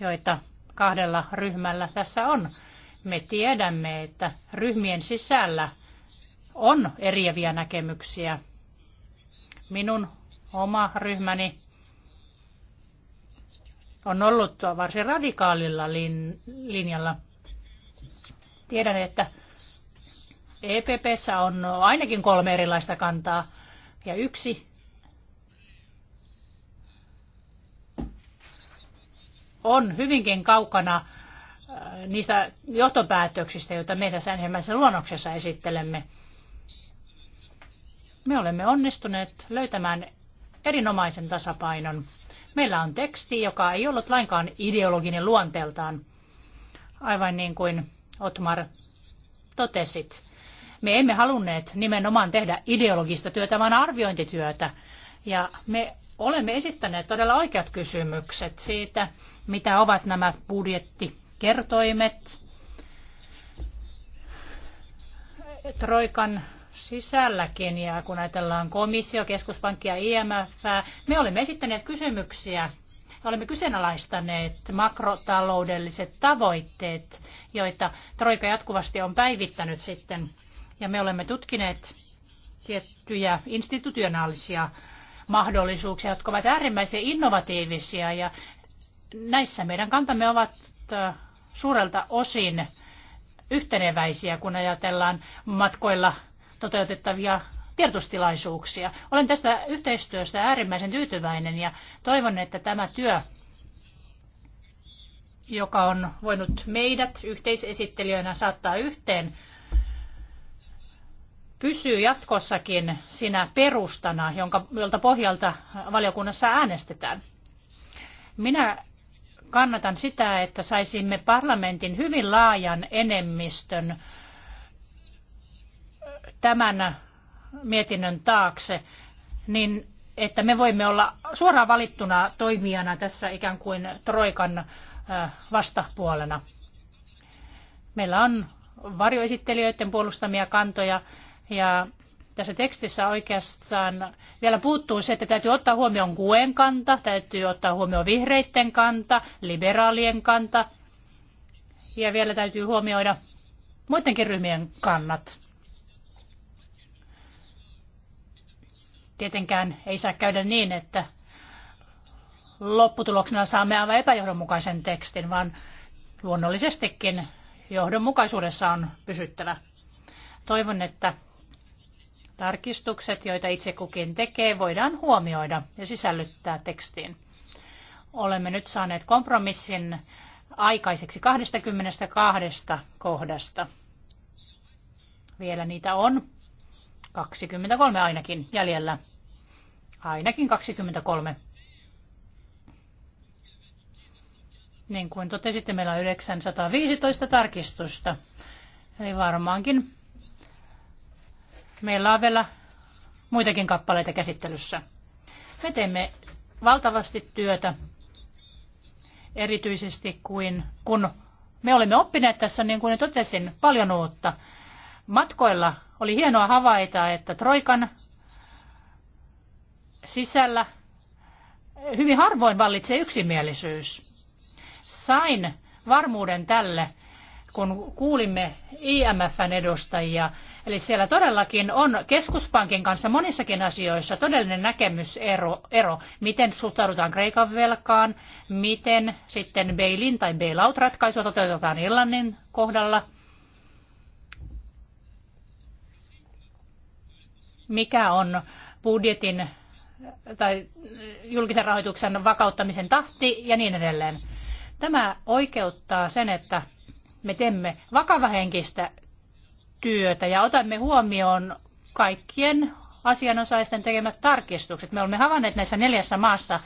joita kahdella ryhmällä tässä on. Me tiedämme, että ryhmien sisällä on eriäviä näkemyksiä. Minun Oma ryhmäni on ollut varsin radikaalilla lin, linjalla. Tiedän, että EPPssä on ainakin kolme erilaista kantaa ja yksi on hyvinkin kaukana äh, niistä johtopäätöksistä, joita me tässä ensimmäisessä luonnoksessa esittelemme. Me olemme onnistuneet löytämään erinomaisen tasapainon. Meillä on teksti, joka ei ollut lainkaan ideologinen luonteeltaan, aivan niin kuin Otmar totesit. Me emme halunneet nimenomaan tehdä ideologista työtä, vaan arviointityötä. Ja me olemme esittäneet todella oikeat kysymykset siitä, mitä ovat nämä budjettikertoimet, Troikan sisälläkin ja kun ajatellaan komissio, keskuspankkia, IMF, me olemme esittäneet kysymyksiä olemme kyseenalaistaneet makrotaloudelliset tavoitteet, joita Troika jatkuvasti on päivittänyt sitten. Ja me olemme tutkineet tiettyjä institutionaalisia mahdollisuuksia, jotka ovat äärimmäisen innovatiivisia ja näissä meidän kantamme ovat suurelta osin yhteneväisiä, kun ajatellaan matkoilla toteutettavia tiedotustilaisuuksia. Olen tästä yhteistyöstä äärimmäisen tyytyväinen ja toivon, että tämä työ, joka on voinut meidät yhteisesittelijöinä saattaa yhteen, pysyy jatkossakin sinä perustana, jonka, jolta pohjalta valiokunnassa äänestetään. Minä kannatan sitä, että saisimme parlamentin hyvin laajan enemmistön tämän mietinnön taakse, niin että me voimme olla suoraan valittuna toimijana tässä ikään kuin Troikan vastapuolena. Meillä on varjoesittelijöiden puolustamia kantoja ja tässä tekstissä oikeastaan vielä puuttuu se, että täytyy ottaa huomioon Kuen kanta, täytyy ottaa huomioon vihreiden kanta, liberaalien kanta ja vielä täytyy huomioida muidenkin ryhmien kannat. Tietenkään ei saa käydä niin, että lopputuloksena saamme aivan epäjohdonmukaisen tekstin, vaan luonnollisestikin johdonmukaisuudessa on pysyttävä. Toivon, että tarkistukset, joita itse kukin tekee, voidaan huomioida ja sisällyttää tekstiin. Olemme nyt saaneet kompromissin aikaiseksi 22 kohdasta. Vielä niitä on 23 ainakin jäljellä ainakin 23. Niin kuin totesitte, meillä on 915 tarkistusta. Eli varmaankin meillä on vielä muitakin kappaleita käsittelyssä. Me teemme valtavasti työtä, erityisesti kuin, kun me olemme oppineet tässä, niin kuin totesin, paljon uutta. Matkoilla oli hienoa havaita, että Troikan sisällä hyvin harvoin vallitsee yksimielisyys. Sain varmuuden tälle, kun kuulimme IMFn edustajia. Eli siellä todellakin on keskuspankin kanssa monissakin asioissa todellinen näkemysero, ero, miten suhtaudutaan Kreikan velkaan, miten sitten bail-in tai bail-out-ratkaisua toteutetaan Irlannin kohdalla. Mikä on budjetin tai julkisen rahoituksen vakauttamisen tahti ja niin edelleen. Tämä oikeuttaa sen, että me teemme vakavahenkistä työtä ja otamme huomioon kaikkien asianosaisten tekemät tarkistukset. Me olemme havainneet näissä neljässä maassa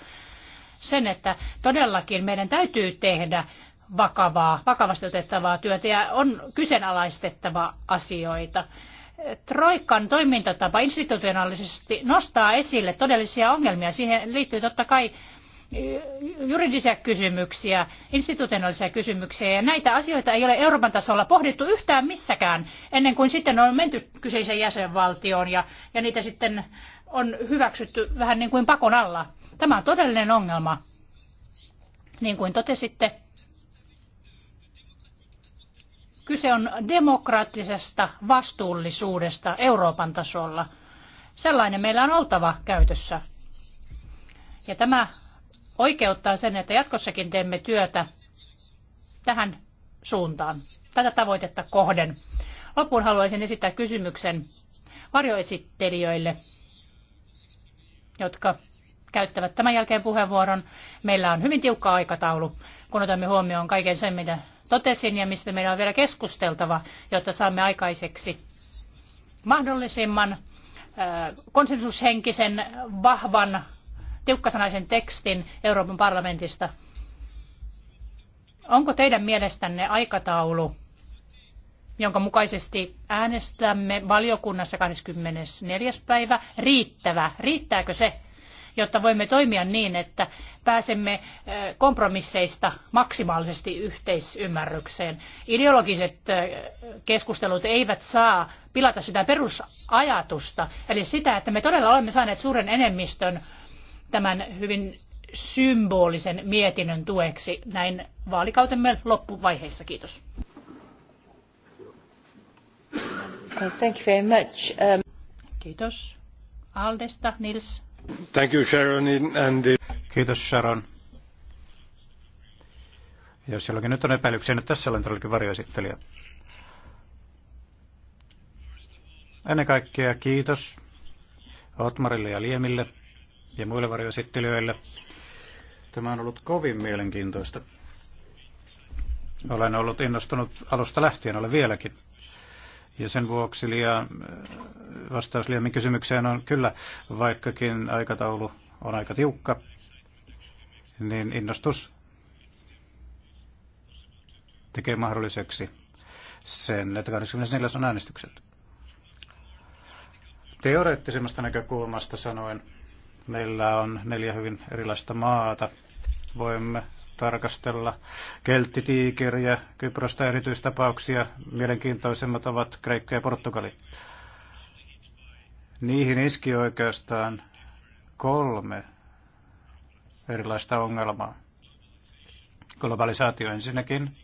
sen, että todellakin meidän täytyy tehdä vakavaa, vakavasti otettavaa työtä ja on kyseenalaistettava asioita. Troikan toimintatapa institutionaalisesti nostaa esille todellisia ongelmia. Siihen liittyy totta kai juridisia kysymyksiä, institutionaalisia kysymyksiä, ja näitä asioita ei ole Euroopan tasolla pohdittu yhtään missäkään, ennen kuin sitten on menty kyseiseen jäsenvaltioon, ja, ja niitä sitten on hyväksytty vähän niin kuin pakon alla. Tämä on todellinen ongelma. Niin kuin totesitte, Kyse on demokraattisesta vastuullisuudesta Euroopan tasolla. Sellainen meillä on oltava käytössä. Ja tämä oikeuttaa sen, että jatkossakin teemme työtä tähän suuntaan, tätä tavoitetta kohden. Loppuun haluaisin esittää kysymyksen varjoesittelijöille, jotka käyttävät tämän jälkeen puheenvuoron. Meillä on hyvin tiukka aikataulu kun otamme huomioon kaiken sen, mitä totesin ja mistä meidän on vielä keskusteltava, jotta saamme aikaiseksi mahdollisimman konsensushenkisen, vahvan, tiukkasanaisen tekstin Euroopan parlamentista. Onko teidän mielestänne aikataulu, jonka mukaisesti äänestämme valiokunnassa 24. päivä, riittävä? Riittääkö se? jotta voimme toimia niin, että pääsemme eh, kompromisseista maksimaalisesti yhteisymmärrykseen. Ideologiset eh, keskustelut eivät saa pilata sitä perusajatusta, eli sitä, että me todella olemme saaneet suuren enemmistön tämän hyvin symbolisen mietinnön tueksi näin vaalikautemme loppuvaiheessa. Kiitos. Thank you very much. Um... Kiitos. Aldesta, Nils Kiitos Sharon. Jos jollakin nyt on epäilyksiä, nyt tässä olen todellakin varjoesittelijä. Ennen kaikkea kiitos Otmarille ja Liemille ja muille varjoesittelijöille. Tämä on ollut kovin mielenkiintoista. Olen ollut innostunut alusta lähtien, olen vieläkin. Ja sen vuoksi liian, äh, vastaus liian kysymykseen on kyllä, vaikkakin aikataulu on aika tiukka, niin innostus tekee mahdolliseksi sen, että 24. on äänestykset. Teoreettisemmasta näkökulmasta sanoen, meillä on neljä hyvin erilaista maata, voimme tarkastella kelttitiikeriä, Kyprosta erityistapauksia. Mielenkiintoisemmat ovat Kreikka ja Portugali. Niihin iski oikeastaan kolme erilaista ongelmaa. Globalisaatio ensinnäkin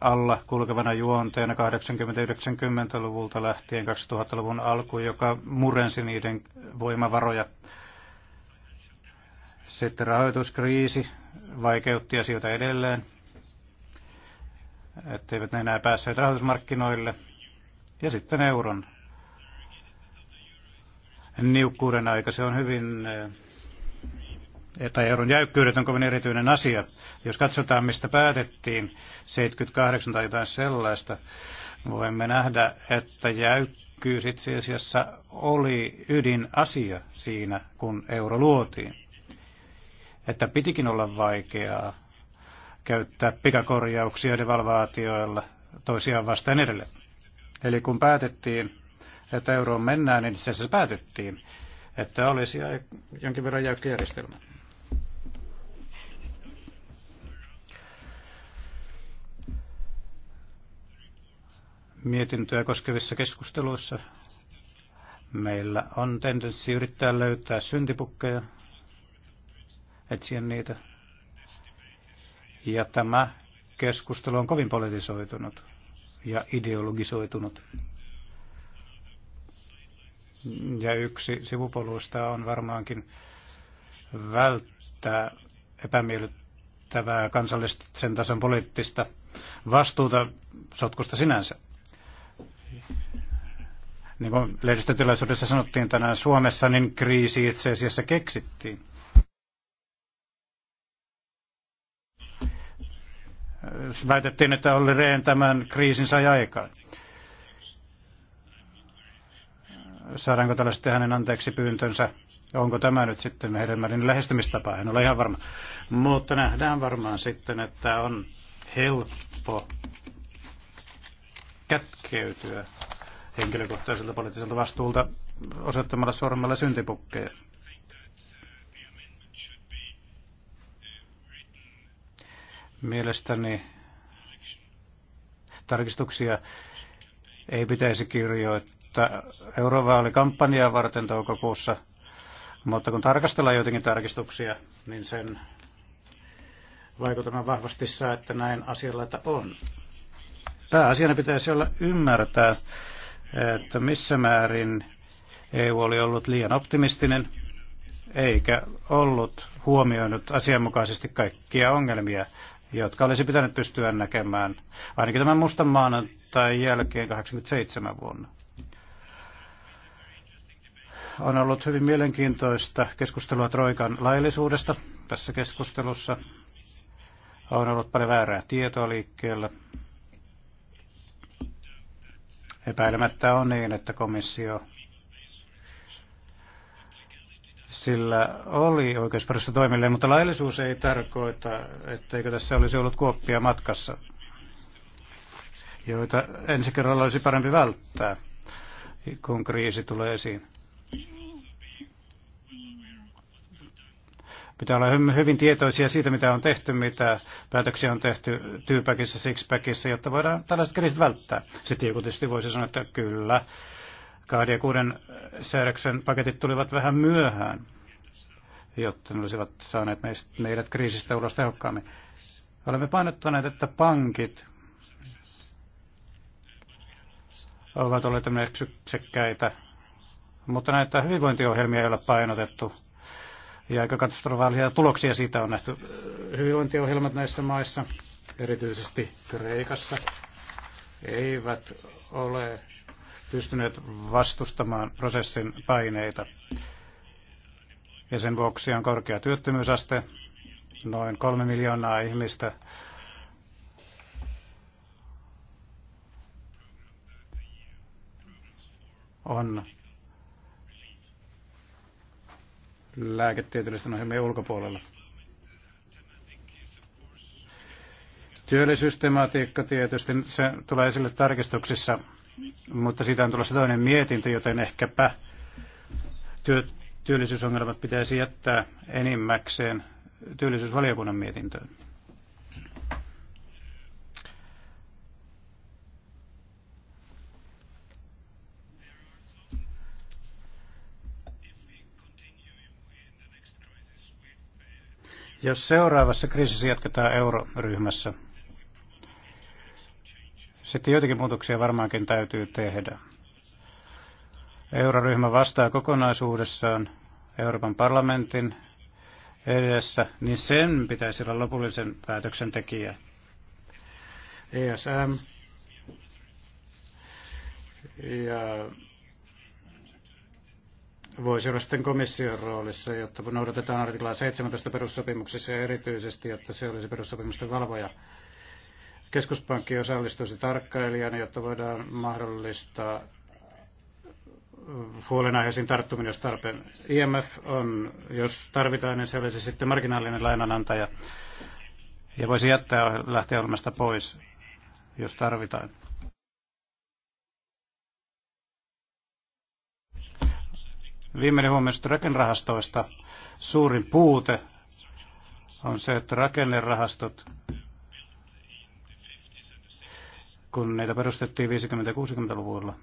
alla kulkevana juonteena 80-90-luvulta lähtien 2000-luvun alkuun, joka murensi niiden voimavaroja sitten rahoituskriisi vaikeutti asioita edelleen, etteivät ne enää päässeet rahoitusmarkkinoille. Ja sitten euron niukkuuden aika, se on hyvin, eh, tai euron jäykkyydet on kovin erityinen asia. Jos katsotaan, mistä päätettiin, 78 tai jotain sellaista, voimme nähdä, että jäykkyys itse asiassa oli ydinasia siinä, kun euro luotiin että pitikin olla vaikeaa käyttää pikakorjauksia devalvaatioilla toisiaan vastaan edelle. Eli kun päätettiin, että euroon mennään, niin itse asiassa päätettiin, että olisi jonkin verran jäykkä järjestelmä. Mietintöä koskevissa keskusteluissa meillä on tendenssi yrittää löytää syntipukkeja etsiä niitä. Ja tämä keskustelu on kovin politisoitunut ja ideologisoitunut. Ja yksi sivupoluista on varmaankin välttää epämiellyttävää kansallisen tason poliittista vastuuta sotkusta sinänsä. Niin kuin lehdistötilaisuudessa sanottiin tänään Suomessa, niin kriisi itse asiassa keksittiin. Äh, väitettiin, että oli Rehn tämän kriisin sai aikaan. Saadaanko sitten hänen anteeksi pyyntönsä? Onko tämä nyt sitten hedelmällinen lähestymistapa? En ole ihan varma. Mutta nähdään varmaan sitten, että on helppo kätkeytyä henkilökohtaiselta poliittiselta vastuulta osoittamalla sormella syntipukkeja. Mielestäni tarkistuksia ei pitäisi kirjoittaa eurovaalikampanjaa varten toukokuussa, mutta kun tarkastellaan jotenkin tarkistuksia, niin sen vaikutelma vahvasti saa, että näin että on. Pääasiana pitäisi olla ymmärtää, että missä määrin EU oli ollut liian optimistinen eikä ollut huomioinut asianmukaisesti kaikkia ongelmia jotka olisi pitänyt pystyä näkemään ainakin tämän mustan maanantain jälkeen 87 vuonna. On ollut hyvin mielenkiintoista keskustelua Troikan laillisuudesta tässä keskustelussa. On ollut paljon väärää tietoa liikkeellä. Epäilemättä on niin, että komissio sillä oli oikeusperusta toimille, mutta laillisuus ei tarkoita, etteikö tässä olisi ollut kuoppia matkassa, joita ensi kerralla olisi parempi välttää, kun kriisi tulee esiin. Pitää olla hyvin tietoisia siitä, mitä on tehty, mitä päätöksiä on tehty tyypäkissä, sixpäkissä, jotta voidaan tällaiset kriisit välttää. Sitten joku tietysti voisi sanoa, että kyllä, Kahden ja kuuden säädöksen paketit tulivat vähän myöhään, jotta ne olisivat saaneet meidät kriisistä ulos tehokkaammin. Olemme painottaneet, että pankit ovat olleet menestyksekkäitä, mutta näitä hyvinvointiohjelmia ei ole painotettu. Ja aika katastrofaalisia tuloksia siitä on nähty. Hyvinvointiohjelmat näissä maissa, erityisesti Kreikassa, eivät ole pystyneet vastustamaan prosessin paineita. Ja sen vuoksi on korkea työttömyysaste, noin kolme miljoonaa ihmistä on lääketieteellisten ohjelmien ulkopuolella. Työllisyystematiikka tietysti se tulee esille tarkistuksissa mutta siitä on tulossa toinen mietintö, joten ehkäpä työ, työllisyysongelmat pitäisi jättää enimmäkseen työllisyysvaliokunnan mietintöön. Jos seuraavassa kriisissä jatketaan euroryhmässä, sitten joitakin muutoksia varmaankin täytyy tehdä. Euroryhmä vastaa kokonaisuudessaan Euroopan parlamentin edessä, niin sen pitäisi olla lopullisen päätöksentekijä. ESM ja voisi olla sitten komission roolissa, jotta noudatetaan artiklaa 17 perussopimuksessa ja erityisesti, jotta se olisi perussopimusten valvoja. Keskuspankki osallistuisi tarkkailijana, jotta voidaan mahdollistaa huolenaiheisiin tarttuminen, jos tarpeen. IMF on, jos tarvitaan, niin se olisi sitten marginaalinen lainanantaja ja voisi jättää lähteä olemasta pois, jos tarvitaan. Viimeinen huomio rakennerahastoista. Suurin puute on se, että rakennerahastot kun niitä perustettiin 50-60-luvulla,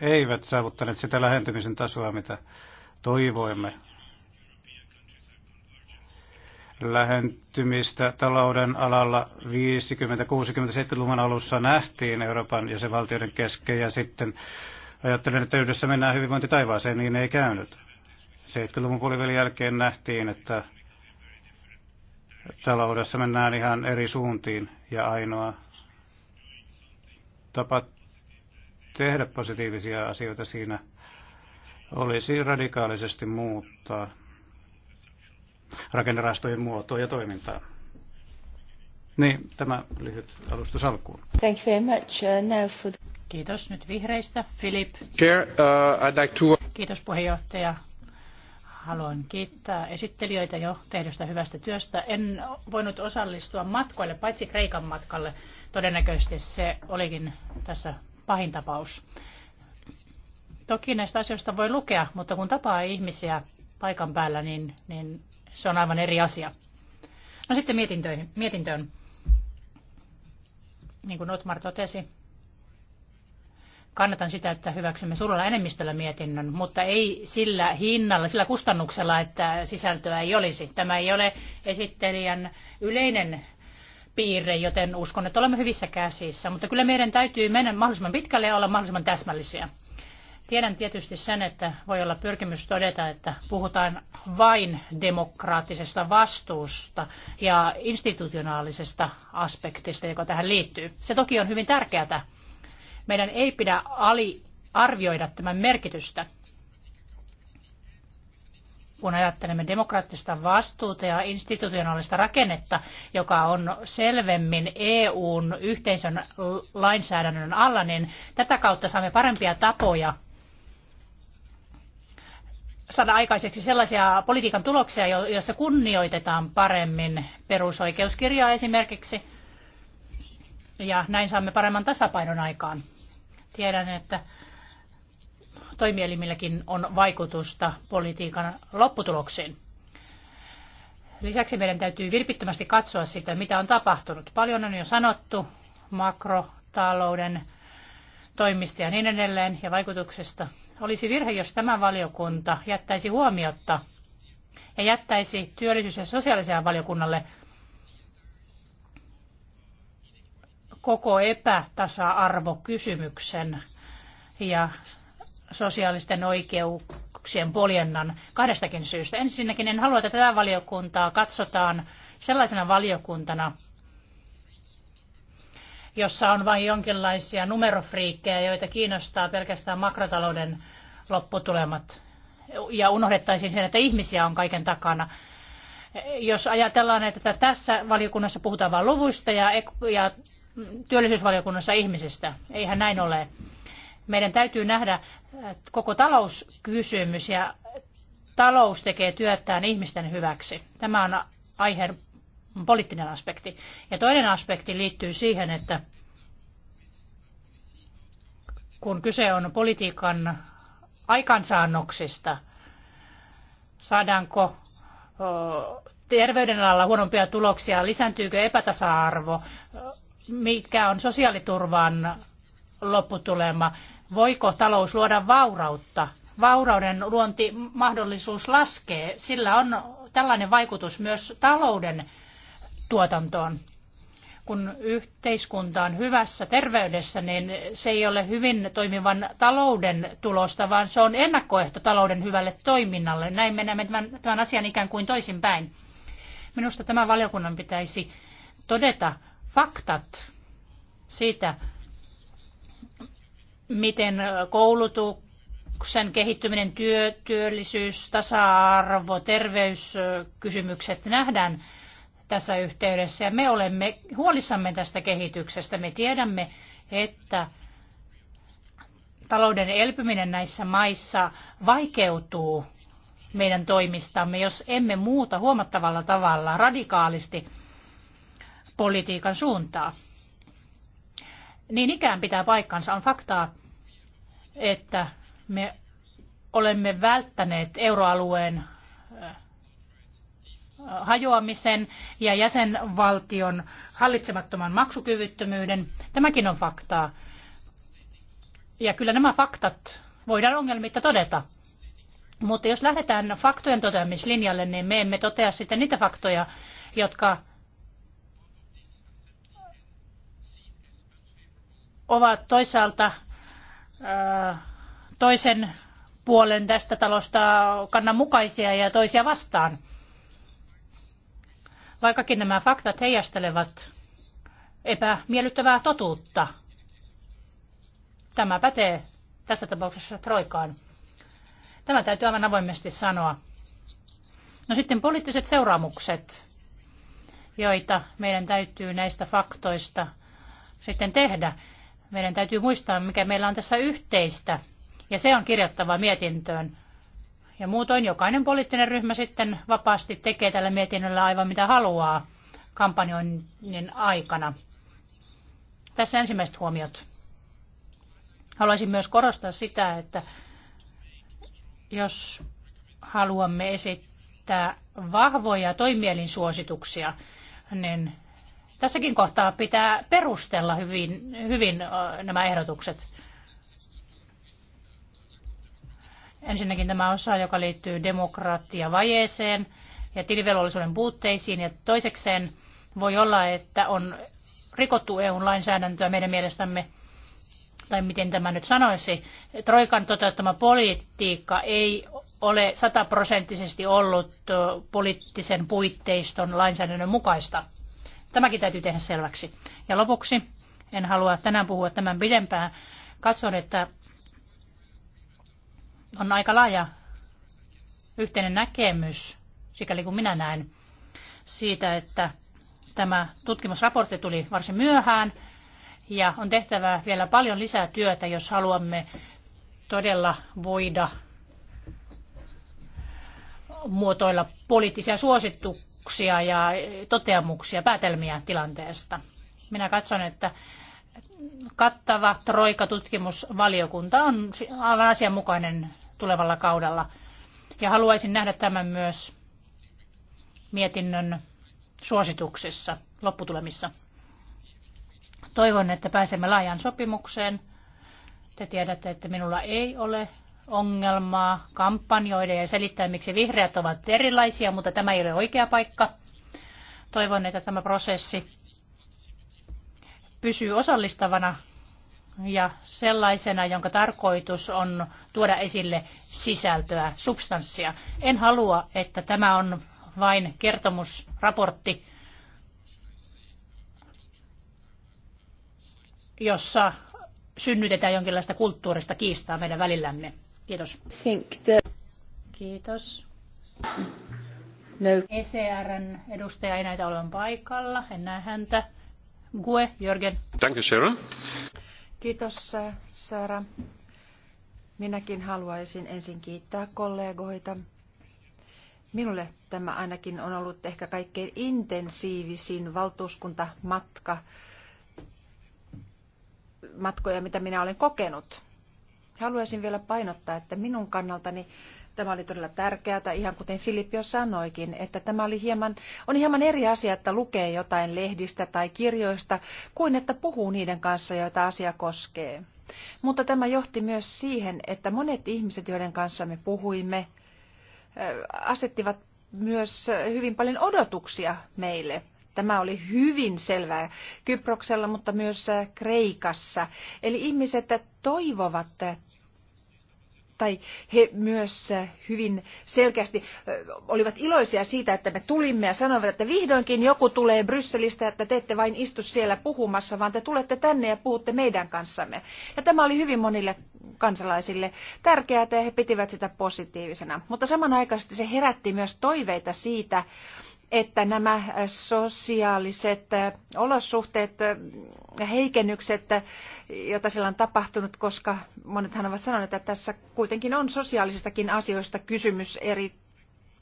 eivät saavuttaneet sitä lähentymisen tasoa, mitä toivoimme. Lähentymistä talouden alalla 50-, 60-, 70-luvun alussa nähtiin Euroopan ja sen valtioiden kesken ja sitten ajattelin, että yhdessä mennään hyvinvointitaivaaseen, niin ei käynyt. 70-luvun puolivälin jälkeen nähtiin, että taloudessa mennään ihan eri suuntiin ja ainoa tapa tehdä positiivisia asioita siinä olisi radikaalisesti muuttaa rakennerahastojen muotoa ja toimintaa. Niin, tämä lyhyt alustus alkuun. Thank you very much. Uh, now for... Kiitos nyt vihreistä. Philip. Chair, uh, I'd like to... Kiitos puheenjohtaja. Haluan kiittää esittelijöitä jo tehdystä hyvästä työstä. En voinut osallistua matkoille, paitsi Kreikan matkalle. Todennäköisesti se olikin tässä pahin tapaus. Toki näistä asioista voi lukea, mutta kun tapaa ihmisiä paikan päällä, niin, niin se on aivan eri asia. No sitten mietintöön. mietintöön. Niin kuin Otmar totesi, Kannatan sitä, että hyväksymme suurella enemmistöllä mietinnön, mutta ei sillä hinnalla, sillä kustannuksella, että sisältöä ei olisi. Tämä ei ole esittelijän yleinen piirre, joten uskon, että olemme hyvissä käsissä. Mutta kyllä meidän täytyy mennä mahdollisimman pitkälle ja olla mahdollisimman täsmällisiä. Tiedän tietysti sen, että voi olla pyrkimys todeta, että puhutaan vain demokraattisesta vastuusta ja institutionaalisesta aspektista, joka tähän liittyy. Se toki on hyvin tärkeää, meidän ei pidä aliarvioida tämän merkitystä. Kun ajattelemme demokraattista vastuuta ja institutionaalista rakennetta, joka on selvemmin EUn yhteisön lainsäädännön alla, niin tätä kautta saamme parempia tapoja saada aikaiseksi sellaisia politiikan tuloksia, joissa kunnioitetaan paremmin perusoikeuskirjaa esimerkiksi. Ja näin saamme paremman tasapainon aikaan. Tiedän, että toimielimilläkin on vaikutusta politiikan lopputuloksiin. Lisäksi meidän täytyy vilpittömästi katsoa sitä, mitä on tapahtunut. Paljon on jo sanottu makrotalouden toimista ja niin edelleen ja vaikutuksesta. Olisi virhe, jos tämä valiokunta jättäisi huomiotta ja jättäisi työllisyys- ja sosiaaliseen valiokunnalle koko epätasa-arvokysymyksen ja sosiaalisten oikeuksien poljennan kahdestakin syystä. Ensinnäkin en halua, että tätä valiokuntaa katsotaan sellaisena valiokuntana, jossa on vain jonkinlaisia numerofriikkejä, joita kiinnostaa pelkästään makrotalouden lopputulemat. Ja unohdettaisiin sen, että ihmisiä on kaiken takana. Jos ajatellaan, että tässä valiokunnassa puhutaan vain luvuista ja, ja työllisyysvaliokunnassa ihmisistä. Eihän näin ole. Meidän täytyy nähdä koko talouskysymys ja talous tekee työtään ihmisten hyväksi. Tämä on aiheen poliittinen aspekti. Ja toinen aspekti liittyy siihen, että kun kyse on politiikan aikansaannoksista, saadaanko terveydenalalla huonompia tuloksia, lisääntyykö epätasa-arvo, mikä on sosiaaliturvan lopputulema. Voiko talous luoda vaurautta? Vaurauden luontimahdollisuus laskee. Sillä on tällainen vaikutus myös talouden tuotantoon. Kun yhteiskunta on hyvässä terveydessä, niin se ei ole hyvin toimivan talouden tulosta, vaan se on ennakkoehto talouden hyvälle toiminnalle. Näin menemme tämän, tämän asian ikään kuin toisinpäin. Minusta tämä valiokunnan pitäisi todeta faktat siitä, miten koulutuksen kehittyminen, työ, työllisyys, tasa-arvo, terveyskysymykset nähdään tässä yhteydessä. Ja me olemme huolissamme tästä kehityksestä. Me tiedämme, että talouden elpyminen näissä maissa vaikeutuu meidän toimistamme, jos emme muuta huomattavalla tavalla radikaalisti – politiikan suuntaa. Niin ikään pitää paikkansa. On faktaa, että me olemme välttäneet euroalueen äh, hajoamisen ja jäsenvaltion hallitsemattoman maksukyvyttömyyden. Tämäkin on faktaa. Ja kyllä nämä faktat voidaan ongelmitta todeta. Mutta jos lähdetään faktojen toteamislinjalle, niin me emme totea sitten niitä faktoja, jotka ovat toisaalta toisen puolen tästä talosta kannan mukaisia ja toisia vastaan. Vaikkakin nämä faktat heijastelevat epämiellyttävää totuutta. Tämä pätee tässä tapauksessa Troikaan. Tämä täytyy aivan avoimesti sanoa. No sitten poliittiset seuraamukset, joita meidän täytyy näistä faktoista sitten tehdä. Meidän täytyy muistaa, mikä meillä on tässä yhteistä, ja se on kirjattava mietintöön. Ja muutoin jokainen poliittinen ryhmä sitten vapaasti tekee tällä mietinnöllä aivan mitä haluaa kampanjoinnin aikana. Tässä ensimmäiset huomiot. Haluaisin myös korostaa sitä, että jos haluamme esittää vahvoja toimielin suosituksia, niin Tässäkin kohtaa pitää perustella hyvin, hyvin nämä ehdotukset. Ensinnäkin tämä osa, joka liittyy demokratiavajeeseen ja tilivelvollisuuden puutteisiin. Ja toisekseen voi olla, että on rikottu EU-lainsäädäntöä meidän mielestämme, tai miten tämä nyt sanoisi, Troikan toteuttama politiikka ei ole sataprosenttisesti ollut poliittisen puitteiston lainsäädännön mukaista. Tämäkin täytyy tehdä selväksi. Ja lopuksi, en halua tänään puhua tämän pidempään, katson, että on aika laaja yhteinen näkemys, sikäli kuin minä näen, siitä, että tämä tutkimusraportti tuli varsin myöhään ja on tehtävää vielä paljon lisää työtä, jos haluamme todella voida muotoilla poliittisia suosituksia ajatuksia ja toteamuksia, päätelmiä tilanteesta. Minä katson, että kattava Troika-tutkimusvaliokunta on aivan asianmukainen tulevalla kaudella. Ja haluaisin nähdä tämän myös mietinnön suosituksissa, lopputulemissa. Toivon, että pääsemme laajaan sopimukseen. Te tiedätte, että minulla ei ole ongelmaa, kampanjoida ja selittää, miksi vihreät ovat erilaisia, mutta tämä ei ole oikea paikka. Toivon, että tämä prosessi pysyy osallistavana ja sellaisena, jonka tarkoitus on tuoda esille sisältöä, substanssia. En halua, että tämä on vain kertomusraportti, jossa synnytetään jonkinlaista kulttuurista kiistaa meidän välillämme. Kiitos. Kiitos. No. ECRn edustaja ei näitä olevan paikalla. En näe häntä. Gue, Jörgen. Danke, Sarah. Kiitos, Sara. Minäkin haluaisin ensin kiittää kollegoita. Minulle tämä ainakin on ollut ehkä kaikkein intensiivisin valtuuskuntamatka matkoja, mitä minä olen kokenut. Haluaisin vielä painottaa, että minun kannaltani tämä oli todella tärkeää, ihan kuten Filippi jo sanoikin, että tämä oli hieman, on hieman eri asia, että lukee jotain lehdistä tai kirjoista, kuin että puhuu niiden kanssa, joita asia koskee. Mutta tämä johti myös siihen, että monet ihmiset, joiden kanssa me puhuimme, asettivat myös hyvin paljon odotuksia meille. Tämä oli hyvin selvää Kyproksella, mutta myös äh, Kreikassa. Eli ihmiset äh, toivovat äh, tai he myös hyvin selkeästi olivat iloisia siitä, että me tulimme ja sanoivat, että vihdoinkin joku tulee Brysselistä, että te ette vain istu siellä puhumassa, vaan te tulette tänne ja puhutte meidän kanssamme. Ja tämä oli hyvin monille kansalaisille tärkeää, että he pitivät sitä positiivisena. Mutta samanaikaisesti se herätti myös toiveita siitä, että nämä sosiaaliset olosuhteet ja heikennykset, joita siellä on tapahtunut, koska monethan ovat sanoneet, että tässä kuitenkin on sosiaalisistakin asioista kysymys eri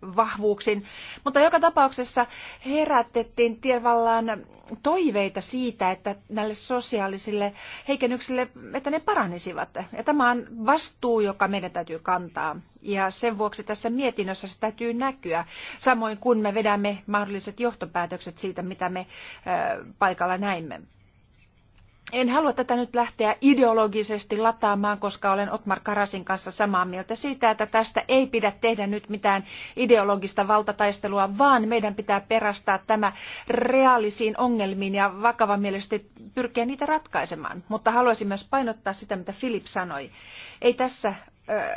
vahvuuksin. Mutta joka tapauksessa herätettiin tavallaan toiveita siitä, että näille sosiaalisille heikennyksille, että ne paranisivat. Ja tämä on vastuu, joka meidän täytyy kantaa. Ja sen vuoksi tässä mietinnössä se täytyy näkyä, samoin kun me vedämme mahdolliset johtopäätökset siitä, mitä me paikalla näimme en halua tätä nyt lähteä ideologisesti lataamaan, koska olen Otmar Karasin kanssa samaa mieltä siitä, että tästä ei pidä tehdä nyt mitään ideologista valtataistelua, vaan meidän pitää perastaa tämä reaalisiin ongelmiin ja vakavamielisesti pyrkiä niitä ratkaisemaan. Mutta haluaisin myös painottaa sitä, mitä Filip sanoi. Ei tässä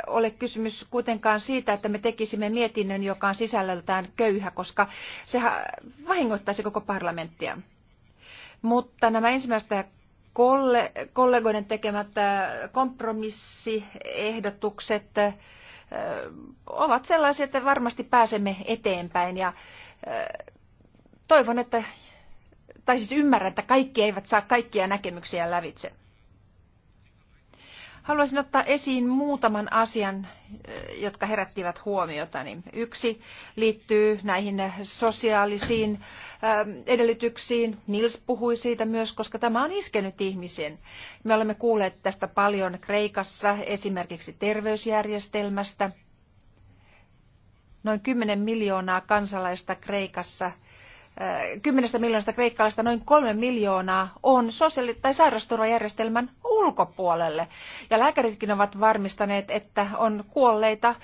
ole kysymys kuitenkaan siitä, että me tekisimme mietinnön, joka on sisällöltään köyhä, koska se vahingoittaisi koko parlamenttia. Mutta nämä ensimmäistä kollegoiden tekemät äh, kompromissiehdotukset äh, ovat sellaisia, että varmasti pääsemme eteenpäin ja äh, toivon, että, tai siis ymmärrän, että kaikki eivät saa kaikkia näkemyksiä lävitse. Haluaisin ottaa esiin muutaman asian, eh, jotka herättivät huomiota. Yksi liittyy näihin sosiaalisiin eh, edellytyksiin. Nils puhui siitä myös, koska tämä on iskenyt ihmisiin. Me olemme kuulleet tästä paljon Kreikassa, esimerkiksi terveysjärjestelmästä. Noin 10 miljoonaa kansalaista Kreikassa kymmenestä miljoonasta kreikkalaista noin kolme miljoonaa on sosiaali- tai sairausturvajärjestelmän ulkopuolelle. Ja lääkäritkin ovat varmistaneet, että on kuolleita äh,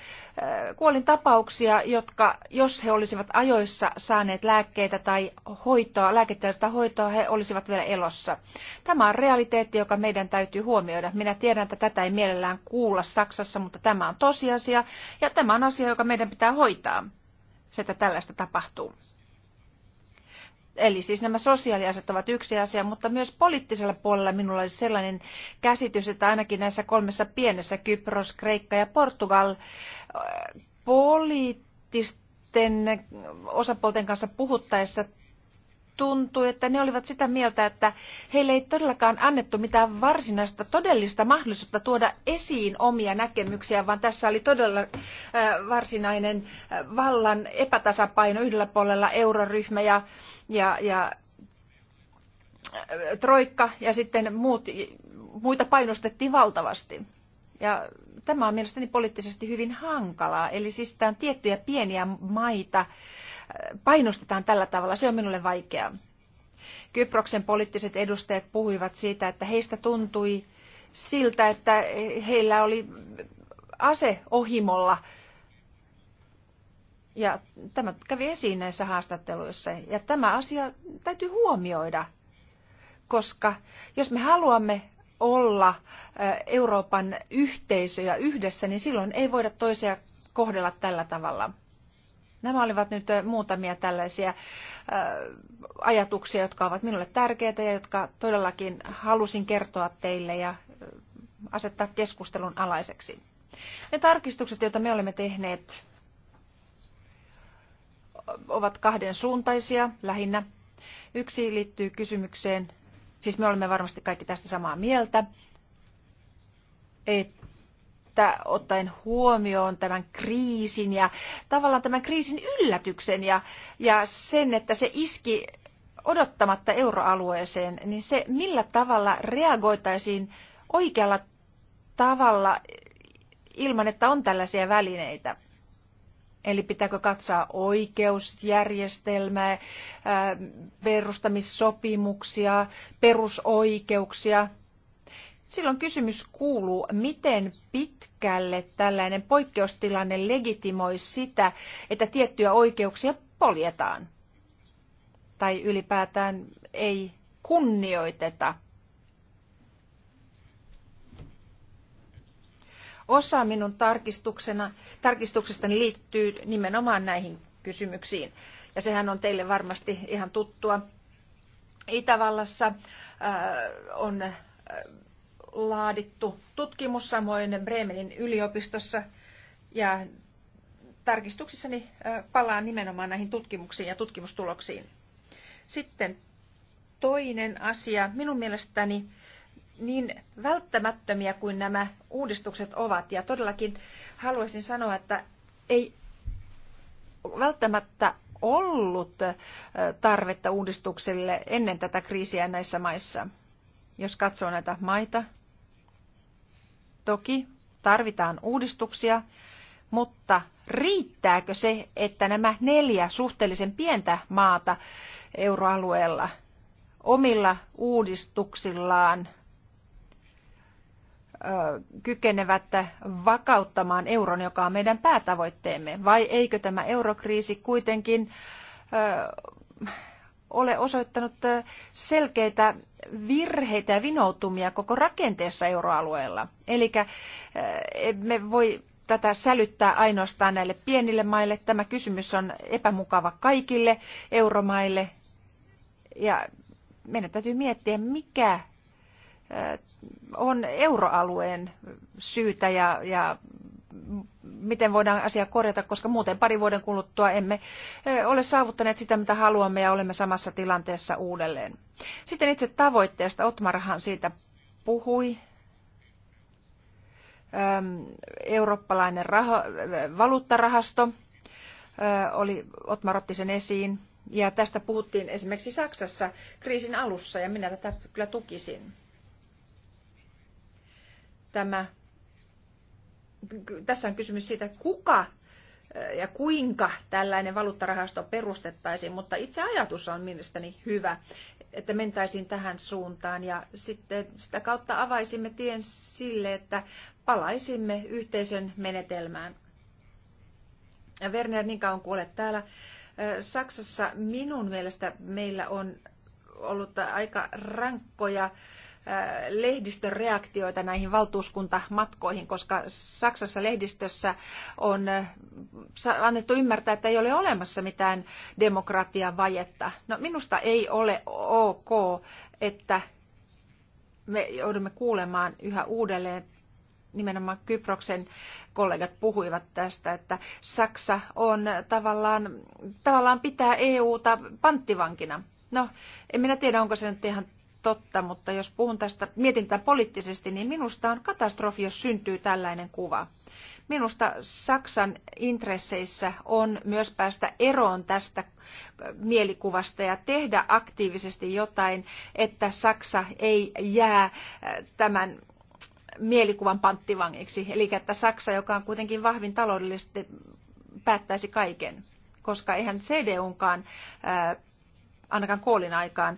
kuolintapauksia, jotka, jos he olisivat ajoissa saaneet lääkkeitä tai hoitoa, lääketieteellistä hoitoa, he olisivat vielä elossa. Tämä on realiteetti, joka meidän täytyy huomioida. Minä tiedän, että tätä ei mielellään kuulla Saksassa, mutta tämä on tosiasia ja tämä on asia, joka meidän pitää hoitaa se, että tällaista tapahtuu. Eli siis nämä sosiaaliasiat ovat yksi asia, mutta myös poliittisella puolella minulla oli sellainen käsitys, että ainakin näissä kolmessa pienessä, Kypros, Kreikka ja Portugal, äh, poliittisten osapuolten kanssa puhuttaessa tuntui, että ne olivat sitä mieltä, että heille ei todellakaan annettu mitään varsinaista todellista mahdollisuutta tuoda esiin omia näkemyksiä, vaan tässä oli todella äh, varsinainen äh, vallan epätasapaino yhdellä puolella euroryhmä ja ja, ja äh, Troikka ja sitten muut, muita painostettiin valtavasti. Ja tämä on mielestäni poliittisesti hyvin hankalaa. Eli siis tämän tiettyjä pieniä maita äh, painostetaan tällä tavalla. Se on minulle vaikeaa. Kyproksen poliittiset edustajat puhuivat siitä, että heistä tuntui siltä, että heillä oli ase ohimolla ja tämä kävi esiin näissä haastatteluissa. Ja tämä asia täytyy huomioida, koska jos me haluamme olla Euroopan yhteisöjä yhdessä, niin silloin ei voida toisia kohdella tällä tavalla. Nämä olivat nyt muutamia tällaisia ajatuksia, jotka ovat minulle tärkeitä ja jotka todellakin halusin kertoa teille ja asettaa keskustelun alaiseksi. Ne tarkistukset, joita me olemme tehneet ovat kahden suuntaisia lähinnä. Yksi liittyy kysymykseen, siis me olemme varmasti kaikki tästä samaa mieltä, että ottaen huomioon tämän kriisin ja tavallaan tämän kriisin yllätyksen ja, ja sen, että se iski odottamatta euroalueeseen, niin se millä tavalla reagoitaisiin oikealla tavalla ilman, että on tällaisia välineitä. Eli pitääkö katsoa oikeusjärjestelmää, perustamissopimuksia, perusoikeuksia. Silloin kysymys kuuluu, miten pitkälle tällainen poikkeustilanne legitimoi sitä, että tiettyjä oikeuksia poljetaan tai ylipäätään ei kunnioiteta – Osa minun tarkistuksena, tarkistuksestani liittyy nimenomaan näihin kysymyksiin. Ja sehän on teille varmasti ihan tuttua. Itävallassa äh, on äh, laadittu tutkimus samoin Bremenin yliopistossa ja tarkistuksissani äh, palaan nimenomaan näihin tutkimuksiin ja tutkimustuloksiin. Sitten toinen asia. Minun mielestäni niin välttämättömiä kuin nämä uudistukset ovat. Ja todellakin haluaisin sanoa, että ei välttämättä ollut tarvetta uudistukselle ennen tätä kriisiä näissä maissa. Jos katsoo näitä maita, toki tarvitaan uudistuksia, mutta riittääkö se, että nämä neljä suhteellisen pientä maata euroalueella omilla uudistuksillaan kykenevät vakauttamaan euron, joka on meidän päätavoitteemme, vai eikö tämä eurokriisi kuitenkin ole osoittanut selkeitä virheitä ja vinoutumia koko rakenteessa euroalueella. Eli me voi tätä sälyttää ainoastaan näille pienille maille. Tämä kysymys on epämukava kaikille euromaille. Ja meidän täytyy miettiä, mikä on euroalueen syytä ja, ja miten voidaan asia korjata, koska muuten pari vuoden kuluttua emme ole saavuttaneet sitä, mitä haluamme ja olemme samassa tilanteessa uudelleen. Sitten itse tavoitteesta, Otmarhan siitä puhui, eurooppalainen raho, valuuttarahasto, oli, Otmar otti sen esiin, ja tästä puhuttiin esimerkiksi Saksassa kriisin alussa, ja minä tätä kyllä tukisin tämä, tässä on kysymys siitä, kuka äh, ja kuinka tällainen valuuttarahasto perustettaisiin, mutta itse ajatus on mielestäni hyvä, että mentäisiin tähän suuntaan ja sitten sitä kautta avaisimme tien sille, että palaisimme yhteisön menetelmään. Ja Werner, niin kauan kuin olet täällä äh, Saksassa, minun mielestä meillä on ollut aika rankkoja äh, lehdistön reaktioita näihin valtuuskuntamatkoihin, koska Saksassa lehdistössä on annettu ymmärtää, että ei ole olemassa mitään demokratian vajetta. No minusta ei ole ok, että me joudumme kuulemaan yhä uudelleen nimenomaan Kyproksen kollegat puhuivat tästä, että Saksa on tavallaan, tavallaan pitää EUta panttivankina. No, en minä tiedä, onko se nyt ihan totta, mutta jos puhun tästä, mietin tätä poliittisesti, niin minusta on katastrofi, jos syntyy tällainen kuva. Minusta Saksan intresseissä on myös päästä eroon tästä mielikuvasta ja tehdä aktiivisesti jotain, että Saksa ei jää tämän mielikuvan panttivangiksi. Eli että Saksa, joka on kuitenkin vahvin taloudellisesti, päättäisi kaiken koska eihän CDUnkaan ainakaan koolin aikaan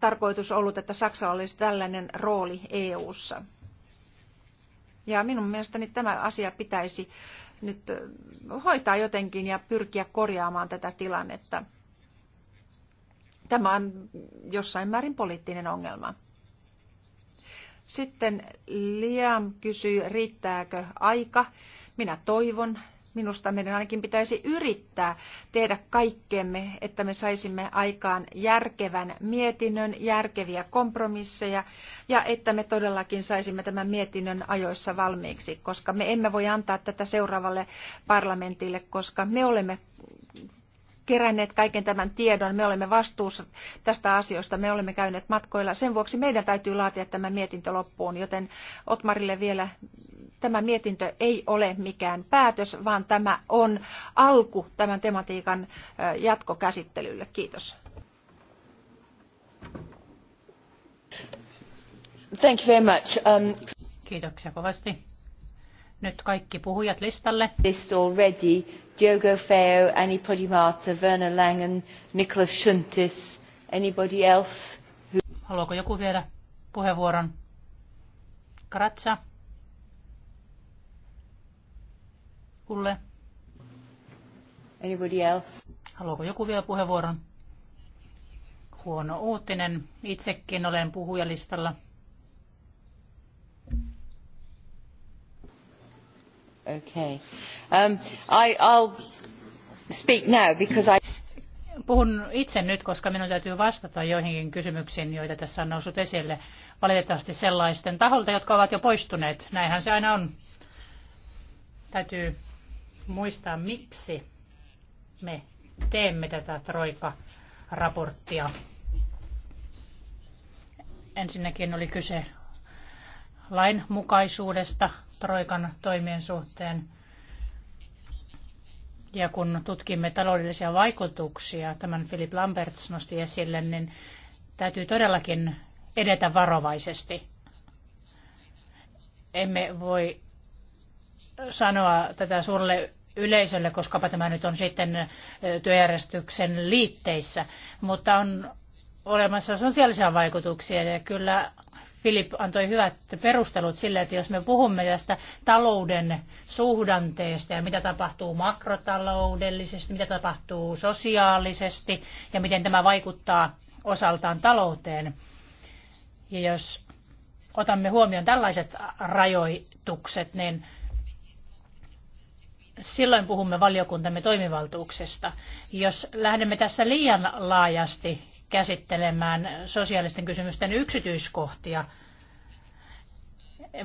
tarkoitus ollut, että Saksalla olisi tällainen rooli EU:ssa. Ja minun mielestäni tämä asia pitäisi nyt hoitaa jotenkin ja pyrkiä korjaamaan tätä tilannetta. Tämä on jossain määrin poliittinen ongelma. Sitten Liam kysyi, riittääkö aika. Minä toivon, Minusta meidän ainakin pitäisi yrittää tehdä kaikkemme, että me saisimme aikaan järkevän mietinnön, järkeviä kompromisseja ja että me todellakin saisimme tämän mietinnön ajoissa valmiiksi, koska me emme voi antaa tätä seuraavalle parlamentille, koska me olemme keränneet kaiken tämän tiedon, me olemme vastuussa tästä asiasta, me olemme käyneet matkoilla. Sen vuoksi meidän täytyy laatia tämä mietintö loppuun, joten Otmarille vielä Tämä mietintö ei ole mikään päätös, vaan tämä on alku tämän tematiikan jatkokäsittelylle. Kiitos. Thank you very much. Um... Kiitoksia kovasti. Nyt kaikki puhujat listalle. List already. Diogo Feo, Annie Podimata, Werner Langen, Nicholas Shuntis. Anybody else? Who... Haluaako joku vielä puheenvuoron? Karatsa. Kulle. Anybody else? Haluaako joku vielä puheenvuoron? Huono uutinen. Itsekin olen puhujalistalla. Okay. Um, I, I'll speak now because I... Puhun itse nyt, koska minun täytyy vastata joihinkin kysymyksiin, joita tässä on noussut esille. Valitettavasti sellaisten taholta, jotka ovat jo poistuneet. Näinhän se aina on. Täytyy muistaa, miksi me teemme tätä Troika-raporttia. Ensinnäkin oli kyse lainmukaisuudesta Troikan toimien suhteen. Ja kun tutkimme taloudellisia vaikutuksia, tämän Philip Lamberts nosti esille, niin täytyy todellakin edetä varovaisesti. Emme voi sanoa tätä suurelle yleisölle, koska tämä nyt on sitten työjärjestyksen liitteissä, mutta on olemassa sosiaalisia vaikutuksia ja kyllä Filip antoi hyvät perustelut sille, että jos me puhumme tästä talouden suhdanteesta ja mitä tapahtuu makrotaloudellisesti, mitä tapahtuu sosiaalisesti ja miten tämä vaikuttaa osaltaan talouteen. Ja jos otamme huomioon tällaiset rajoitukset, niin silloin puhumme valiokuntamme toimivaltuuksesta. Jos lähdemme tässä liian laajasti käsittelemään sosiaalisten kysymysten yksityiskohtia,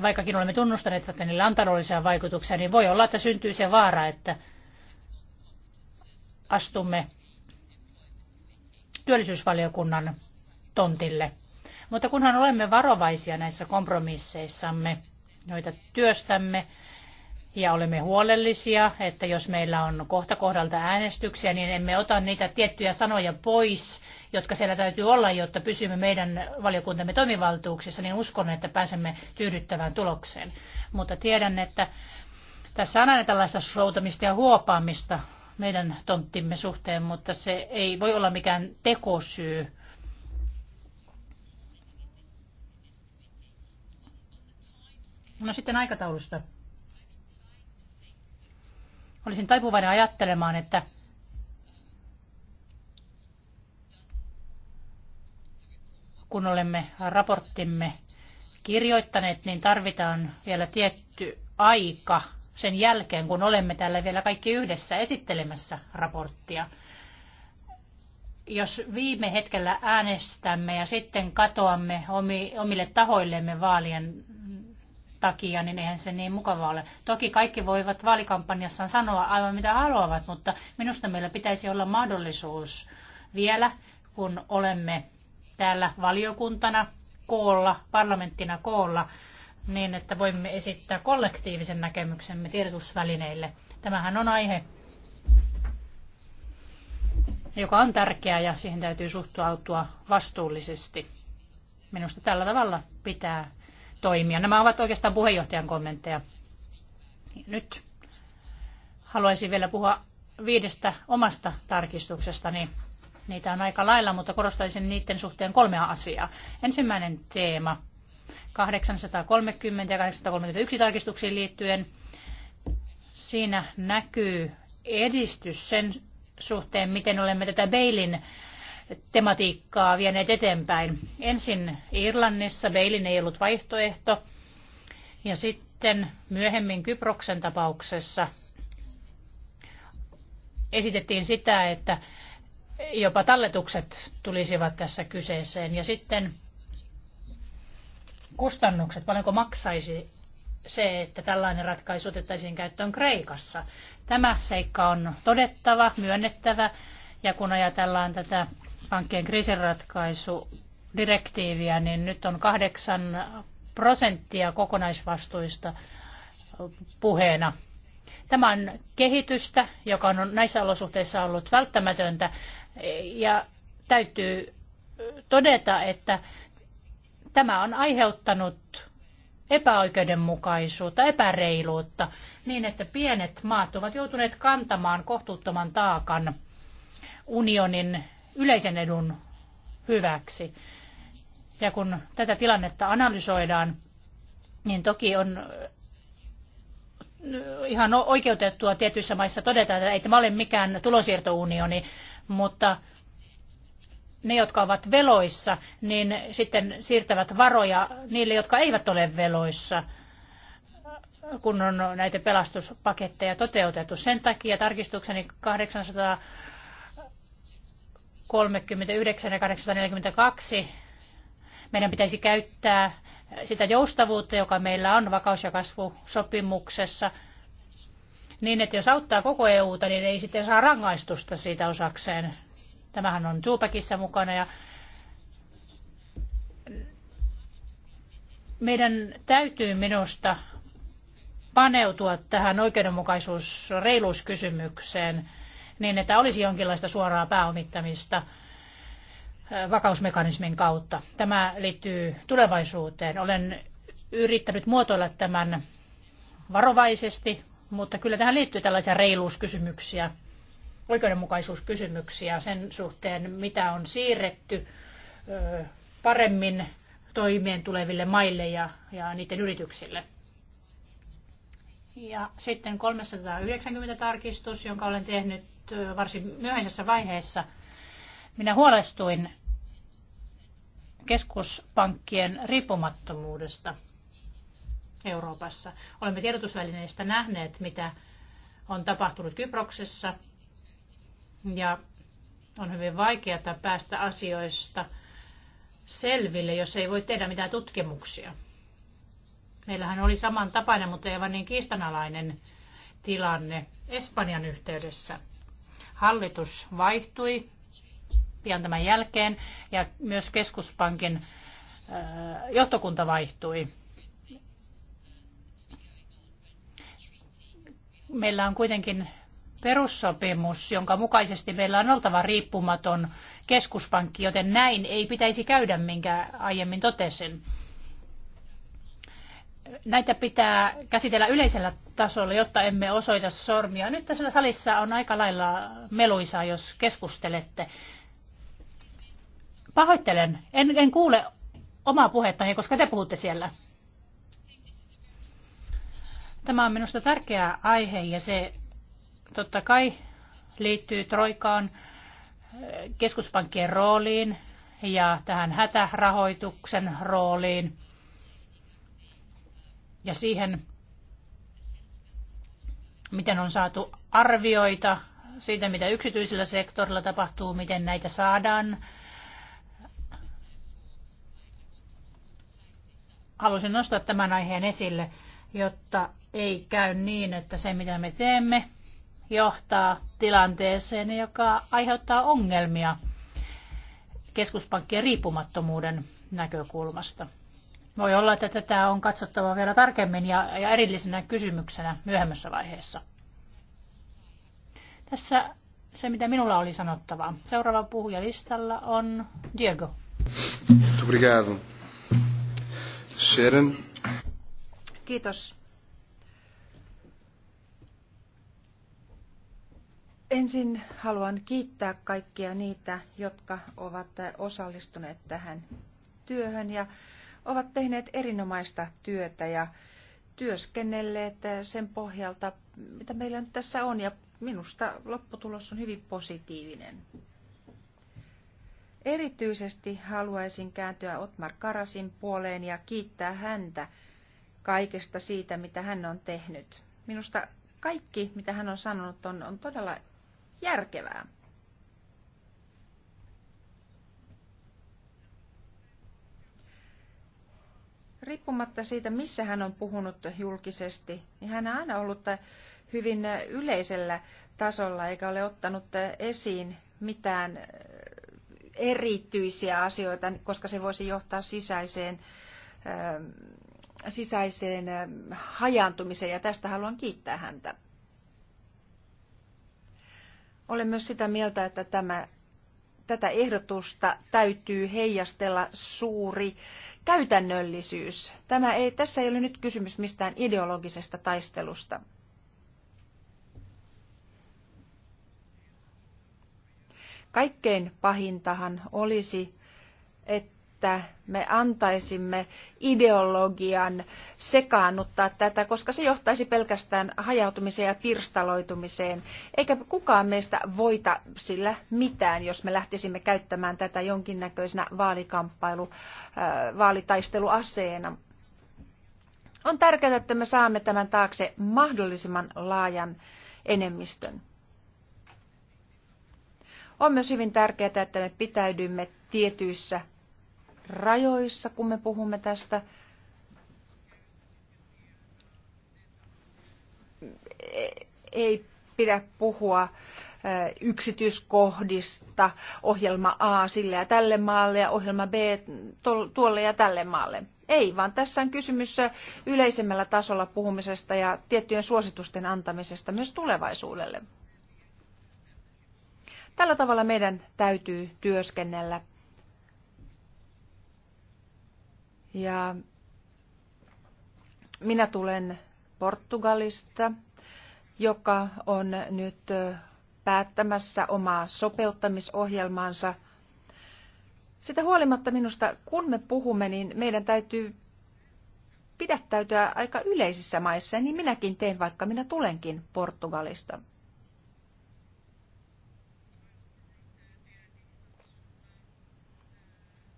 vaikkakin olemme tunnustaneet, että niillä on taloudellisia vaikutuksia, niin voi olla, että syntyy se vaara, että astumme työllisyysvaliokunnan tontille. Mutta kunhan olemme varovaisia näissä kompromisseissamme, joita työstämme, ja olemme huolellisia, että jos meillä on kohta kohdalta äänestyksiä, niin emme ota niitä tiettyjä sanoja pois, jotka siellä täytyy olla, jotta pysymme meidän valiokuntamme toimivaltuuksissa, niin uskon, että pääsemme tyydyttävään tulokseen. Mutta tiedän, että tässä on aina tällaista soutamista ja huopaamista meidän tonttimme suhteen, mutta se ei voi olla mikään tekosyy. No sitten aikataulusta. Olisin taipuvainen ajattelemaan, että kun olemme raporttimme kirjoittaneet, niin tarvitaan vielä tietty aika sen jälkeen, kun olemme täällä vielä kaikki yhdessä esittelemässä raporttia. Jos viime hetkellä äänestämme ja sitten katoamme omille tahoillemme vaalien takia, niin eihän se niin mukava ole. Toki kaikki voivat vaalikampanjassaan sanoa aivan mitä haluavat, mutta minusta meillä pitäisi olla mahdollisuus vielä, kun olemme täällä valiokuntana koolla, parlamenttina koolla, niin että voimme esittää kollektiivisen näkemyksemme tiedotusvälineille. Tämähän on aihe, joka on tärkeä ja siihen täytyy suhtautua vastuullisesti. Minusta tällä tavalla pitää toimia. Nämä ovat oikeastaan puheenjohtajan kommentteja. Nyt haluaisin vielä puhua viidestä omasta tarkistuksestani. Niitä on aika lailla, mutta korostaisin niiden suhteen kolmea asiaa. Ensimmäinen teema 830 ja 831 tarkistuksiin liittyen. Siinä näkyy edistys sen suhteen, miten olemme tätä Beilin tematiikkaa vieneet eteenpäin. Ensin Irlannissa Beilin ei ollut vaihtoehto ja sitten myöhemmin Kyproksen tapauksessa esitettiin sitä, että jopa talletukset tulisivat tässä kyseeseen ja sitten kustannukset, paljonko maksaisi se, että tällainen ratkaisu otettaisiin käyttöön Kreikassa. Tämä seikka on todettava, myönnettävä, ja kun ajatellaan tätä pankkien kriisinratkaisudirektiiviä, niin nyt on kahdeksan prosenttia kokonaisvastuista puheena. Tämä on kehitystä, joka on näissä olosuhteissa ollut välttämätöntä ja täytyy todeta, että tämä on aiheuttanut epäoikeudenmukaisuutta, epäreiluutta, niin että pienet maat ovat joutuneet kantamaan kohtuuttoman taakan unionin yleisen edun hyväksi. Ja kun tätä tilannetta analysoidaan, niin toki on äh, ihan oikeutettua tietyissä maissa todeta, että ei tämä ole mikään tulosiirtounioni, mutta ne, jotka ovat veloissa, niin sitten siirtävät varoja niille, jotka eivät ole veloissa, kun on näitä pelastuspaketteja toteutettu. Sen takia tarkistukseni 800 39 ja 842 meidän pitäisi käyttää sitä joustavuutta, joka meillä on vakaus- ja kasvusopimuksessa, niin että jos auttaa koko EUta, niin ei sitten saa rangaistusta siitä osakseen. Tämähän on Tuupakissa mukana ja meidän täytyy minusta paneutua tähän oikeudenmukaisuus- reiluuskysymykseen niin että olisi jonkinlaista suoraa pääomittamista vakausmekanismin kautta. Tämä liittyy tulevaisuuteen. Olen yrittänyt muotoilla tämän varovaisesti, mutta kyllä tähän liittyy tällaisia reiluuskysymyksiä, oikeudenmukaisuuskysymyksiä sen suhteen, mitä on siirretty paremmin toimeen tuleville maille ja, ja niiden yrityksille. Ja sitten 390 tarkistus, jonka olen tehnyt varsin myöhäisessä vaiheessa. Minä huolestuin keskuspankkien riippumattomuudesta Euroopassa. Olemme tiedotusvälineistä nähneet, mitä on tapahtunut Kyproksessa. Ja on hyvin vaikeaa päästä asioista selville, jos ei voi tehdä mitään tutkimuksia. Meillähän oli samantapainen, mutta ei vain niin kiistanalainen tilanne Espanjan yhteydessä. Hallitus vaihtui pian tämän jälkeen ja myös keskuspankin äh, johtokunta vaihtui. Meillä on kuitenkin perussopimus, jonka mukaisesti meillä on oltava riippumaton keskuspankki, joten näin ei pitäisi käydä, minkä aiemmin totesin näitä pitää käsitellä yleisellä tasolla, jotta emme osoita sormia. Nyt tässä salissa on aika lailla meluisaa, jos keskustelette. Pahoittelen, en, en kuule omaa puhettani, koska te puhutte siellä. Tämä on minusta tärkeä aihe ja se totta kai liittyy Troikaan, keskuspankkien rooliin ja tähän hätärahoituksen rooliin ja siihen, miten on saatu arvioita siitä, mitä yksityisellä sektorilla tapahtuu, miten näitä saadaan. Halusin nostaa tämän aiheen esille, jotta ei käy niin, että se mitä me teemme johtaa tilanteeseen, joka aiheuttaa ongelmia keskuspankkien riippumattomuuden näkökulmasta. Voi olla, että tätä on katsottava vielä tarkemmin ja, ja erillisenä kysymyksenä myöhemmässä vaiheessa. Tässä se, mitä minulla oli sanottavaa. Seuraava listalla on Diego. Obrigado. Sharon. Kiitos. Ensin haluan kiittää kaikkia niitä, jotka ovat osallistuneet tähän työhön ja ovat tehneet erinomaista työtä ja työskennelleet sen pohjalta, mitä meillä nyt tässä on, ja minusta lopputulos on hyvin positiivinen. Erityisesti haluaisin kääntyä Otmar Karasin puoleen ja kiittää häntä kaikesta siitä, mitä hän on tehnyt. Minusta kaikki, mitä hän on sanonut, on, on todella järkevää. riippumatta siitä, missä hän on puhunut julkisesti, niin hän on aina ollut hyvin yleisellä tasolla eikä ole ottanut esiin mitään erityisiä asioita, koska se voisi johtaa sisäiseen, sisäiseen hajaantumiseen ja tästä haluan kiittää häntä. Olen myös sitä mieltä, että tämä, tätä ehdotusta täytyy heijastella suuri käytännöllisyys. Tämä ei, tässä ei ole nyt kysymys mistään ideologisesta taistelusta. Kaikkein pahintahan olisi, että että me antaisimme ideologian sekaannuttaa tätä, koska se johtaisi pelkästään hajautumiseen ja pirstaloitumiseen, eikä kukaan meistä voita sillä mitään, jos me lähtisimme käyttämään tätä jonkinnäköisenä vaalikamppailu, äh, vaalitaisteluaseena. On tärkeää, että me saamme tämän taakse mahdollisimman laajan enemmistön. On myös hyvin tärkeää, että me pitäydymme tietyissä rajoissa, kun me puhumme tästä. Ei pidä puhua yksityiskohdista, ohjelma A sille ja tälle maalle ja ohjelma B tuolle ja tälle maalle. Ei, vaan tässä on kysymys yleisemmällä tasolla puhumisesta ja tiettyjen suositusten antamisesta myös tulevaisuudelle. Tällä tavalla meidän täytyy työskennellä Ja minä tulen Portugalista, joka on nyt päättämässä omaa sopeuttamisohjelmaansa. Sitä huolimatta minusta, kun me puhumme, niin meidän täytyy pidättäytyä aika yleisissä maissa, niin minäkin teen, vaikka minä tulenkin Portugalista.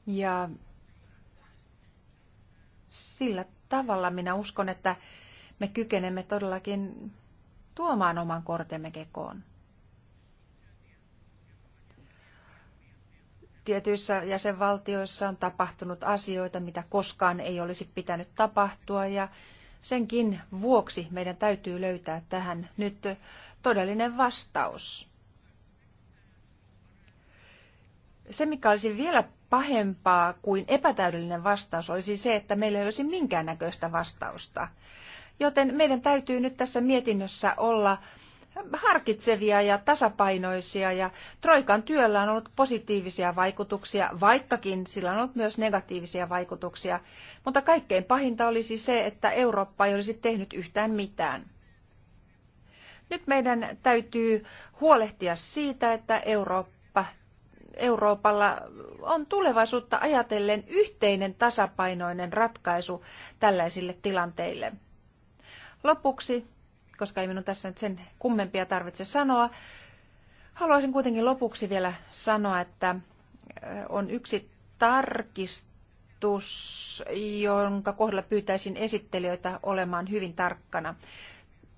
Ja sillä tavalla minä uskon, että me kykenemme todellakin tuomaan oman kortemme kekoon. Tietyissä jäsenvaltioissa on tapahtunut asioita, mitä koskaan ei olisi pitänyt tapahtua ja senkin vuoksi meidän täytyy löytää tähän nyt todellinen vastaus. Se, mikä olisi vielä pahempaa kuin epätäydellinen vastaus, olisi se, että meillä ei olisi minkäännäköistä vastausta. Joten meidän täytyy nyt tässä mietinnössä olla harkitsevia ja tasapainoisia ja Troikan työllä on ollut positiivisia vaikutuksia, vaikkakin sillä on ollut myös negatiivisia vaikutuksia, mutta kaikkein pahinta olisi se, että Eurooppa ei olisi tehnyt yhtään mitään. Nyt meidän täytyy huolehtia siitä, että Eurooppa Euroopalla on tulevaisuutta ajatellen yhteinen tasapainoinen ratkaisu tällaisille tilanteille. Lopuksi, koska ei minun tässä nyt sen kummempia tarvitse sanoa, haluaisin kuitenkin lopuksi vielä sanoa, että äh, on yksi tarkistus, jonka kohdalla pyytäisin esittelijöitä olemaan hyvin tarkkana.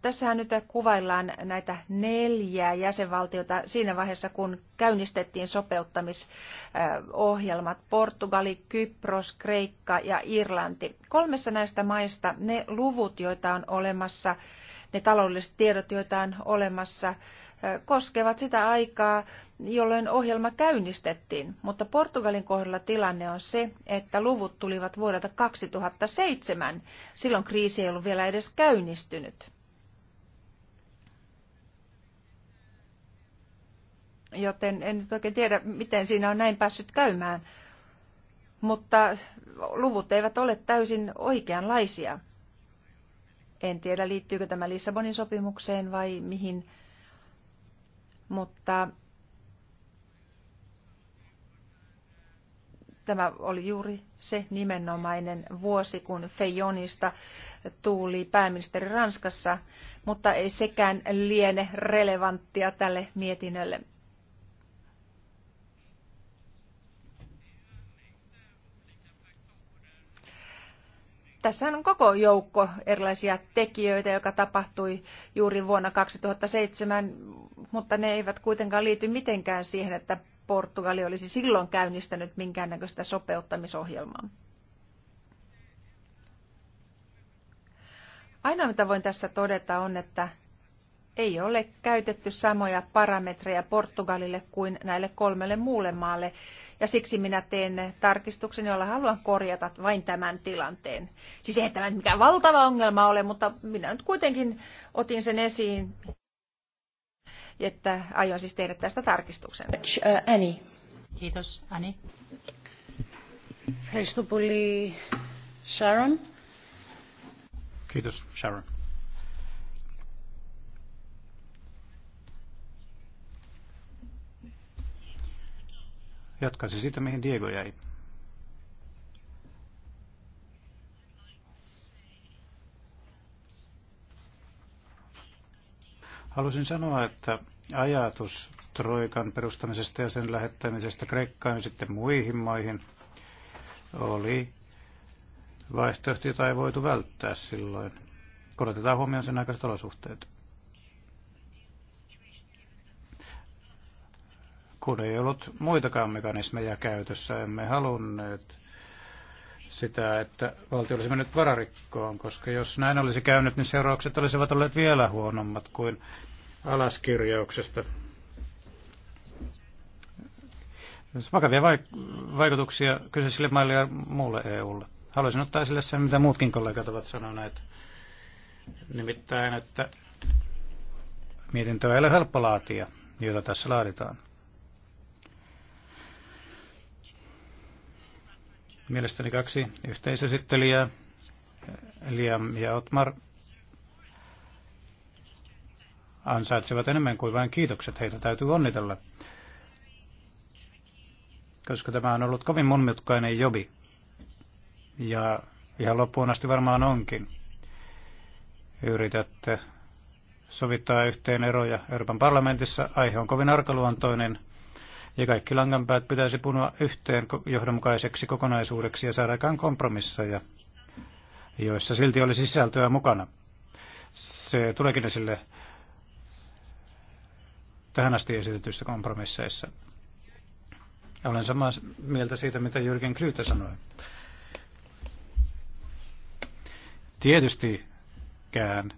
Tässähän nyt kuvaillaan näitä neljää jäsenvaltiota siinä vaiheessa, kun käynnistettiin sopeuttamisohjelmat Portugali, Kypros, Kreikka ja Irlanti. Kolmessa näistä maista ne luvut, joita on olemassa, ne taloudelliset tiedot, joita on olemassa, koskevat sitä aikaa, jolloin ohjelma käynnistettiin, mutta Portugalin kohdalla tilanne on se, että luvut tulivat vuodelta 2007. Silloin kriisi ei ollut vielä edes käynnistynyt. joten en nyt oikein tiedä, miten siinä on näin päässyt käymään. Mutta luvut eivät ole täysin oikeanlaisia. En tiedä, liittyykö tämä Lissabonin sopimukseen vai mihin, mutta tämä oli juuri se nimenomainen vuosi, kun Fejonista tuli pääministeri Ranskassa, mutta ei sekään liene relevanttia tälle mietinnölle. tässä on koko joukko erilaisia tekijöitä, joka tapahtui juuri vuonna 2007, mutta ne eivät kuitenkaan liity mitenkään siihen, että Portugali olisi silloin käynnistänyt minkäännäköistä sopeuttamisohjelmaa. Ainoa mitä voin tässä todeta on, että ei ole käytetty samoja parametreja Portugalille kuin näille kolmelle muulle maalle, ja siksi minä teen tarkistuksen, jolla haluan korjata vain tämän tilanteen. Siis ei tämä mikään valtava ongelma ole, mutta minä nyt kuitenkin otin sen esiin, että aion siis tehdä tästä tarkistuksen. Ani. Kiitos, Ani. Kiitos, Sharon. Kiitos, Sharon. Jatkaisin siitä, mihin Diego jäi. Haluaisin sanoa, että ajatus Troikan perustamisesta ja sen lähettämisestä Kreikkaan ja sitten muihin maihin oli vaihtoehto, jota ei voitu välttää silloin. Kun otetaan huomioon sen aikaiset olosuhteet. kun ei ollut muitakaan mekanismeja käytössä. Emme halunneet sitä, että valtio olisi mennyt vararikkoon, koska jos näin olisi käynyt, niin seuraukset olisivat olleet vielä huonommat kuin alaskirjauksesta. Vakavia vaikutuksia kyseisille maille ja muulle EUlle. Haluaisin ottaa esille sen, mitä muutkin kollegat ovat sanoneet. Nimittäin, että mietintöä ei ole helppo laatia, jota tässä laaditaan. Mielestäni kaksi yhteisesittelijää, Liam ja Otmar, ansaitsevat enemmän kuin vain kiitokset. Heitä täytyy onnitella, koska tämä on ollut kovin monimutkainen jobi. Ja ihan loppuun asti varmaan onkin. Yritätte sovittaa yhteen eroja Euroopan parlamentissa. Aihe on kovin arkaluontoinen ja kaikki langanpäät pitäisi punoa yhteen johdonmukaiseksi kokonaisuudeksi ja saada aikaan kompromisseja, joissa silti oli sisältöä mukana. Se tuleekin esille tähän asti esitetyissä kompromisseissa. Olen samaa mieltä siitä, mitä Jürgen Klyytä sanoi. Tietystikään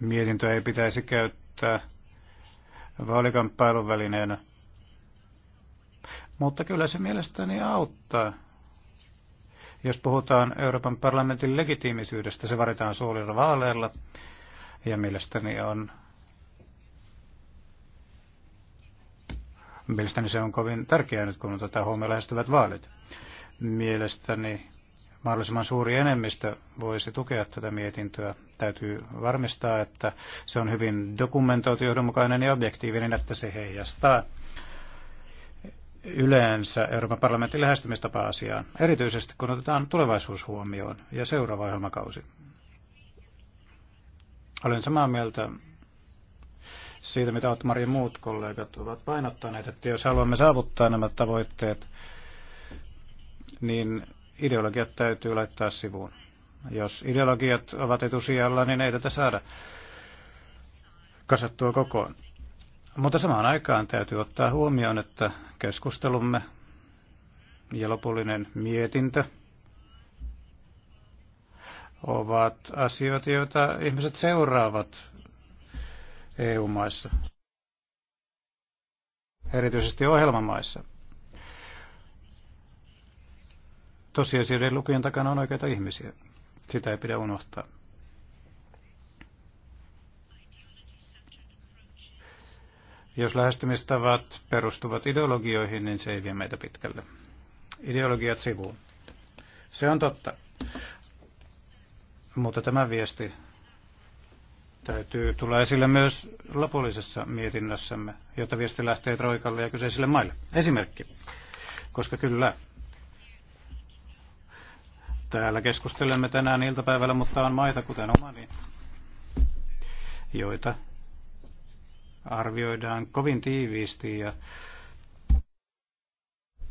mietintöä ei pitäisi käyttää vaalikamppailun välineenä mutta kyllä se mielestäni auttaa. Jos puhutaan Euroopan parlamentin legitiimisyydestä, se varitaan suurilla vaaleilla. Ja mielestäni on Mielestäni se on kovin tärkeää nyt, kun tätä huomioon lähestyvät vaalit. Mielestäni mahdollisimman suuri enemmistö voisi tukea tätä mietintöä. Täytyy varmistaa, että se on hyvin dokumentoitu, johdonmukainen ja objektiivinen, että se heijastaa yleensä Euroopan parlamentin lähestymistapa asiaan, erityisesti kun otetaan tulevaisuus huomioon ja seuraava ohjelmakausi. Olen samaa mieltä siitä, mitä Otmar ja muut kollegat ovat painottaneet, että jos haluamme saavuttaa nämä tavoitteet, niin ideologiat täytyy laittaa sivuun. Jos ideologiat ovat etusijalla, niin ei tätä saada kasattua kokoon. Mutta samaan aikaan täytyy ottaa huomioon, että keskustelumme ja lopullinen mietintö ovat asioita, joita ihmiset seuraavat EU-maissa, erityisesti ohjelmamaissa. Tosiasioiden lukujen takana on oikeita ihmisiä. Sitä ei pidä unohtaa. Jos lähestymistavat perustuvat ideologioihin, niin se ei vie meitä pitkälle. Ideologiat sivuun. Se on totta. Mutta tämä viesti täytyy tulla esille myös lopullisessa mietinnössämme, jotta viesti lähtee Troikalle ja kyseisille maille. Esimerkki, koska kyllä, täällä keskustelemme tänään iltapäivällä, mutta on maita, kuten omani, joita arvioidaan kovin tiiviisti ja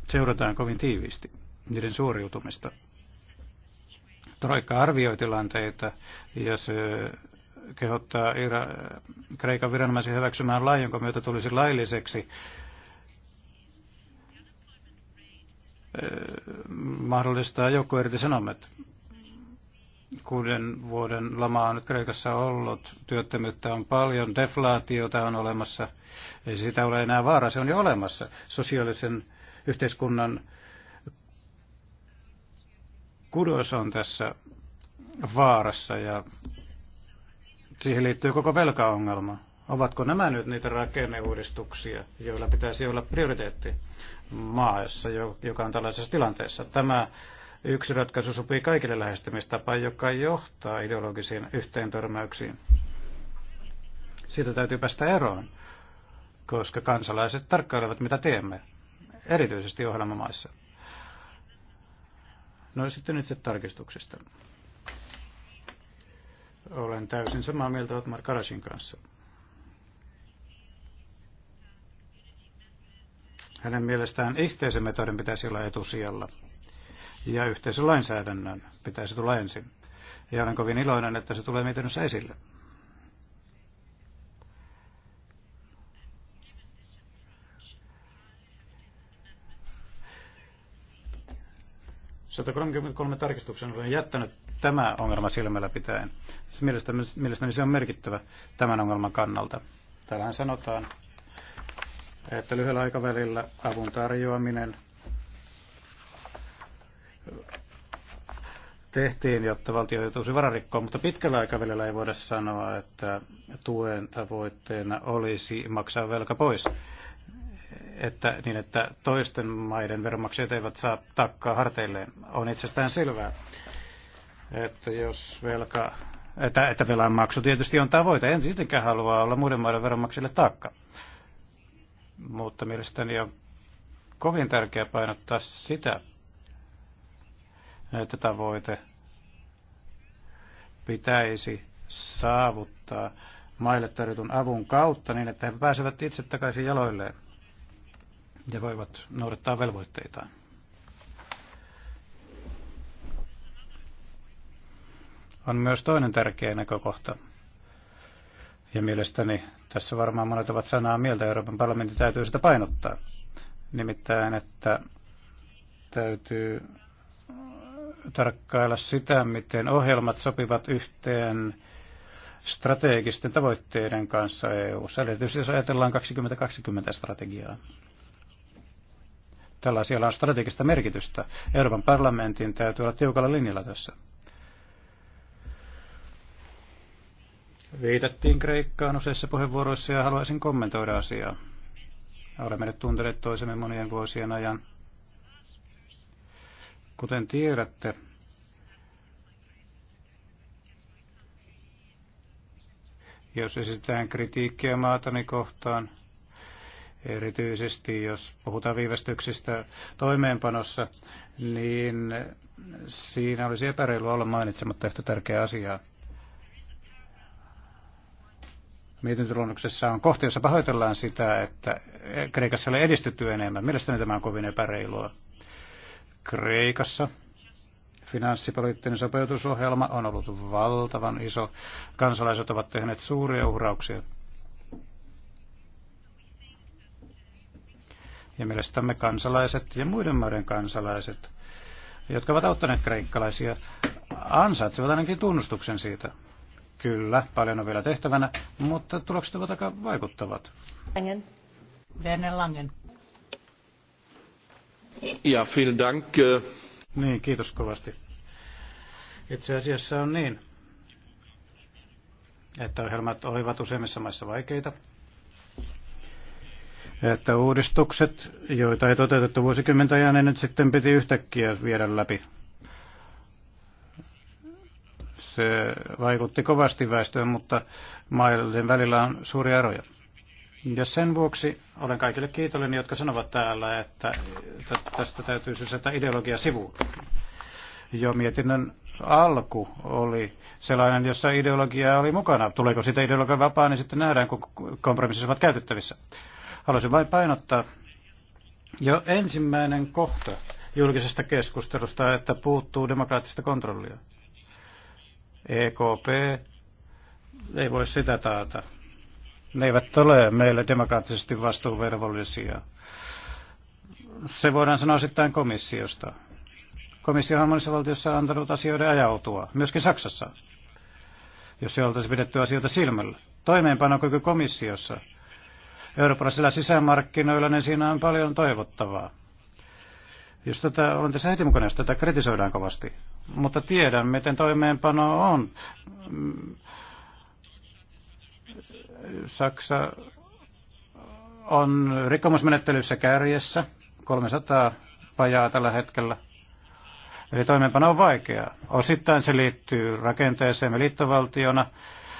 seurataan kovin tiiviisti niiden suoriutumista. Troikka arvioi tilanteita ja se kehottaa Ira- Kreikan viranomaisia hyväksymään lain, jonka myötä tulisi lailliseksi mahdollistaa joukkoirtisanomat kuuden vuoden lama on nyt Kreikassa ollut, työttömyyttä on paljon, deflaatiota on olemassa, ei sitä ole enää vaara, se on jo olemassa. Sosiaalisen yhteiskunnan kudos on tässä vaarassa ja siihen liittyy koko velkaongelma. Ovatko nämä nyt niitä rakenneuudistuksia, joilla pitäisi olla prioriteetti maassa, joka on tällaisessa tilanteessa? Tämä Yksi ratkaisu sopii kaikille lähestymistapaan, joka johtaa ideologisiin yhteentörmäyksiin. Siitä täytyy päästä eroon, koska kansalaiset tarkkailevat, mitä teemme, erityisesti ohjelmamaissa. No sitten itse tarkistuksista. Olen täysin samaa mieltä Otmar Karasin kanssa. Hänen mielestään yhteisömetodin pitäisi olla etusijalla – ja yhteisölainsäädännön pitäisi tulla ensin. Ja olen kovin iloinen, että se tulee mietinnössä esille. kolme tarkistuksen olen jättänyt tämä ongelma silmällä pitäen. Mielestäni, mielestäni se on merkittävä tämän ongelman kannalta. Täällähän sanotaan, että lyhyellä aikavälillä avun tarjoaminen tehtiin, jotta valtio joutuisi vararikkoon, mutta pitkällä aikavälillä ei voida sanoa, että tuen tavoitteena olisi maksaa velka pois. Että, niin, että toisten maiden veronmaksajat eivät saa takkaa harteilleen. On itsestään selvää, että jos velka, että, että velanmaksu tietysti on tavoite. En tietenkään halua olla muiden maiden veronmaksajille takka. Mutta mielestäni on kovin tärkeää painottaa sitä, että tavoite pitäisi saavuttaa maille tarjotun avun kautta niin, että he pääsevät itse takaisin jaloilleen ja voivat noudattaa velvoitteitaan. On myös toinen tärkeä näkökohta. Ja mielestäni tässä varmaan monet ovat sanaa mieltä, Euroopan parlamentti täytyy sitä painottaa. Nimittäin, että täytyy tarkkailla sitä, miten ohjelmat sopivat yhteen strategisten tavoitteiden kanssa EU-ssa, tietysti jos ajatellaan 2020-strategiaa. Tällä on strategista merkitystä. Euroopan parlamentin täytyy olla tiukalla linjalla tässä. Viitattiin Kreikkaan useissa puheenvuoroissa ja haluaisin kommentoida asiaa. Olemme nyt tunteneet toisemme monien vuosien ajan. Kuten tiedätte, jos esitetään kritiikkiä maatani kohtaan, erityisesti jos puhutaan viivästyksistä toimeenpanossa, niin siinä olisi epäreilua olla mainitsematta yhtä tärkeää asiaa. Mietintöluonnoksessa on kohta, jossa pahoitellaan sitä, että Kreikassa ei edistytty enemmän. Mielestäni tämä on kovin epäreilua. Kreikassa. Finanssipoliittinen sopeutusohjelma on ollut valtavan iso. Kansalaiset ovat tehneet suuria uhrauksia. Ja mielestämme kansalaiset ja muiden maiden kansalaiset, jotka ovat auttaneet kreikkalaisia, ansaitsevat ainakin tunnustuksen siitä. Kyllä, paljon on vielä tehtävänä, mutta tulokset ovat aika vaikuttavat. Langen. Werner Langen. Äh, niin, kiitos kovasti. Itse asiassa on niin, että ohjelmat olivat useimmissa maissa vaikeita, että uudistukset, joita ei toteutettu vuosikymmentä ajan, niin nyt sitten piti yhtäkkiä viedä läpi. Se vaikutti kovasti väestöön, mutta maiden välillä on suuria eroja. Ja sen vuoksi olen kaikille kiitollinen, jotka sanovat täällä, että tästä täytyy sysätä ideologia sivuun. Jo mietinnön alku oli sellainen, jossa ideologia oli mukana. Tuleeko siitä ideologia vapaa, niin sitten nähdään, kun kompromissit ovat käytettävissä. Haluaisin vain painottaa jo ensimmäinen kohta julkisesta keskustelusta, että puuttuu demokraattista kontrollia. EKP ei voi sitä taata. Ne eivät ole meille demokraattisesti vastuuvelvollisia. Se voidaan sanoa osittain komissiosta. Komissio on monissa valtiossa antanut asioiden ajautua, myöskin Saksassa, jos se oltaisi pidetty asioita silmällä. Toimeenpanokyky komissiossa eurooppalaisilla sisämarkkinoilla, niin siinä on paljon toivottavaa. Jos tätä, olen tässä heti mukana, jos tätä kritisoidaan kovasti. Mutta tiedän, miten toimeenpano on. Saksa on rikkomusmenettelyssä kärjessä, 300 pajaa tällä hetkellä. Eli toimeenpano on vaikeaa. Osittain se liittyy rakenteeseemme liittovaltiona,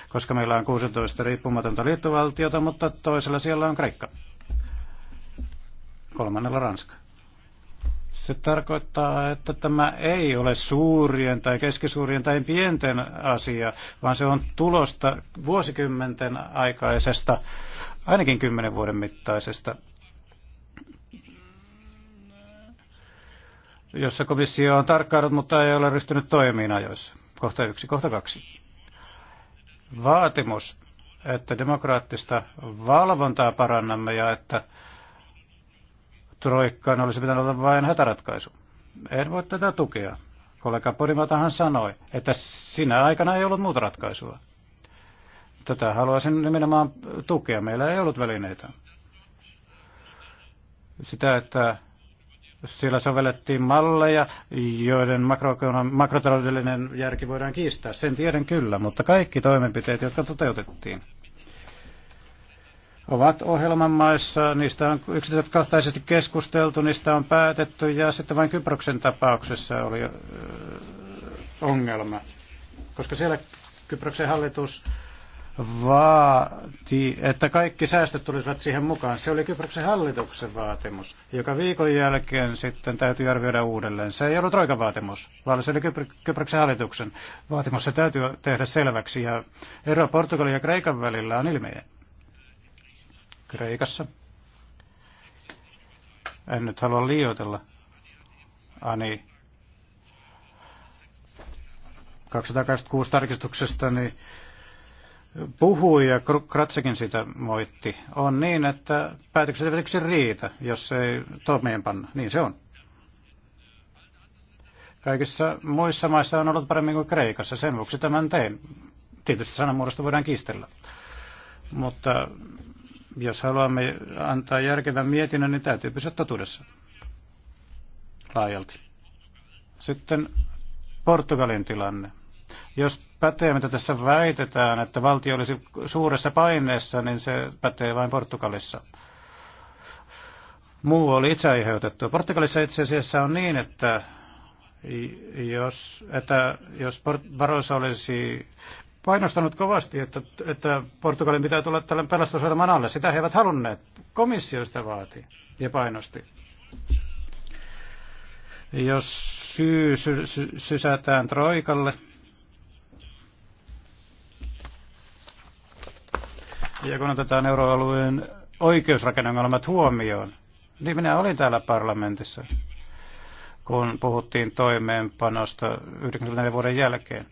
koska meillä on 16 riippumatonta liittovaltiota, mutta toisella siellä on Kreikka, kolmannella Ranska. Se tarkoittaa, että tämä ei ole suurien tai keskisuurien tai pienten asia, vaan se on tulosta vuosikymmenten aikaisesta, ainakin kymmenen vuoden mittaisesta jossa komissio on tarkkaillut, mutta ei ole ryhtynyt toimiin ajoissa. Kohta yksi, kohta kaksi. Vaatimus, että demokraattista valvontaa parannamme ja että troikkaan olisi pitänyt olla vain hätäratkaisu. En voi tätä tukea. Kollega Porimatahan sanoi, että sinä aikana ei ollut muuta ratkaisua. Tätä haluaisin nimenomaan tukea. Meillä ei ollut välineitä. Sitä, että siellä sovellettiin malleja, joiden makrotaloudellinen järki voidaan kiistää. Sen tiedän kyllä, mutta kaikki toimenpiteet, jotka toteutettiin, ovat ohjelman maissa, niistä on yksityiskohtaisesti keskusteltu, niistä on päätetty ja sitten vain Kyproksen tapauksessa oli ongelma, koska siellä Kyproksen hallitus vaati, että kaikki säästöt tulisivat siihen mukaan. Se oli Kyproksen hallituksen vaatimus, joka viikon jälkeen sitten täytyy arvioida uudelleen. Se ei ollut Troikan vaatimus, vaan se oli Kyproksen hallituksen vaatimus. Se täytyy tehdä selväksi ja ero Portugalin ja Kreikan välillä on ilmeinen. Kreikassa. En nyt halua liioitella. Ani 226 tarkistuksesta niin puhui ja Kratsekin sitä moitti, on niin, että päätökset eivät yksin riitä, jos ei toimeenpanna. Niin se on. Kaikissa muissa maissa on ollut paremmin kuin Kreikassa, sen vuoksi tämän teen. Tietysti sanamuodosta voidaan kiistellä. Mutta jos haluamme antaa järkevän mietinnön, niin täytyy pysyä totuudessa laajalti. Sitten Portugalin tilanne. Jos pätee, mitä tässä väitetään, että valtio olisi suuressa paineessa, niin se pätee vain Portugalissa. Muu oli itse aiheutettu. Portugalissa itse asiassa on niin, että jos, että jos varoissa olisi painostanut kovasti, että, että Portugalin pitää tulla tällä pelastusohjelman alle. Sitä he eivät halunneet. Komissio sitä vaati ja painosti. Jos syy sy, sy, sysätään Troikalle, ja kun otetaan euroalueen oikeusrakennelmat huomioon, niin minä olin täällä parlamentissa kun puhuttiin toimeenpanosta 94 vuoden jälkeen.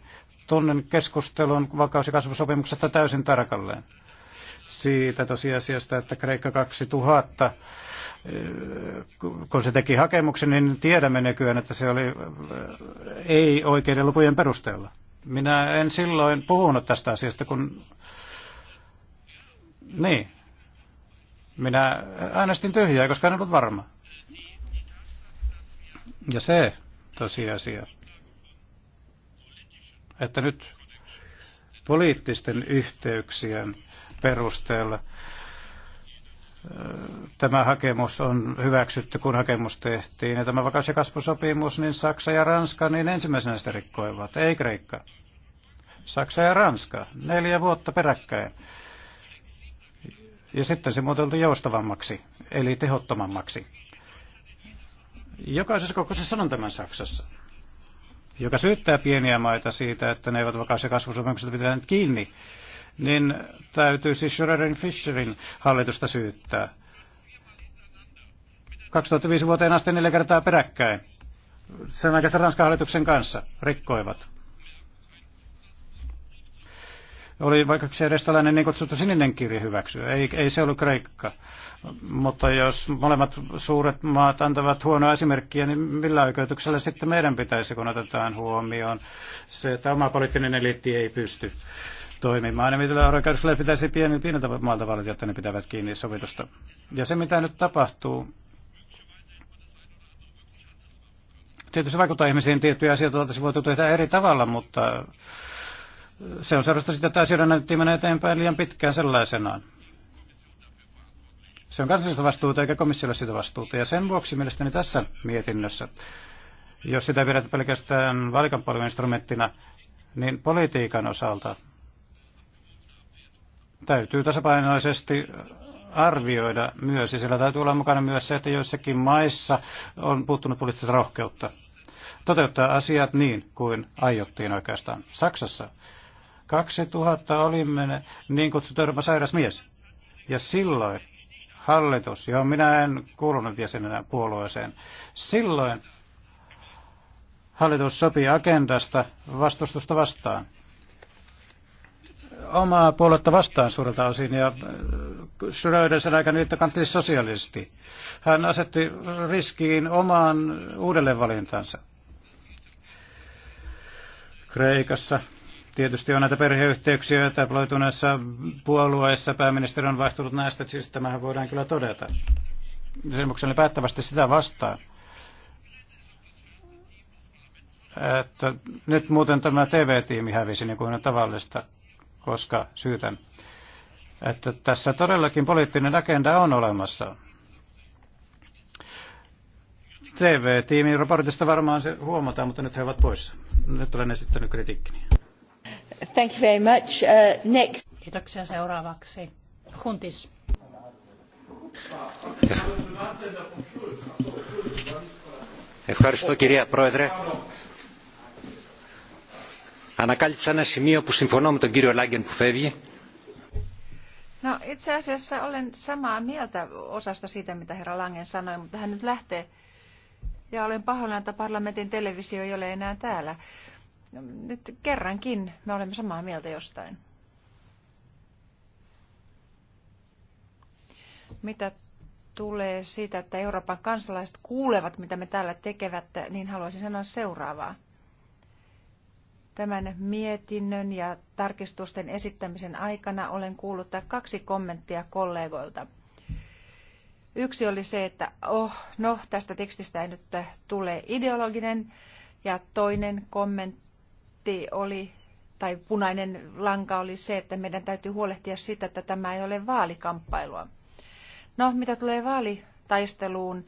Tunnen keskustelun vakaus- ja kasvusopimuksesta täysin tarkalleen. Siitä tosiasiasta, että Kreikka 2000, kun se teki hakemuksen, niin tiedämme nykyään, että se oli ei oikeiden lukujen perusteella. Minä en silloin puhunut tästä asiasta, kun... Niin. Minä äänestin tyhjää, koska en ollut varma. Ja se tosiasia, että nyt poliittisten yhteyksien perusteella äh, tämä hakemus on hyväksytty, kun hakemus tehtiin. Ja tämä vakaus- ja kasvusopimus, niin Saksa ja Ranska niin ensimmäisenä sitä rikkoivat, ei Kreikka. Saksa ja Ranska, neljä vuotta peräkkäin. Ja sitten se muotoiltu joustavammaksi, eli tehottomammaksi. Jokaisessa kokouksessa sanon tämän Saksassa, joka syyttää pieniä maita siitä, että ne eivät vakaus- ja kasvusopimuksesta pitää nyt kiinni, niin täytyy siis Schröderin Fischerin hallitusta syyttää. 2005 vuoteen asti neljä kertaa peräkkäin sen aikaisen Ranskan hallituksen kanssa rikkoivat oli vaikka se edes tällainen niin kutsuttu sininen kirja hyväksyä. Ei, ei se ollut Kreikka. Mutta jos molemmat suuret maat antavat huonoa esimerkkiä, niin millä oikeutuksella sitten meidän pitäisi, kun otetaan huomioon se, että oma poliittinen eliitti ei pysty toimimaan. Ja niin millä oikeutuksella pitäisi pieni, pieniltä maalta valita, jotta ne pitävät kiinni sovitusta. Ja se, mitä nyt tapahtuu, tietysti vaikuttaa ihmisiin tiettyjä asioita, oltaisiin voitu tehdä eri tavalla, mutta se on seurasta sitä, että asioiden näytti mennä eteenpäin liian pitkään sellaisenaan. Se on kansallista vastuuta eikä komissiolle sitä vastuuta. Ja sen vuoksi mielestäni tässä mietinnössä, jos sitä pidetään pelkästään valikanpalvelun instrumenttina, niin politiikan osalta täytyy tasapainoisesti arvioida myös, ja sillä täytyy olla mukana myös se, että joissakin maissa on puuttunut poliittista rohkeutta toteuttaa asiat niin kuin aiottiin oikeastaan. Saksassa 2000 olimme niin kutsuttu Euroopan sairas mies. Ja silloin hallitus, johon minä en kuulunut jäsenenä puolueeseen, silloin hallitus sopii agendasta vastustusta vastaan. Omaa puoluetta vastaan suurelta osin ja äh, Schröder sen aikana liittokanteli sosialisti. Hän asetti riskiin omaan uudelleenvalintansa. Kreikassa Tietysti on näitä perheyhteyksiä, joita ploituneessa puolueessa pääministeri on vaihtunut näistä, siis tämähän voidaan kyllä todeta. Sen vuoksi oli päättävästi sitä vastaan. Että nyt muuten tämä TV-tiimi hävisi niin kuin on tavallista, koska syytän. Että tässä todellakin poliittinen agenda on olemassa. TV-tiimin raportista varmaan se huomataan, mutta nyt he ovat poissa. Nyt olen esittänyt kritiikkini. Uh, Kiitoksia seuraavaksi. Huntis. Ευχαριστώ κυρία Πρόεδρε. Ανακάλυψα ένα σημείο που συμφωνώ με τον κύριο Λάγκεν που φεύγει. No, itse asiassa olen samaa mieltä osasta siitä, mitä herra Langen sanoi, mutta hän nyt lähtee. Ja olen pahoillani, että parlamentin televisio ei ole enää täällä. No, nyt kerrankin me olemme samaa mieltä jostain. Mitä tulee siitä, että Euroopan kansalaiset kuulevat, mitä me täällä tekevät, niin haluaisin sanoa seuraavaa. Tämän mietinnön ja tarkistusten esittämisen aikana olen kuullut kaksi kommenttia kollegoilta. Yksi oli se, että oh, no, tästä tekstistä ei nyt tule ideologinen, ja toinen kommentti, pointti oli, tai punainen lanka oli se, että meidän täytyy huolehtia siitä, että tämä ei ole vaalikamppailua. No, mitä tulee vaalitaisteluun,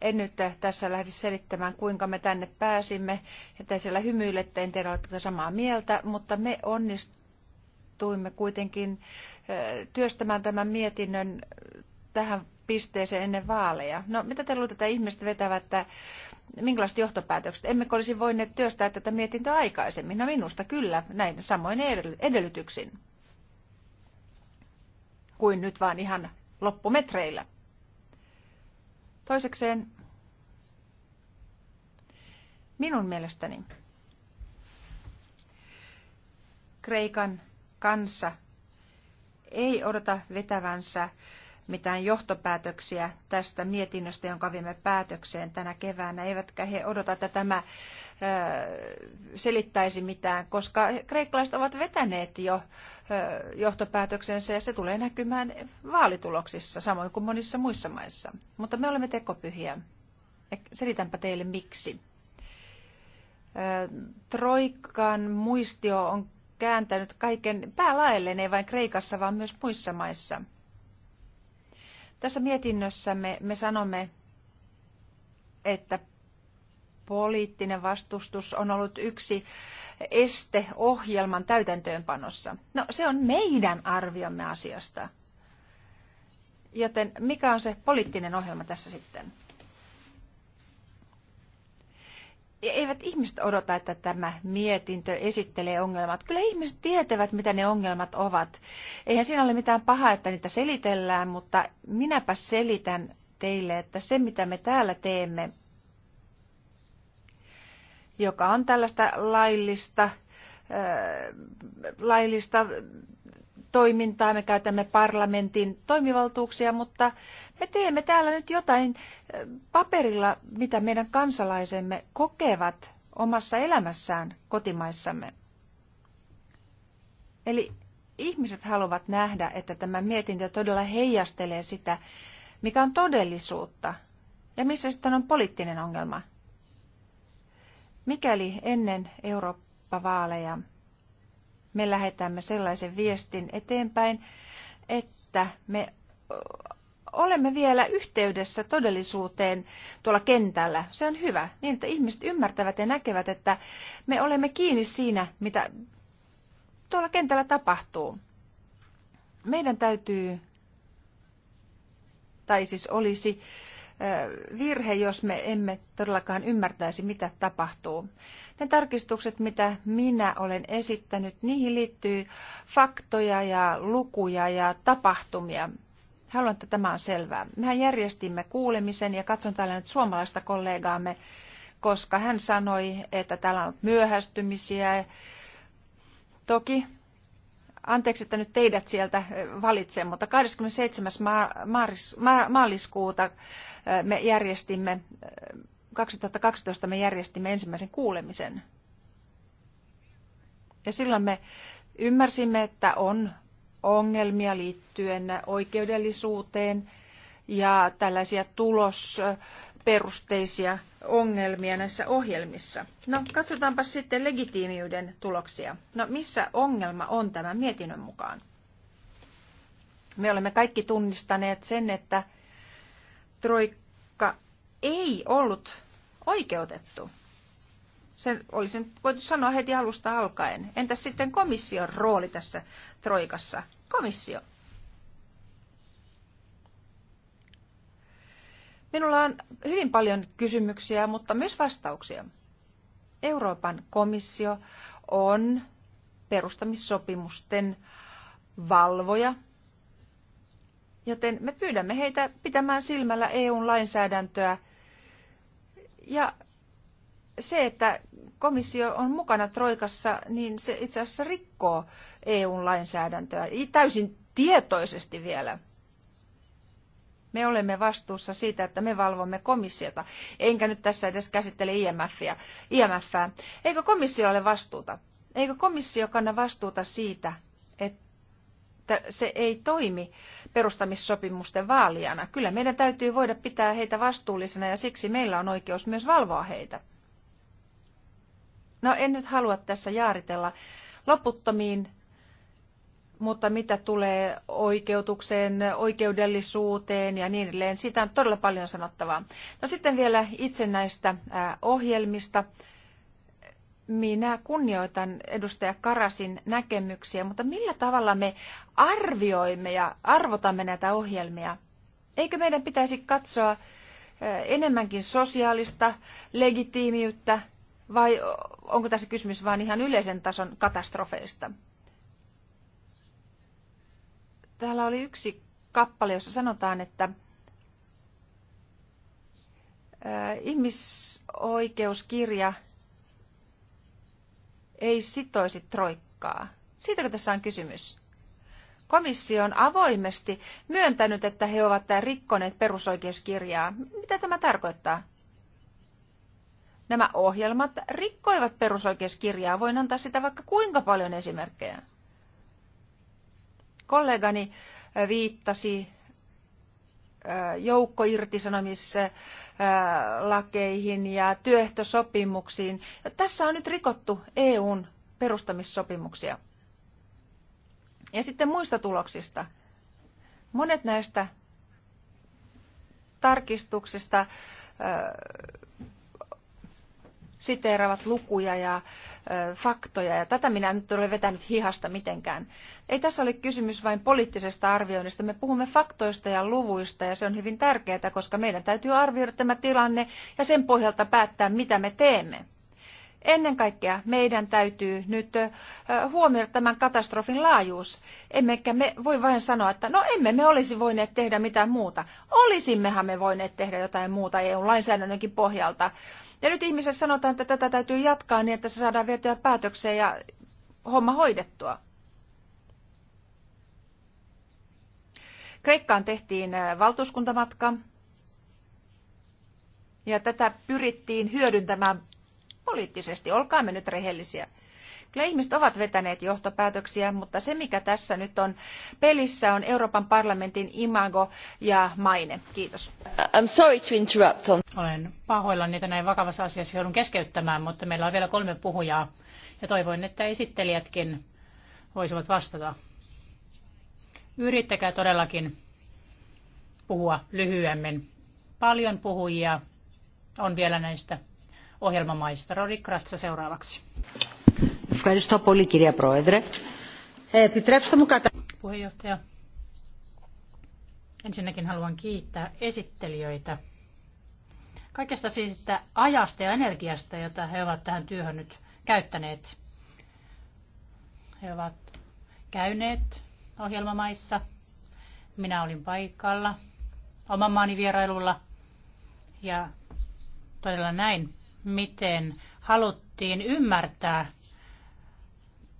en nyt tässä lähde selittämään, kuinka me tänne pääsimme. Että siellä hymyilette, en tiedä, oletteko samaa mieltä, mutta me onnistuimme kuitenkin työstämään tämän mietinnön tähän pisteeseen ennen vaaleja. No, mitä te luulette, että ihmiset vetävät minkälaiset johtopäätökset? Emmekö olisi voineet työstää tätä mietintöä aikaisemmin? No minusta kyllä, näin samoin edellytyksin kuin nyt vaan ihan loppumetreillä. Toisekseen minun mielestäni Kreikan kanssa ei odota vetävänsä mitään johtopäätöksiä tästä mietinnöstä, jonka viemme päätökseen tänä keväänä, eivätkä he odota, että tämä selittäisi mitään, koska kreikkalaiset ovat vetäneet jo johtopäätöksensä ja se tulee näkymään vaalituloksissa, samoin kuin monissa muissa maissa. Mutta me olemme tekopyhiä. Selitänpä teille miksi. Troikan muistio on kääntänyt kaiken päälaelleen, ei vain Kreikassa, vaan myös muissa maissa – tässä mietinnössämme me sanomme, että poliittinen vastustus on ollut yksi este ohjelman täytäntöönpanossa. No se on meidän arviomme asiasta. Joten mikä on se poliittinen ohjelma tässä sitten? eivät ihmiset odota, että tämä mietintö esittelee ongelmat. Kyllä ihmiset tietävät, mitä ne ongelmat ovat. Eihän siinä ole mitään pahaa, että niitä selitellään, mutta minäpä selitän teille, että se mitä me täällä teemme, joka on tällaista laillista, äh, laillista toimintaa, me käytämme parlamentin toimivaltuuksia, mutta me teemme täällä nyt jotain eh, paperilla, mitä meidän kansalaisemme kokevat omassa elämässään kotimaissamme. Eli ihmiset haluavat nähdä, että tämä mietintö todella heijastelee sitä, mikä on todellisuutta ja missä sitten on poliittinen ongelma. Mikäli ennen Eurooppa-vaaleja me lähetämme sellaisen viestin eteenpäin, että me olemme vielä yhteydessä todellisuuteen tuolla kentällä. Se on hyvä, niin että ihmiset ymmärtävät ja näkevät, että me olemme kiinni siinä, mitä tuolla kentällä tapahtuu. Meidän täytyy, tai siis olisi, virhe, jos me emme todellakaan ymmärtäisi, mitä tapahtuu. Ne tarkistukset, mitä minä olen esittänyt, niihin liittyy faktoja ja lukuja ja tapahtumia. Haluan, että tämä on selvää. Mehän järjestimme kuulemisen ja katson täällä nyt suomalaista kollegaamme, koska hän sanoi, että täällä on myöhästymisiä. Toki Anteeksi, että nyt teidät sieltä valitsen, mutta 27. maaliskuuta me järjestimme, 2012 me järjestimme ensimmäisen kuulemisen. Ja silloin me ymmärsimme, että on ongelmia liittyen oikeudellisuuteen ja tällaisia tulos perusteisia ongelmia näissä ohjelmissa. No, katsotaanpa sitten legitiimiyden tuloksia. No, missä ongelma on tämän mietinnön mukaan? Me olemme kaikki tunnistaneet sen, että troikka ei ollut oikeutettu. Sen olisi voitu sanoa heti alusta alkaen. Entäs sitten komission rooli tässä troikassa? Komissio Minulla on hyvin paljon kysymyksiä, mutta myös vastauksia. Euroopan komissio on perustamissopimusten valvoja, joten me pyydämme heitä pitämään silmällä EUn lainsäädäntöä ja se, että komissio on mukana Troikassa, niin se itse asiassa rikkoo EUn lainsäädäntöä täysin tietoisesti vielä. Me olemme vastuussa siitä, että me valvomme komissiota, enkä nyt tässä edes käsittele IMFiä, IMFää. Eikö komissio ole vastuuta? Eikö komissio kanna vastuuta siitä, että se ei toimi perustamissopimusten vaalijana? Kyllä meidän täytyy voida pitää heitä vastuullisena ja siksi meillä on oikeus myös valvoa heitä. No en nyt halua tässä jaaritella loputtomiin mutta mitä tulee oikeutukseen, oikeudellisuuteen ja niin edelleen, siitä on todella paljon sanottavaa. No sitten vielä itse näistä ohjelmista. Minä kunnioitan edustaja Karasin näkemyksiä, mutta millä tavalla me arvioimme ja arvotamme näitä ohjelmia? Eikö meidän pitäisi katsoa enemmänkin sosiaalista legitiimiyttä vai onko tässä kysymys vain ihan yleisen tason katastrofeista? Täällä oli yksi kappale, jossa sanotaan, että ihmisoikeuskirja ei sitoisi troikkaa. Siitäkö tässä on kysymys? Komissio on avoimesti myöntänyt, että he ovat rikkoneet perusoikeuskirjaa. Mitä tämä tarkoittaa? Nämä ohjelmat rikkoivat perusoikeuskirjaa. Voin antaa sitä vaikka kuinka paljon esimerkkejä. Kollegani viittasi joukkoirtisanomislakeihin ja työehtosopimuksiin. Ja tässä on nyt rikottu EUn perustamissopimuksia. Ja sitten muista tuloksista. Monet näistä tarkistuksista siteeraavat lukuja ja faktoja, ja tätä minä nyt olen vetänyt hihasta mitenkään. Ei tässä ole kysymys vain poliittisesta arvioinnista. Me puhumme faktoista ja luvuista, ja se on hyvin tärkeää, koska meidän täytyy arvioida tämä tilanne ja sen pohjalta päättää, mitä me teemme. Ennen kaikkea meidän täytyy nyt huomioida tämän katastrofin laajuus. Emmekä me voi vain sanoa, että no emme me olisi voineet tehdä mitään muuta. Olisimmehan me voineet tehdä jotain muuta EU-lainsäädännönkin pohjalta ja nyt ihmiselle sanotaan, että tätä täytyy jatkaa niin, että se saadaan vietyä päätökseen ja homma hoidettua. Kreikkaan tehtiin valtuuskuntamatka ja tätä pyrittiin hyödyntämään poliittisesti. Olkaamme nyt rehellisiä. Kyllä ihmiset ovat vetäneet johtopäätöksiä, mutta se mikä tässä nyt on pelissä on Euroopan parlamentin imago ja maine. Kiitos. I'm sorry to interrupt on. Olen pahoillani, että näin vakavassa asiassa joudun keskeyttämään, mutta meillä on vielä kolme puhujaa ja toivoin, että esittelijätkin voisivat vastata. Yrittäkää todellakin puhua lyhyemmin. Paljon puhujia on vielä näistä ohjelmamaista. Rodi Kratsa seuraavaksi. Ευχαριστώ πολύ κυρία Πρόεδρε. Επιτρέψτε μου κατά... Puheenjohtaja. Ensinnäkin haluan kiittää esittelijöitä kaikesta siis siitä ajasta ja energiasta, jota he ovat tähän työhön nyt käyttäneet. He ovat käyneet ohjelmamaissa. Minä olin paikalla oman maani vierailulla ja todella näin, miten haluttiin ymmärtää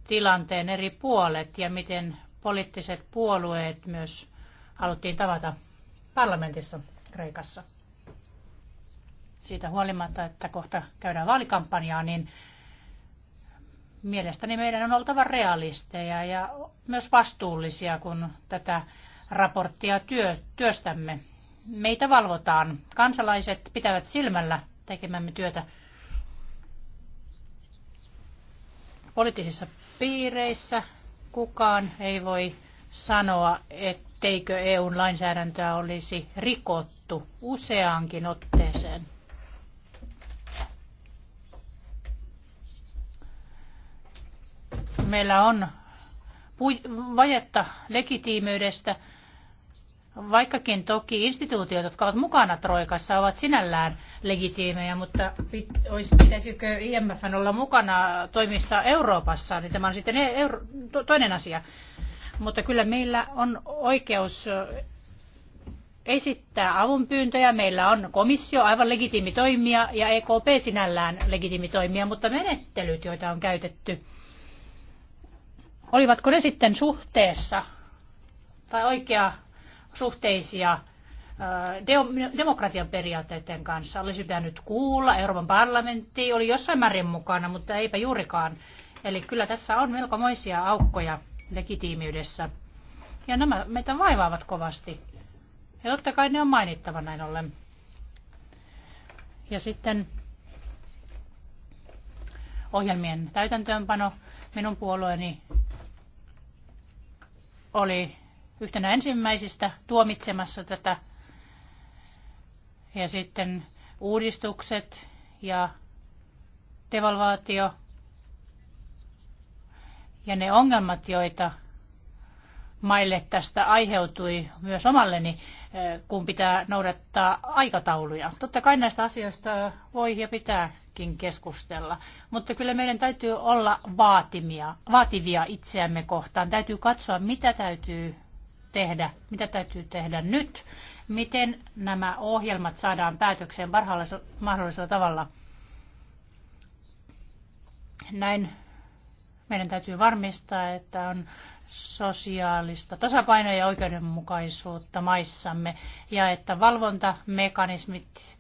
tilanteen eri puolet ja miten poliittiset puolueet myös haluttiin tavata parlamentissa Kreikassa. Siitä huolimatta, että kohta käydään vaalikampanjaa, niin mielestäni meidän on oltava realisteja ja myös vastuullisia, kun tätä raporttia työ, työstämme. Meitä valvotaan. Kansalaiset pitävät silmällä tekemämme työtä. Poliittisissa piireissä kukaan ei voi sanoa, etteikö EUn lainsäädäntöä olisi rikottu useaankin otteeseen. Meillä on vajetta legitiimeydestä, Vaikkakin toki instituutiot, jotka ovat mukana Troikassa, ovat sinällään legitiimejä, mutta pitäisikö IMF olla mukana toimissa Euroopassa, niin tämä on sitten e- euro, to, toinen asia. Mutta kyllä meillä on oikeus esittää avunpyyntöjä. Meillä on komissio aivan legitiimi toimija ja EKP sinällään legitiimi toimija, mutta menettelyt, joita on käytetty, olivatko ne sitten suhteessa tai oikea suhteisia äh, demokratian periaatteiden kanssa. Olisi pitänyt kuulla, Euroopan parlamentti oli jossain määrin mukana, mutta eipä juurikaan. Eli kyllä tässä on melkomoisia aukkoja legitiimiydessä. Ja nämä meitä vaivaavat kovasti. Ja totta kai ne on mainittava näin ollen. Ja sitten ohjelmien täytäntöönpano. Minun puolueeni oli yhtenä ensimmäisistä tuomitsemassa tätä. Ja sitten uudistukset ja devalvaatio ja ne ongelmat, joita maille tästä aiheutui myös omalleni, eh, kun pitää noudattaa aikatauluja. Totta kai näistä asioista voi ja pitääkin keskustella, mutta kyllä meidän täytyy olla vaatimia, vaativia itseämme kohtaan. Täytyy katsoa, mitä täytyy tehdä, mitä täytyy tehdä nyt, miten nämä ohjelmat saadaan päätökseen parhaalla mahdollisella tavalla. Näin meidän täytyy varmistaa, että on sosiaalista tasapainoa ja oikeudenmukaisuutta maissamme ja että valvontamekanismit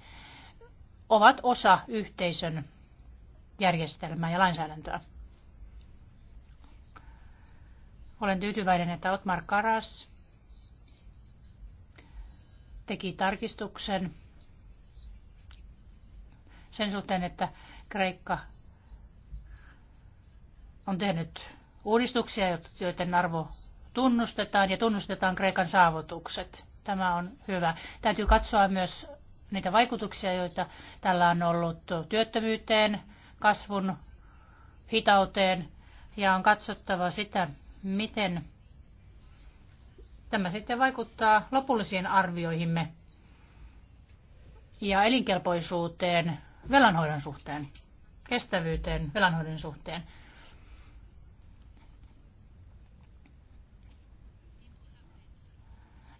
ovat osa yhteisön järjestelmää ja lainsäädäntöä. Olen tyytyväinen, että Otmar Karas teki tarkistuksen sen suhteen, että Kreikka on tehnyt uudistuksia, joiden arvo tunnustetaan ja tunnustetaan Kreikan saavutukset. Tämä on hyvä. Täytyy katsoa myös niitä vaikutuksia, joita tällä on ollut työttömyyteen, kasvun hitauteen ja on katsottava sitä, miten Tämä sitten vaikuttaa lopullisiin arvioihimme ja elinkelpoisuuteen velanhoidon suhteen, kestävyyteen velanhoidon suhteen.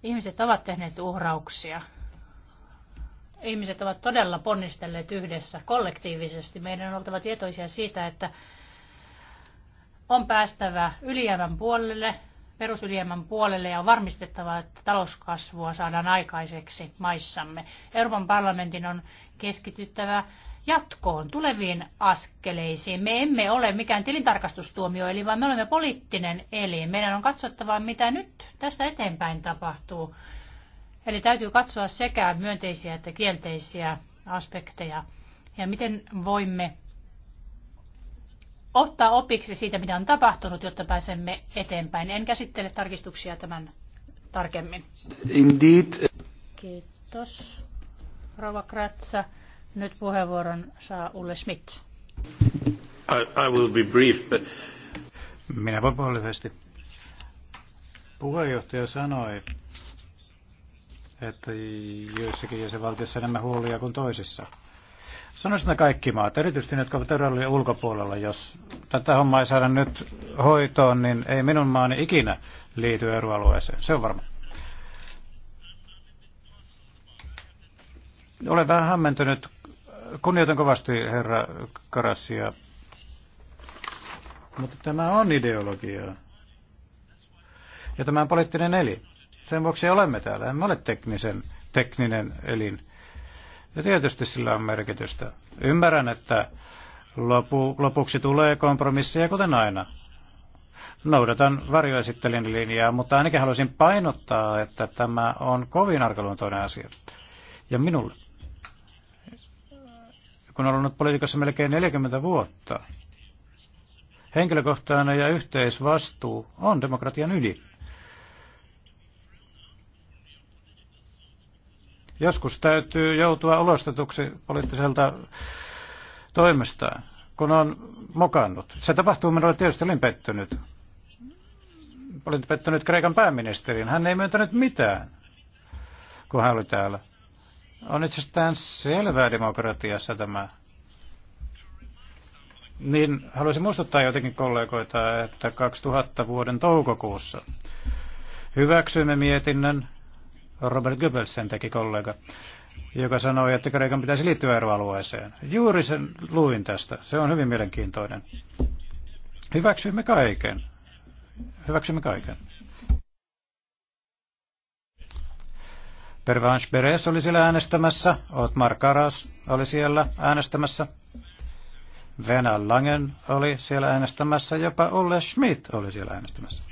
Ihmiset ovat tehneet uhrauksia. Ihmiset ovat todella ponnistelleet yhdessä kollektiivisesti. Meidän on oltava tietoisia siitä, että on päästävä ylijäämän puolelle perusylijäämän puolelle ja on varmistettava, että talouskasvua saadaan aikaiseksi maissamme. Euroopan parlamentin on keskityttävä jatkoon, tuleviin askeleisiin. Me emme ole mikään tilintarkastustuomioeli, vaan me olemme poliittinen elin. Meidän on katsottava, mitä nyt tästä eteenpäin tapahtuu. Eli täytyy katsoa sekä myönteisiä että kielteisiä aspekteja ja miten voimme ottaa opiksi siitä, mitä on tapahtunut, jotta pääsemme eteenpäin. En käsittele tarkistuksia tämän tarkemmin. Indeed. Kiitos. Rova Kratsa. Nyt puheenvuoron saa Ulle Schmidt. I, I will be brief, but... Minä voin puhua lyhyesti. Puheenjohtaja sanoi, että joissakin jäsenvaltioissa enemmän huolia kuin toisissa. Sanoisin, että kaikki maat, erityisesti ne, jotka ovat euroalueen ulkopuolella, jos tätä hommaa ei saada nyt hoitoon, niin ei minun maani ikinä liity euroalueeseen. Se on varma. Olen vähän hämmentynyt. Kunnioitan kovasti herra Karasia. Mutta tämä on ideologia Ja tämä on poliittinen eli. Sen vuoksi olemme täällä. Emme ole teknisen, tekninen elin. Ja tietysti sillä on merkitystä. Ymmärrän, että lopu, lopuksi tulee kompromisseja, kuten aina. Noudatan varjoesittelin linjaa, mutta ainakin haluaisin painottaa, että tämä on kovin arkaluontoinen asia. Ja minulle, kun olen ollut politiikassa melkein 40 vuotta, henkilökohtainen ja yhteisvastuu on demokratian ydin. Joskus täytyy joutua ulostetuksi poliittiselta toimestaan, kun on mokannut. Se tapahtuu minulle tietysti olin pettynyt. Olin pettynyt Kreikan pääministeriin. Hän ei myöntänyt mitään, kun hän oli täällä. On itsestään selvää demokratiassa tämä. Niin haluaisin muistuttaa jotenkin kollegoita, että 2000 vuoden toukokuussa hyväksyimme mietinnön, Robert Goebbelsen teki kollega, joka sanoi, että Kreikan pitäisi liittyä euroalueeseen. Juuri sen luin tästä. Se on hyvin mielenkiintoinen. Hyväksymme kaiken. Hyväksymme kaiken. Pervanche Beres oli siellä äänestämässä, Otmar Karas oli siellä äänestämässä, Venä Langen oli siellä äänestämässä, jopa Olle Schmidt oli siellä äänestämässä.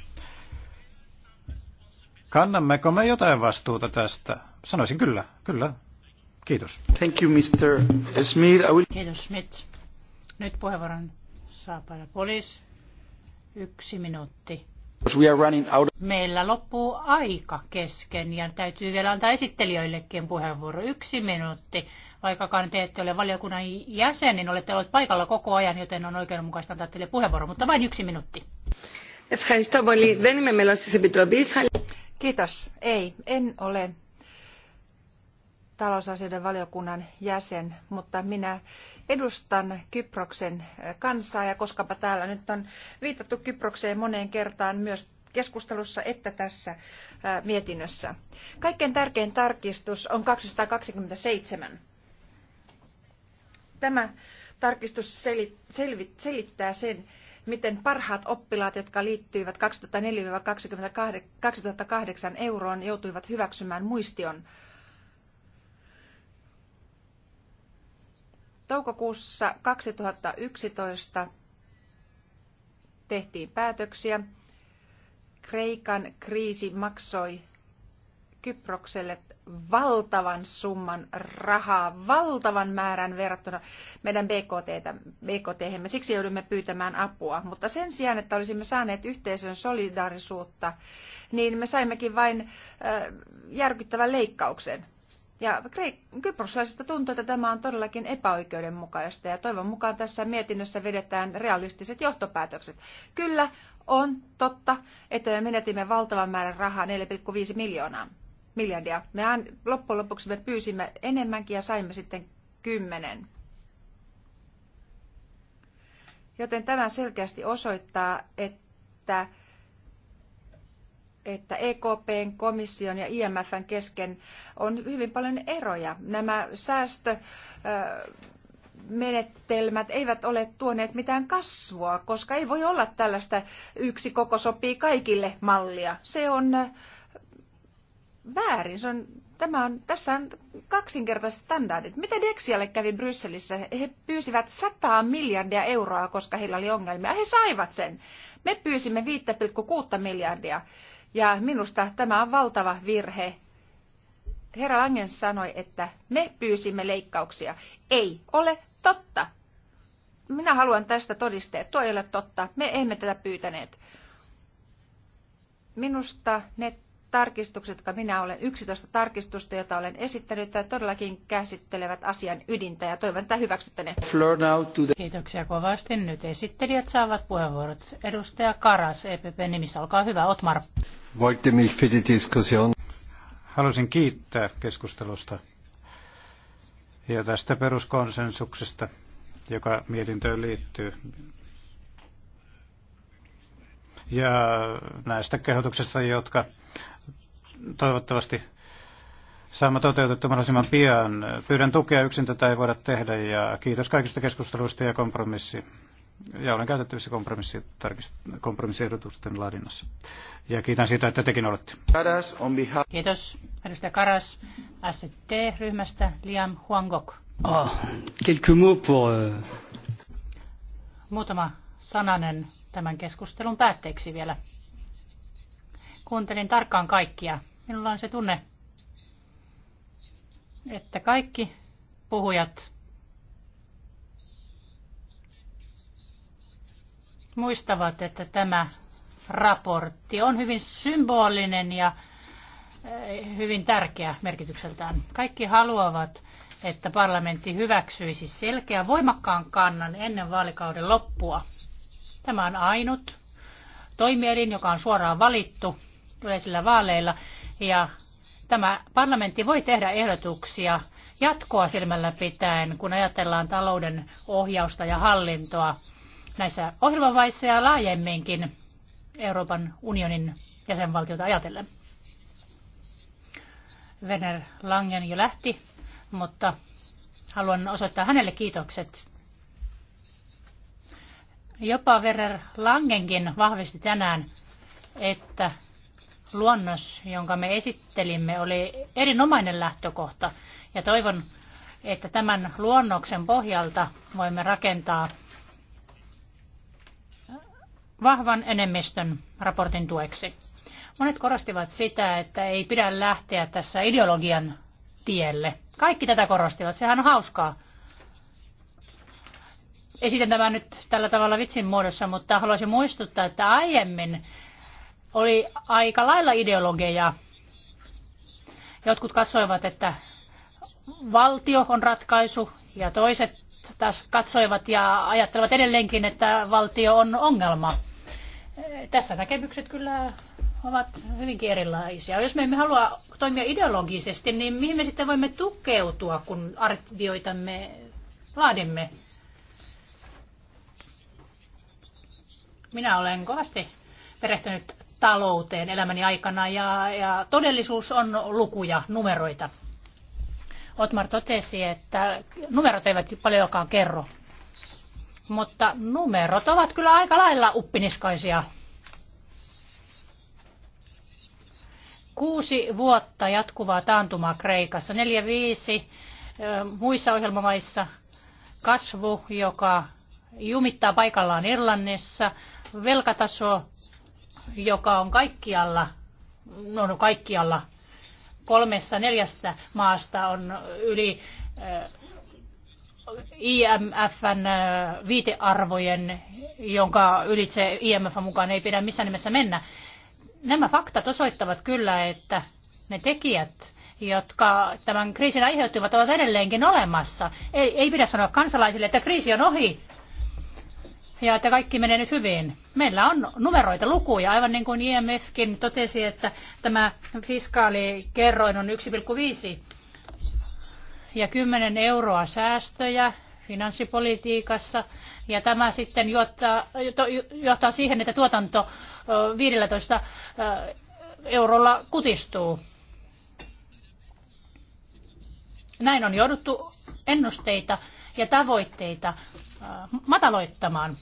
Kannammeko me jotain vastuuta tästä? Sanoisin kyllä, kyllä. Kiitos. Thank you, Mr. Smith. I will... Kiitos, Smith. Nyt puheenvuoron saa päällä poliis. Yksi minuutti. We are running out... Meillä loppuu aika kesken ja täytyy vielä antaa esittelijöillekin puheenvuoro. Yksi minuutti. Vaikkakaan te ette ole valiokunnan jäsen, niin olette olleet paikalla koko ajan, joten on oikeudenmukaista antaa teille puheenvuoro, mutta vain yksi minuutti. Ευχαριστώ πολύ. Δεν είμαι μέλος της Επιτροπής, Kiitos. Ei, en ole talousasioiden valiokunnan jäsen, mutta minä edustan Kyproksen äh, kansaa ja koskapa täällä nyt on viitattu Kyprokseen moneen kertaan myös keskustelussa että tässä äh, mietinnössä. Kaikkein tärkein tarkistus on 227. Tämä tarkistus selittää sen, miten parhaat oppilaat, jotka liittyivät 2004-2008 euroon, joutuivat hyväksymään muistion. Toukokuussa 2011 tehtiin päätöksiä. Kreikan kriisi maksoi Kyprokselle valtavan summan rahaa, valtavan määrän verrattuna meidän BKT, -hän. Siksi joudumme pyytämään apua. Mutta sen sijaan, että olisimme saaneet yhteisön solidaarisuutta, niin me saimmekin vain äh, järkyttävän leikkauksen. Ja kyproslaisista tuntuu, että tämä on todellakin epäoikeudenmukaista ja toivon mukaan tässä mietinnössä vedetään realistiset johtopäätökset. Kyllä, on totta, että me menetimme valtavan määrän rahaa 4,5 miljoonaa miljardia. Me loppujen lopuksi me pyysimme enemmänkin ja saimme sitten kymmenen. Joten tämä selkeästi osoittaa, että, että EKPn, komission ja IMFn kesken on hyvin paljon eroja. Nämä säästömenetelmät eivät ole tuoneet mitään kasvua, koska ei voi olla tällaista yksi koko sopii kaikille mallia. Se on väärin. Se on, tämä on, tässä on kaksinkertaiset standardit. Mitä Dexialle kävi Brysselissä? He pyysivät 100 miljardia euroa, koska heillä oli ongelmia. He saivat sen. Me pyysimme 5,6 miljardia. Ja minusta tämä on valtava virhe. Herra Langen sanoi, että me pyysimme leikkauksia. Ei ole totta. Minä haluan tästä että Tuo ei ole totta. Me emme tätä pyytäneet. Minusta ne tarkistukset, jotka minä olen, 11 tarkistusta, joita olen esittänyt, todellakin käsittelevät asian ydintä ja toivon, että hyväksytte ne. Kiitoksia kovasti. Nyt esittelijät saavat puheenvuorot. Edustaja Karas, EPP nimissä, olkaa hyvä. Otmar. Haluaisin kiittää keskustelusta ja tästä peruskonsensuksesta, joka mietintöön liittyy. Ja näistä kehotuksista, jotka toivottavasti saamme toteutettua mahdollisimman pian. Pyydän tukea, yksin tätä ei voida tehdä ja kiitos kaikista keskusteluista ja kompromissi. Ja olen käytettävissä kompromissi, kompromissiehdotusten laadinnassa. Ja kiitän siitä, että tekin olette. Kiitos. Edustaja Karas, ST-ryhmästä Liam Huangok. Oh, quelques mots pour... Euh, Muutama sananen tämän keskustelun päätteeksi vielä. Kuuntelin tarkkaan kaikkia. Minulla on se tunne, että kaikki puhujat muistavat, että tämä raportti on hyvin symbolinen ja eh, hyvin tärkeä merkitykseltään. Kaikki haluavat, että parlamentti hyväksyisi selkeä voimakkaan kannan ennen vaalikauden loppua. Tämä on ainut toimielin, joka on suoraan valittu yleisillä vaaleilla ja tämä parlamentti voi tehdä ehdotuksia jatkoa silmällä pitäen, kun ajatellaan talouden ohjausta ja hallintoa näissä ohjelmavaiheissa ja laajemminkin Euroopan unionin jäsenvaltiota ajatellen. Werner Langen jo lähti, mutta haluan osoittaa hänelle kiitokset. Jopa Werner Langenkin vahvisti tänään, että luonnos, jonka me esittelimme, oli erinomainen lähtökohta. Ja toivon, että tämän luonnoksen pohjalta voimme rakentaa vahvan enemmistön raportin tueksi. Monet korostivat sitä, että ei pidä lähteä tässä ideologian tielle. Kaikki tätä korostivat, sehän on hauskaa. Esitän tämän nyt tällä tavalla vitsin muodossa, mutta haluaisin muistuttaa, että aiemmin oli aika lailla ideologeja. Jotkut katsoivat, että valtio on ratkaisu ja toiset taas katsoivat ja ajattelevat edelleenkin, että valtio on ongelma. Tässä näkemykset kyllä ovat hyvinkin erilaisia. Jos me emme halua toimia ideologisesti, niin mihin me sitten voimme tukeutua, kun arvioitamme, laadimme? Minä olen kovasti perehtynyt talouteen elämäni aikana ja, ja todellisuus on lukuja, numeroita. Otmar totesi, että numerot eivät paljonkaan kerro, mutta numerot ovat kyllä aika lailla uppiniskaisia. Kuusi vuotta jatkuvaa taantumaa Kreikassa, neljä viisi muissa ohjelmamaissa, kasvu, joka jumittaa paikallaan Irlannissa, velkataso joka on kaikkialla, no, no kaikkialla kolmessa neljästä maasta on yli eh, IMFn eh, viitearvojen, jonka ylitse IMF mukaan ei pidä missään nimessä mennä. Nämä faktat osoittavat kyllä, että ne tekijät, jotka tämän kriisin aiheuttivat, ovat edelleenkin olemassa. Ei, ei pidä sanoa kansalaisille, että kriisi on ohi, ja että kaikki menee nyt hyvin. Meillä on numeroita, lukuja, aivan niin kuin IMFkin totesi, että tämä fiskaalikerroin on 1,5 ja 10 euroa säästöjä finanssipolitiikassa. Ja tämä sitten johtaa, johtaa siihen, että tuotanto 15 eurolla kutistuu. Näin on jouduttu ennusteita ja tavoitteita Äh, mataloittamaan.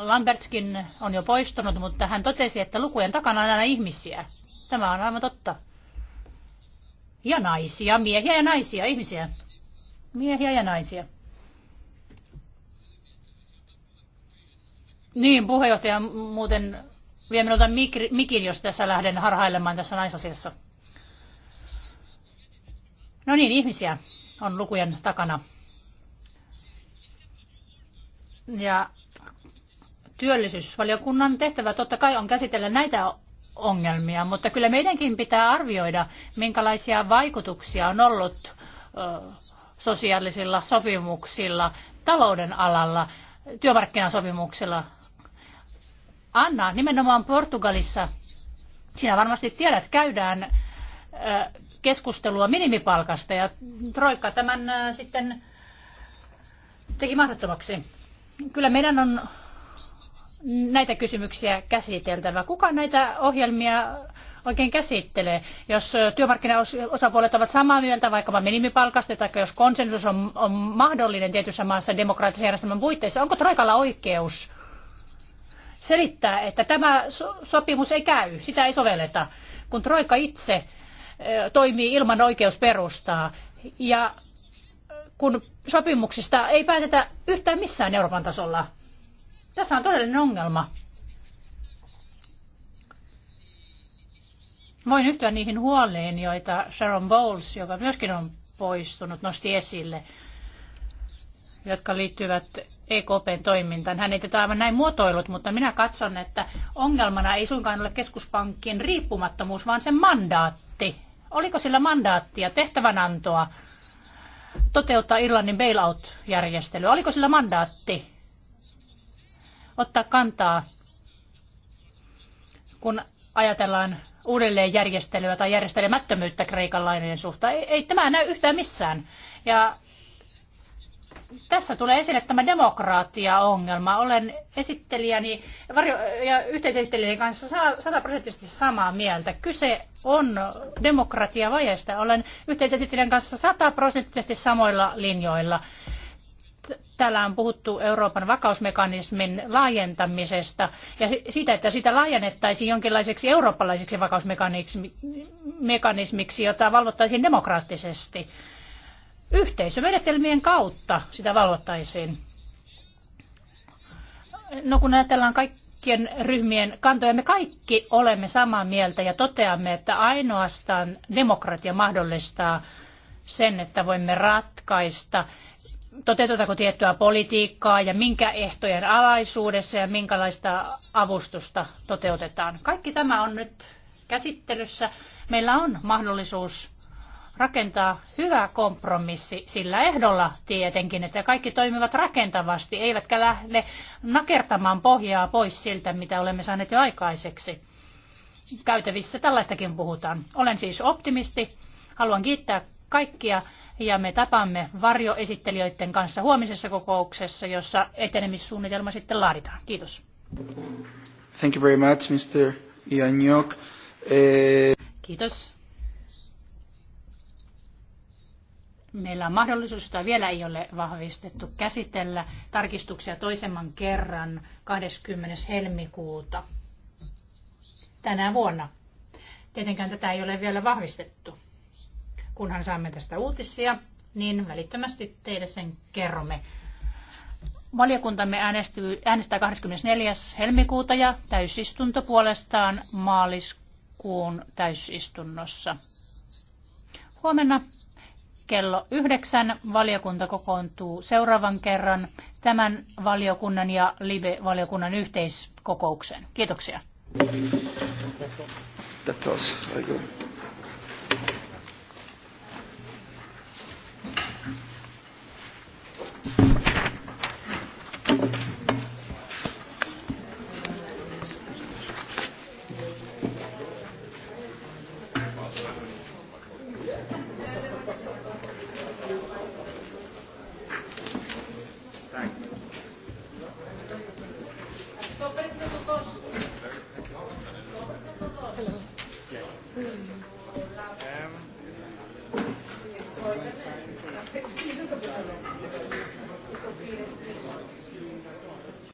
Lambertskin on jo poistunut, mutta hän totesi, että lukujen takana on aina ihmisiä. Tämä on aivan totta. Ja naisia, miehiä ja naisia, ihmisiä. Miehiä ja naisia. Niin, puheenjohtaja muuten vie minulta mikin, jos tässä lähden harhailemaan tässä naisasiassa. No niin, ihmisiä on lukujen takana. Ja työllisyysvaliokunnan tehtävä totta kai on käsitellä näitä ongelmia, mutta kyllä meidänkin pitää arvioida, minkälaisia vaikutuksia on ollut sosiaalisilla sopimuksilla, talouden alalla, työmarkkinasopimuksilla. Anna, nimenomaan Portugalissa, sinä varmasti tiedät, käydään keskustelua minimipalkasta ja Troikka tämän sitten teki mahdottomaksi. Kyllä meidän on näitä kysymyksiä käsiteltävä. Kuka näitä ohjelmia oikein käsittelee? Jos työmarkkinaosapuolet ovat samaa mieltä vaikkapa minimipalkasta tai jos konsensus on, on mahdollinen tietyssä maassa demokraattisen järjestelmän puitteissa, onko Troikalla oikeus selittää, että tämä sopimus ei käy, sitä ei sovelleta, kun Troika itse toimii ilman oikeusperustaa. Ja kun sopimuksista ei päätetä yhtään missään Euroopan tasolla. Tässä on todellinen ongelma. Voin yhtyä niihin huoliin, joita Sharon Bowles, joka myöskin on poistunut, nosti esille, jotka liittyvät EKPn toimintaan. Hän ei tätä aivan näin muotoillut, mutta minä katson, että ongelmana ei suinkaan ole keskuspankkien riippumattomuus, vaan sen mandaatti. Oliko sillä mandaattia, tehtävänantoa? toteuttaa Irlannin bailout-järjestely? Oliko sillä mandaatti ottaa kantaa, kun ajatellaan uudelleenjärjestelyä tai järjestelemättömyyttä Kreikan lainojen suhteen? Ei, ei tämä näy yhtään missään. Ja tässä tulee esille tämä demokraatiaongelma. Olen esittelijäni varjo- ja yhteisesittelijäni kanssa sataprosenttisesti samaa mieltä. Kyse on demokratiavajeista. Olen yhteisesittelijän kanssa sataprosenttisesti samoilla linjoilla. Täällä on puhuttu Euroopan vakausmekanismin laajentamisesta ja siitä, että sitä laajennettaisiin jonkinlaiseksi eurooppalaiseksi vakausmekanismiksi, jota valvottaisiin demokraattisesti yhteisömenetelmien kautta sitä valvottaisiin. No kun ajatellaan kaikkien ryhmien kantoja, me kaikki olemme samaa mieltä ja toteamme, että ainoastaan demokratia mahdollistaa sen, että voimme ratkaista, toteutetaanko tiettyä politiikkaa ja minkä ehtojen alaisuudessa ja minkälaista avustusta toteutetaan. Kaikki tämä on nyt käsittelyssä. Meillä on mahdollisuus rakentaa hyvä kompromissi sillä ehdolla tietenkin, että kaikki toimivat rakentavasti, eivätkä lähde nakertamaan pohjaa pois siltä, mitä olemme saaneet jo aikaiseksi. Käytävissä tällaistakin puhutaan. Olen siis optimisti. Haluan kiittää kaikkia ja me tapaamme varjoesittelijöiden kanssa huomisessa kokouksessa, jossa etenemissuunnitelma sitten laaditaan. Kiitos. Thank you very much, Mr. Eh... Kiitos. Meillä on mahdollisuus, jota vielä ei ole vahvistettu, käsitellä tarkistuksia toisemman kerran 20. helmikuuta tänä vuonna. Tietenkään tätä ei ole vielä vahvistettu. Kunhan saamme tästä uutisia, niin välittömästi teille sen kerromme. Valiokuntamme äänestyy, äänestää 24. helmikuuta ja täysistunto puolestaan maaliskuun täysistunnossa. Huomenna kello yhdeksän. Valiokunta kokoontuu seuraavan kerran tämän valiokunnan ja LIBE-valiokunnan yhteiskokouksen. Kiitoksia. That's awesome. That's awesome.